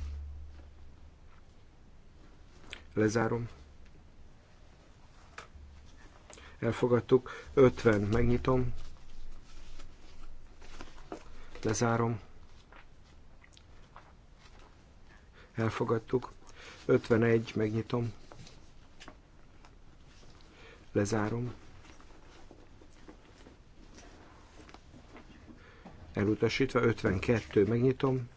Speaker 4: Lezárom. Elfogadtuk. 50 megnyitom. Lezárom. Elfogadtuk. 51 megnyitom. Lezárom elutasítva, 52 megnyitom,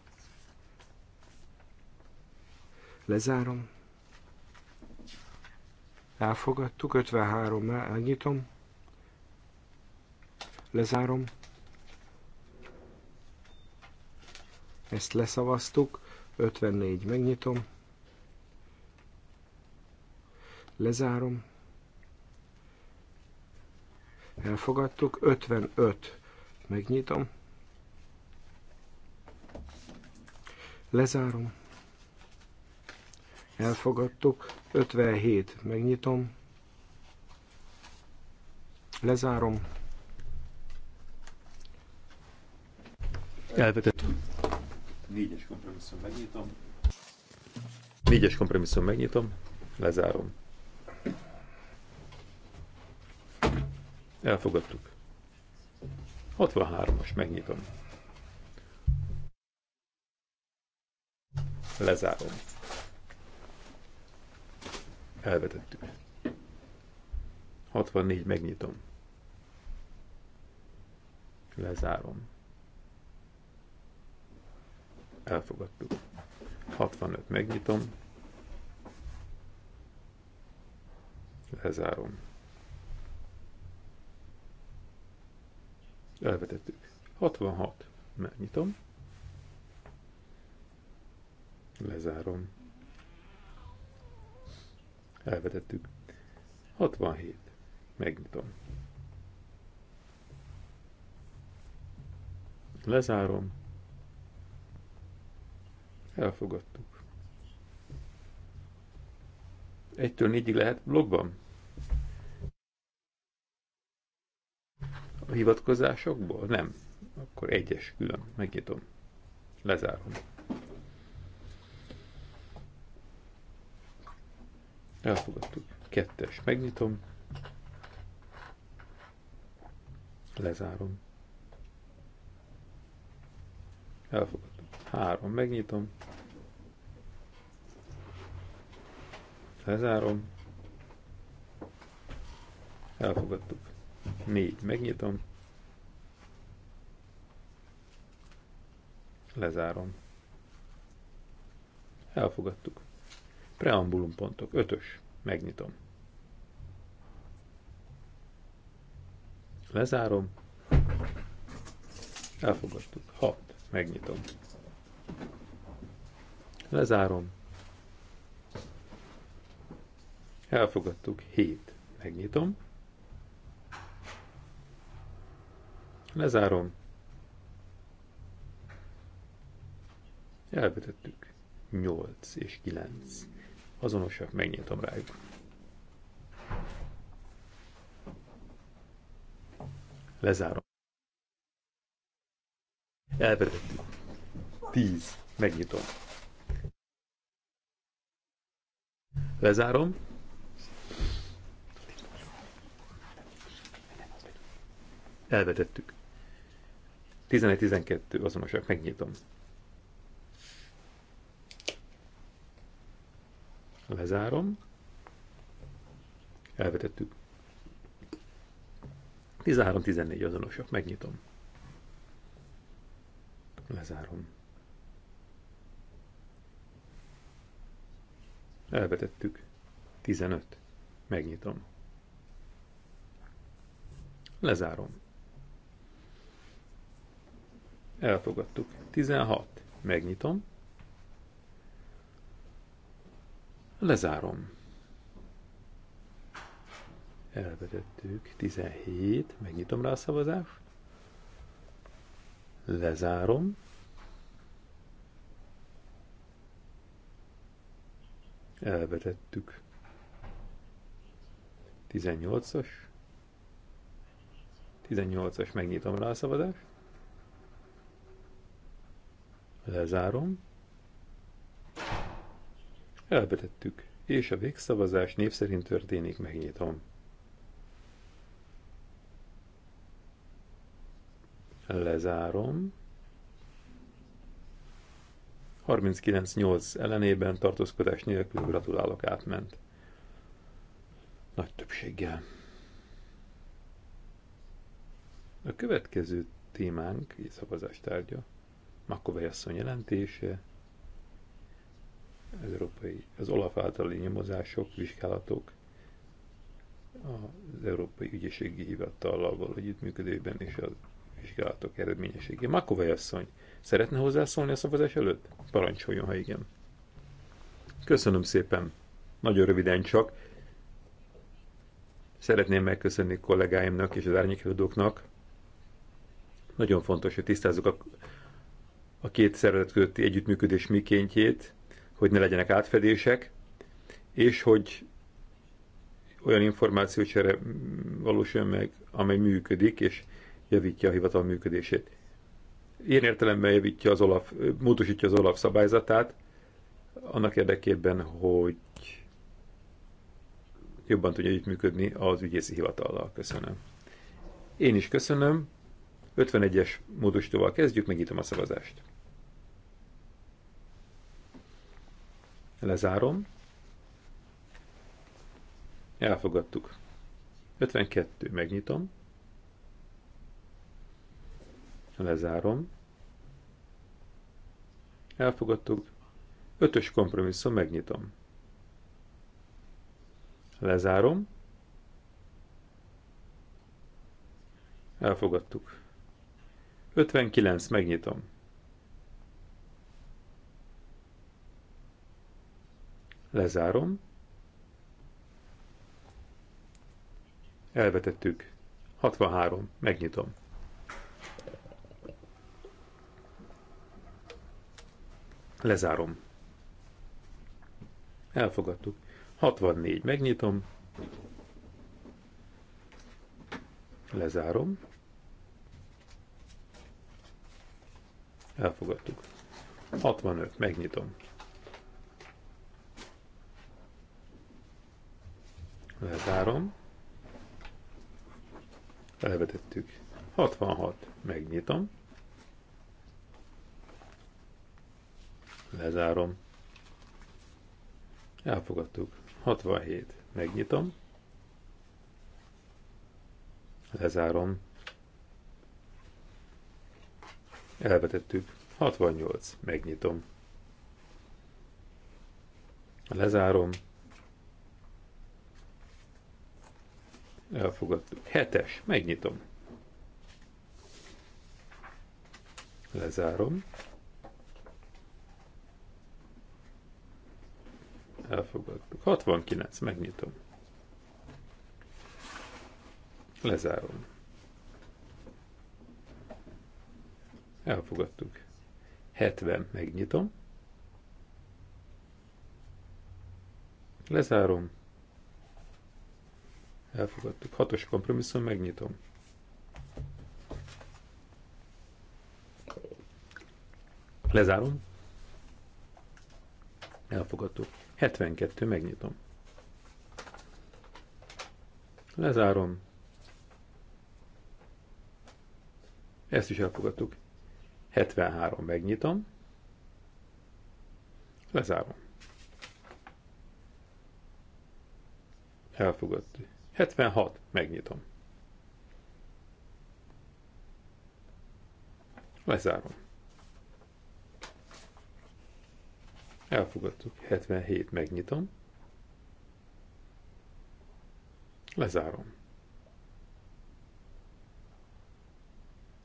Speaker 4: lezárom, elfogadtuk, 53 megnyitom, lezárom, ezt leszavaztuk, 54 megnyitom, lezárom, elfogadtuk, 55 megnyitom, Lezárom. Elfogadtuk. 57. Megnyitom. Lezárom. Elvetett.
Speaker 2: 4-es kompromisszum megnyitom. Négyes kompromisszum megnyitom. Lezárom. Elfogadtuk. 63-as megnyitom. Lezárom. Elvetettük. 64 megnyitom. Lezárom. Elfogadtuk. 65 megnyitom. Lezárom. Elvetettük. 66 megnyitom. Lezárom. Elvetettük. 67. Megnyitom. Lezárom. Elfogadtuk. Egytől négyig lehet blogban? A hivatkozásokból? Nem. Akkor egyes külön. Megnyitom. Lezárom. Elfogadtuk. Kettes. Megnyitom. Lezárom. Elfogadtuk. Három. Megnyitom. Lezárom. Elfogadtuk. Négy. Megnyitom. Lezárom. Elfogadtuk. Preambulum pontok. Ötös. Megnyitom. Lezárom. Elfogadtuk. Hat. Megnyitom. Lezárom. Elfogadtuk. Hét. Megnyitom. Lezárom. Elvetettük. 8 és 9 azonosak, megnyitom rájuk. Lezárom. Elvedettük. 10. Megnyitom. Lezárom. Elvetettük. 11-12 azonosak, megnyitom. Lezárom. Elvetettük. 13-14 azonosak. Megnyitom. Lezárom. Elvetettük. 15. Megnyitom. Lezárom. Elfogadtuk. 16. Megnyitom. Lezárom. Elvetettük 17, megnyitom rá a szavazást. Lezárom. Elvetettük 18-as. 18-as, megnyitom rá a szavazást. Lezárom. Elvetettük, és a végszavazás név szerint történik, megnyitom. Lezárom. 39-8 ellenében tartózkodás nélkül gratulálok átment. Nagy többséggel. A következő témánk, szavazás tárgya, Makovej asszony jelentése, az európai, az Olaf általi nyomozások, vizsgálatok az Európai Ügyészségi Hivatallal való együttműködésben és a vizsgálatok eredményességében. Makovai asszony, szeretne hozzászólni a szavazás előtt? Parancsoljon, ha igen. Köszönöm szépen. Nagyon röviden csak. Szeretném megköszönni kollégáimnak és az árnyékelődőknek. Nagyon fontos, hogy tisztázzuk a, a két szervezet közötti együttműködés mikéntjét, hogy ne legyenek átfedések, és hogy olyan információcsere valósuljon meg, amely működik, és javítja a hivatal működését. Ilyen értelemben javítja az Olaf, módosítja az Olaf szabályzatát, annak érdekében, hogy jobban tudja működni az ügyészi hivatallal. Köszönöm. Én is köszönöm. 51-es módosítóval kezdjük, megítom a szavazást. Lezárom. Elfogadtuk. 52. Megnyitom. Lezárom. Elfogadtuk. 5-ös kompromisszum, megnyitom. Lezárom. Elfogadtuk. 59, megnyitom. Lezárom. Elvetettük. 63. Megnyitom. Lezárom. Elfogadtuk. 64. Megnyitom. Lezárom. Elfogadtuk. 65. Megnyitom. Lezárom. Elvetettük. 66. Megnyitom. Lezárom. Elfogadtuk. 67. Megnyitom. Lezárom. Elvetettük. 68. Megnyitom. Lezárom. Elfogadtuk. Hetes. Megnyitom. Lezárom. Elfogadtuk. 69. Megnyitom. Lezárom. Elfogadtuk. 70. Megnyitom. Lezárom. Elfogadtuk. Hatos kompromisszum, megnyitom. Lezárom. Elfogadtuk. 72, megnyitom. Lezárom. Ezt is elfogadtuk. 73, megnyitom. Lezárom. Elfogadtuk. 76. Megnyitom. Lezárom. Elfogadtuk. 77. Megnyitom. Lezárom.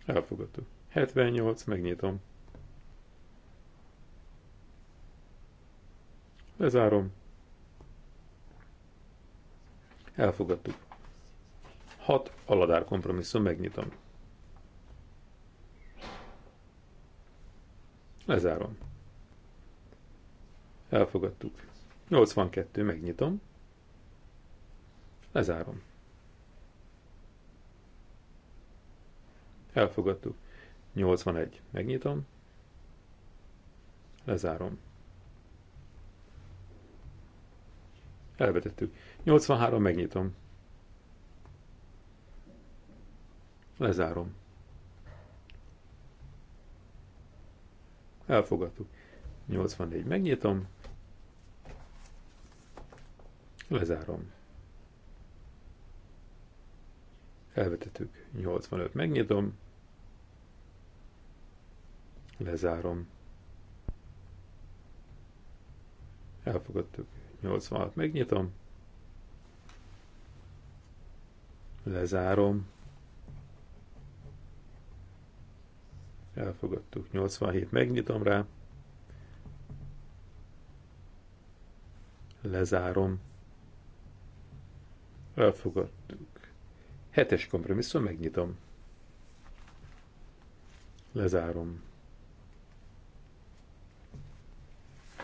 Speaker 2: Elfogadtuk. 78. Megnyitom. Lezárom. Elfogadtuk. Hat aladár kompromisszum, megnyitom. Lezárom. Elfogadtuk. 82, megnyitom. Lezárom. Elfogadtuk. 81, megnyitom. Lezárom. Elvetettük. 83 megnyitom. Lezárom. Elfogadtuk. 84 megnyitom. Lezárom. Elvetettük. 85 megnyitom. Lezárom. Elfogadtuk. 86 megnyitom. Lezárom. Elfogadtuk. 87. Megnyitom rá. Lezárom. Elfogadtuk. Hetes kompromisszum, megnyitom. Lezárom.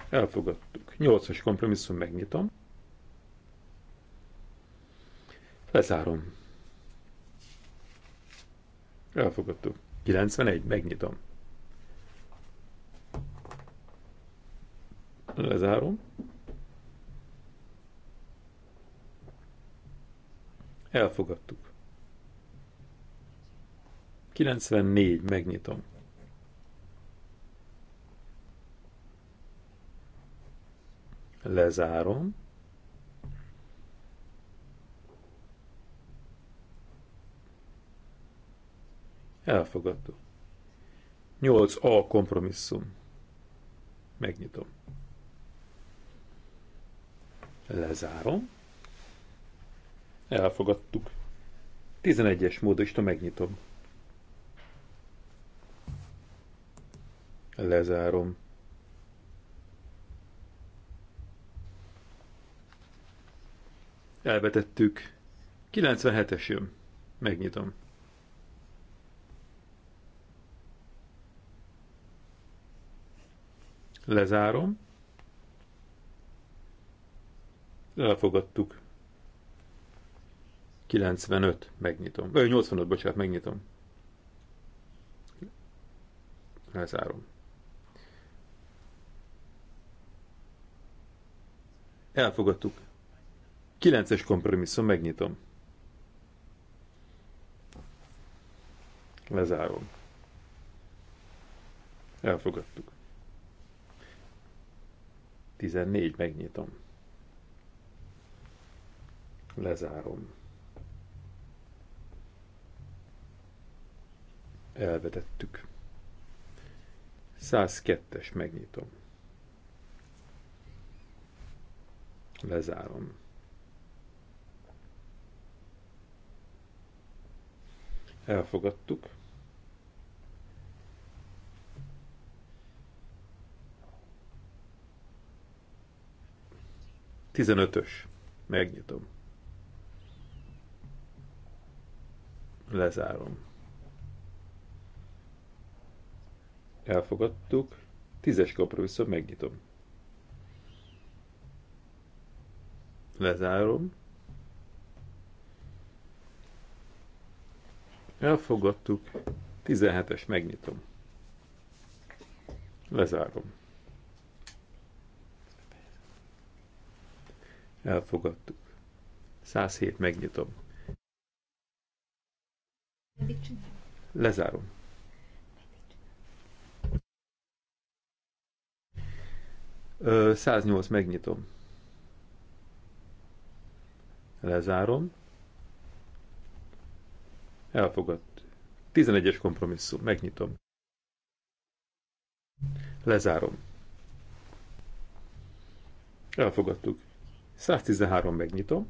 Speaker 2: Elfogadtuk. 8-as kompromisszum, megnyitom. Lezárom. Elfogadtuk. 91, megnyitom. Lezárom. Elfogadtuk. 94, megnyitom. Lezárom. Elfogadtuk. 8A kompromisszum. Megnyitom. Lezárom. Elfogadtuk. 11-es módosítom, megnyitom. Lezárom. Elvetettük. 97-es jön. Megnyitom. Lezárom. Elfogadtuk. 95, megnyitom. Ö, 85, bocsánat, megnyitom. Lezárom. Elfogadtuk. 9-es kompromisszum, megnyitom. Lezárom. Elfogadtuk. 14 megnyitom. Lezárom. Elvetettük. 102-es megnyitom. Lezárom. Elfogadtuk. 15-ös. Megnyitom. Lezárom. Elfogadtuk. 10-es kompromisszum, megnyitom. Lezárom. Elfogadtuk. 17-es, megnyitom. Lezárom. Elfogadtuk. 107 megnyitom. Lezárom. Ö, 108 megnyitom. Lezárom. Elfogadt. 11-es kompromisszum. Megnyitom. Lezárom. Elfogadtuk. 113 megnyitom.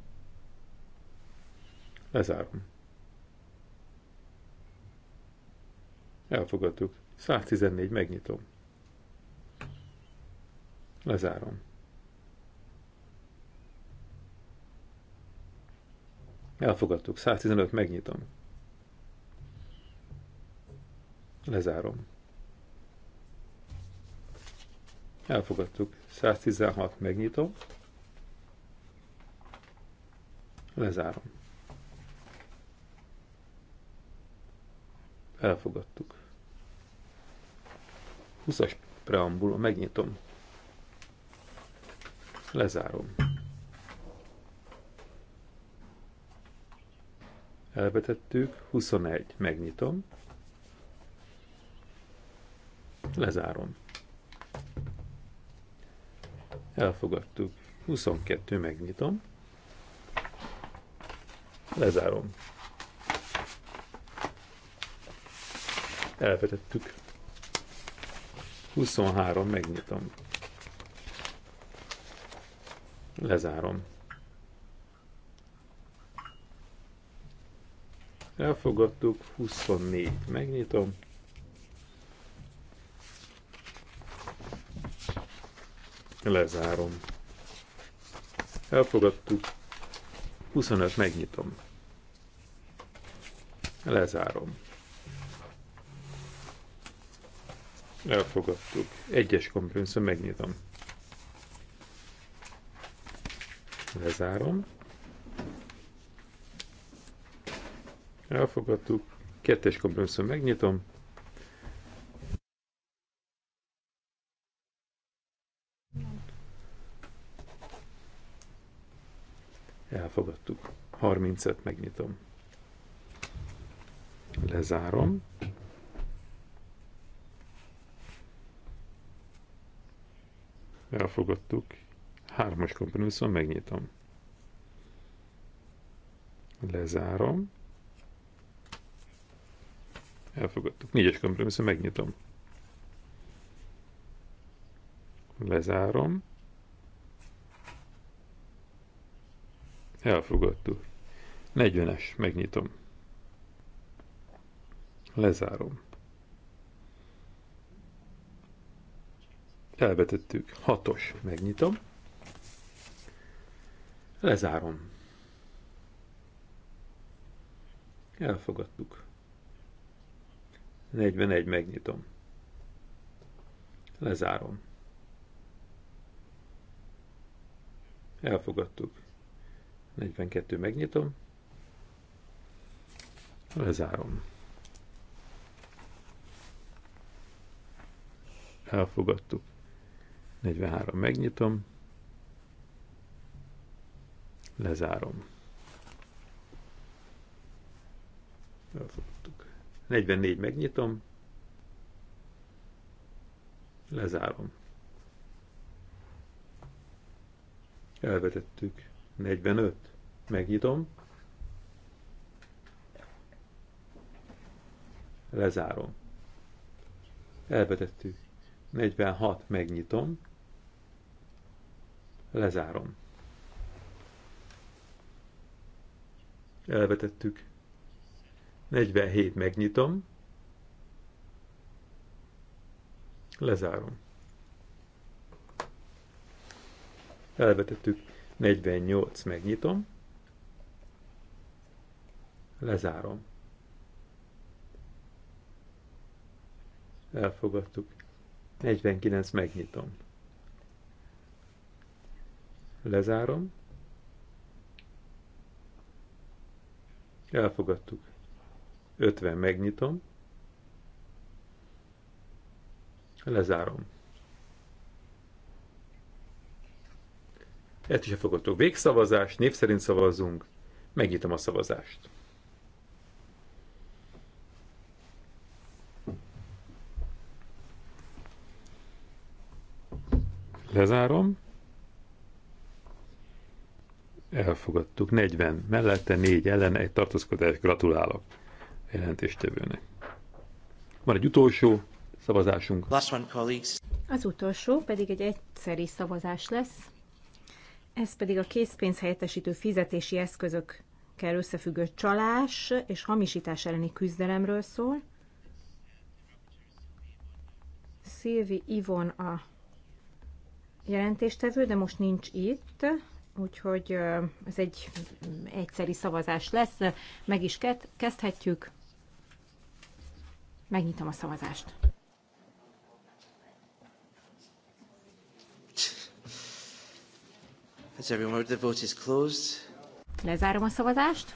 Speaker 2: Lezárom. Elfogadtuk. 114 megnyitom. Lezárom. Elfogadtuk. 115 megnyitom. Lezárom. Elfogadtuk. 116 megnyitom. Lezárom. Elfogadtuk. 20-as preambula, megnyitom. Lezárom. Elvetettük, 21, megnyitom. Lezárom. Elfogadtuk. 22, megnyitom. Lezárom. Elvetettük. 23, megnyitom. Lezárom. Elfogadtuk, 24, megnyitom. Lezárom. Elfogadtuk, 25, megnyitom. Lezárom. Elfogadtuk. Egyes kompromisszum, megnyitom. Lezárom. Elfogadtuk. Kettes kompromisszum, megnyitom. Elfogadtuk. 30-et megnyitom. Lezárom. Elfogadtuk. Hármas kompromisszum, megnyitom. Lezárom. Elfogadtuk. Négyes kompromisszum, megnyitom. Lezárom. Elfogadtuk. 40-es, megnyitom. Lezárom. Elvetettük. Hatos. Megnyitom. Lezárom. Elfogadtuk. 41. Megnyitom. Lezárom. Elfogadtuk. 42. Megnyitom. Lezárom. elfogadtuk. 43 megnyitom, lezárom. Elfogadtuk. 44 megnyitom, lezárom. Elvetettük. 45. Megnyitom. Lezárom. Elvetettük. 46 megnyitom, lezárom. Elvetettük. 47 megnyitom, lezárom. Elvetettük. 48 megnyitom, lezárom. Elfogadtuk. 49 megnyitom. Lezárom. Elfogadtuk. 50 megnyitom. Lezárom. Ezt is elfogadtuk. Végszavazás, név szerint szavazzunk. Megnyitom a szavazást. Lezárom. Elfogadtuk. 40 mellette, 4 ellen, egy tartózkodás. Gratulálok a jelentéstevőnek. Van egy utolsó szavazásunk. Last one, colleagues.
Speaker 3: Az utolsó pedig egy egyszeri szavazás lesz. Ez pedig a készpénz helyettesítő fizetési eszközökkel összefüggő csalás és hamisítás elleni küzdelemről szól. Szilvi Ivon a jelentéstevő, de most nincs itt, úgyhogy ez egy mm, egyszeri szavazás lesz. Meg is kezdhetjük. Megnyitom a szavazást.
Speaker 1: Has everyone the vote is closed?
Speaker 3: Lezárom a szavazást.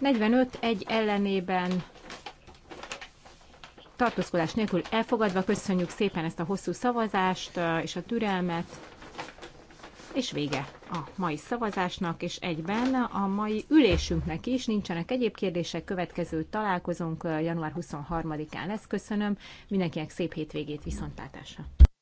Speaker 3: 45 egy ellenében tartózkodás nélkül elfogadva. Köszönjük szépen ezt a hosszú szavazást és a türelmet. És vége a mai szavazásnak, és egyben a mai ülésünknek is. Nincsenek egyéb kérdések, következő találkozunk január 23-án lesz. Köszönöm mindenkinek szép hétvégét, viszontlátásra!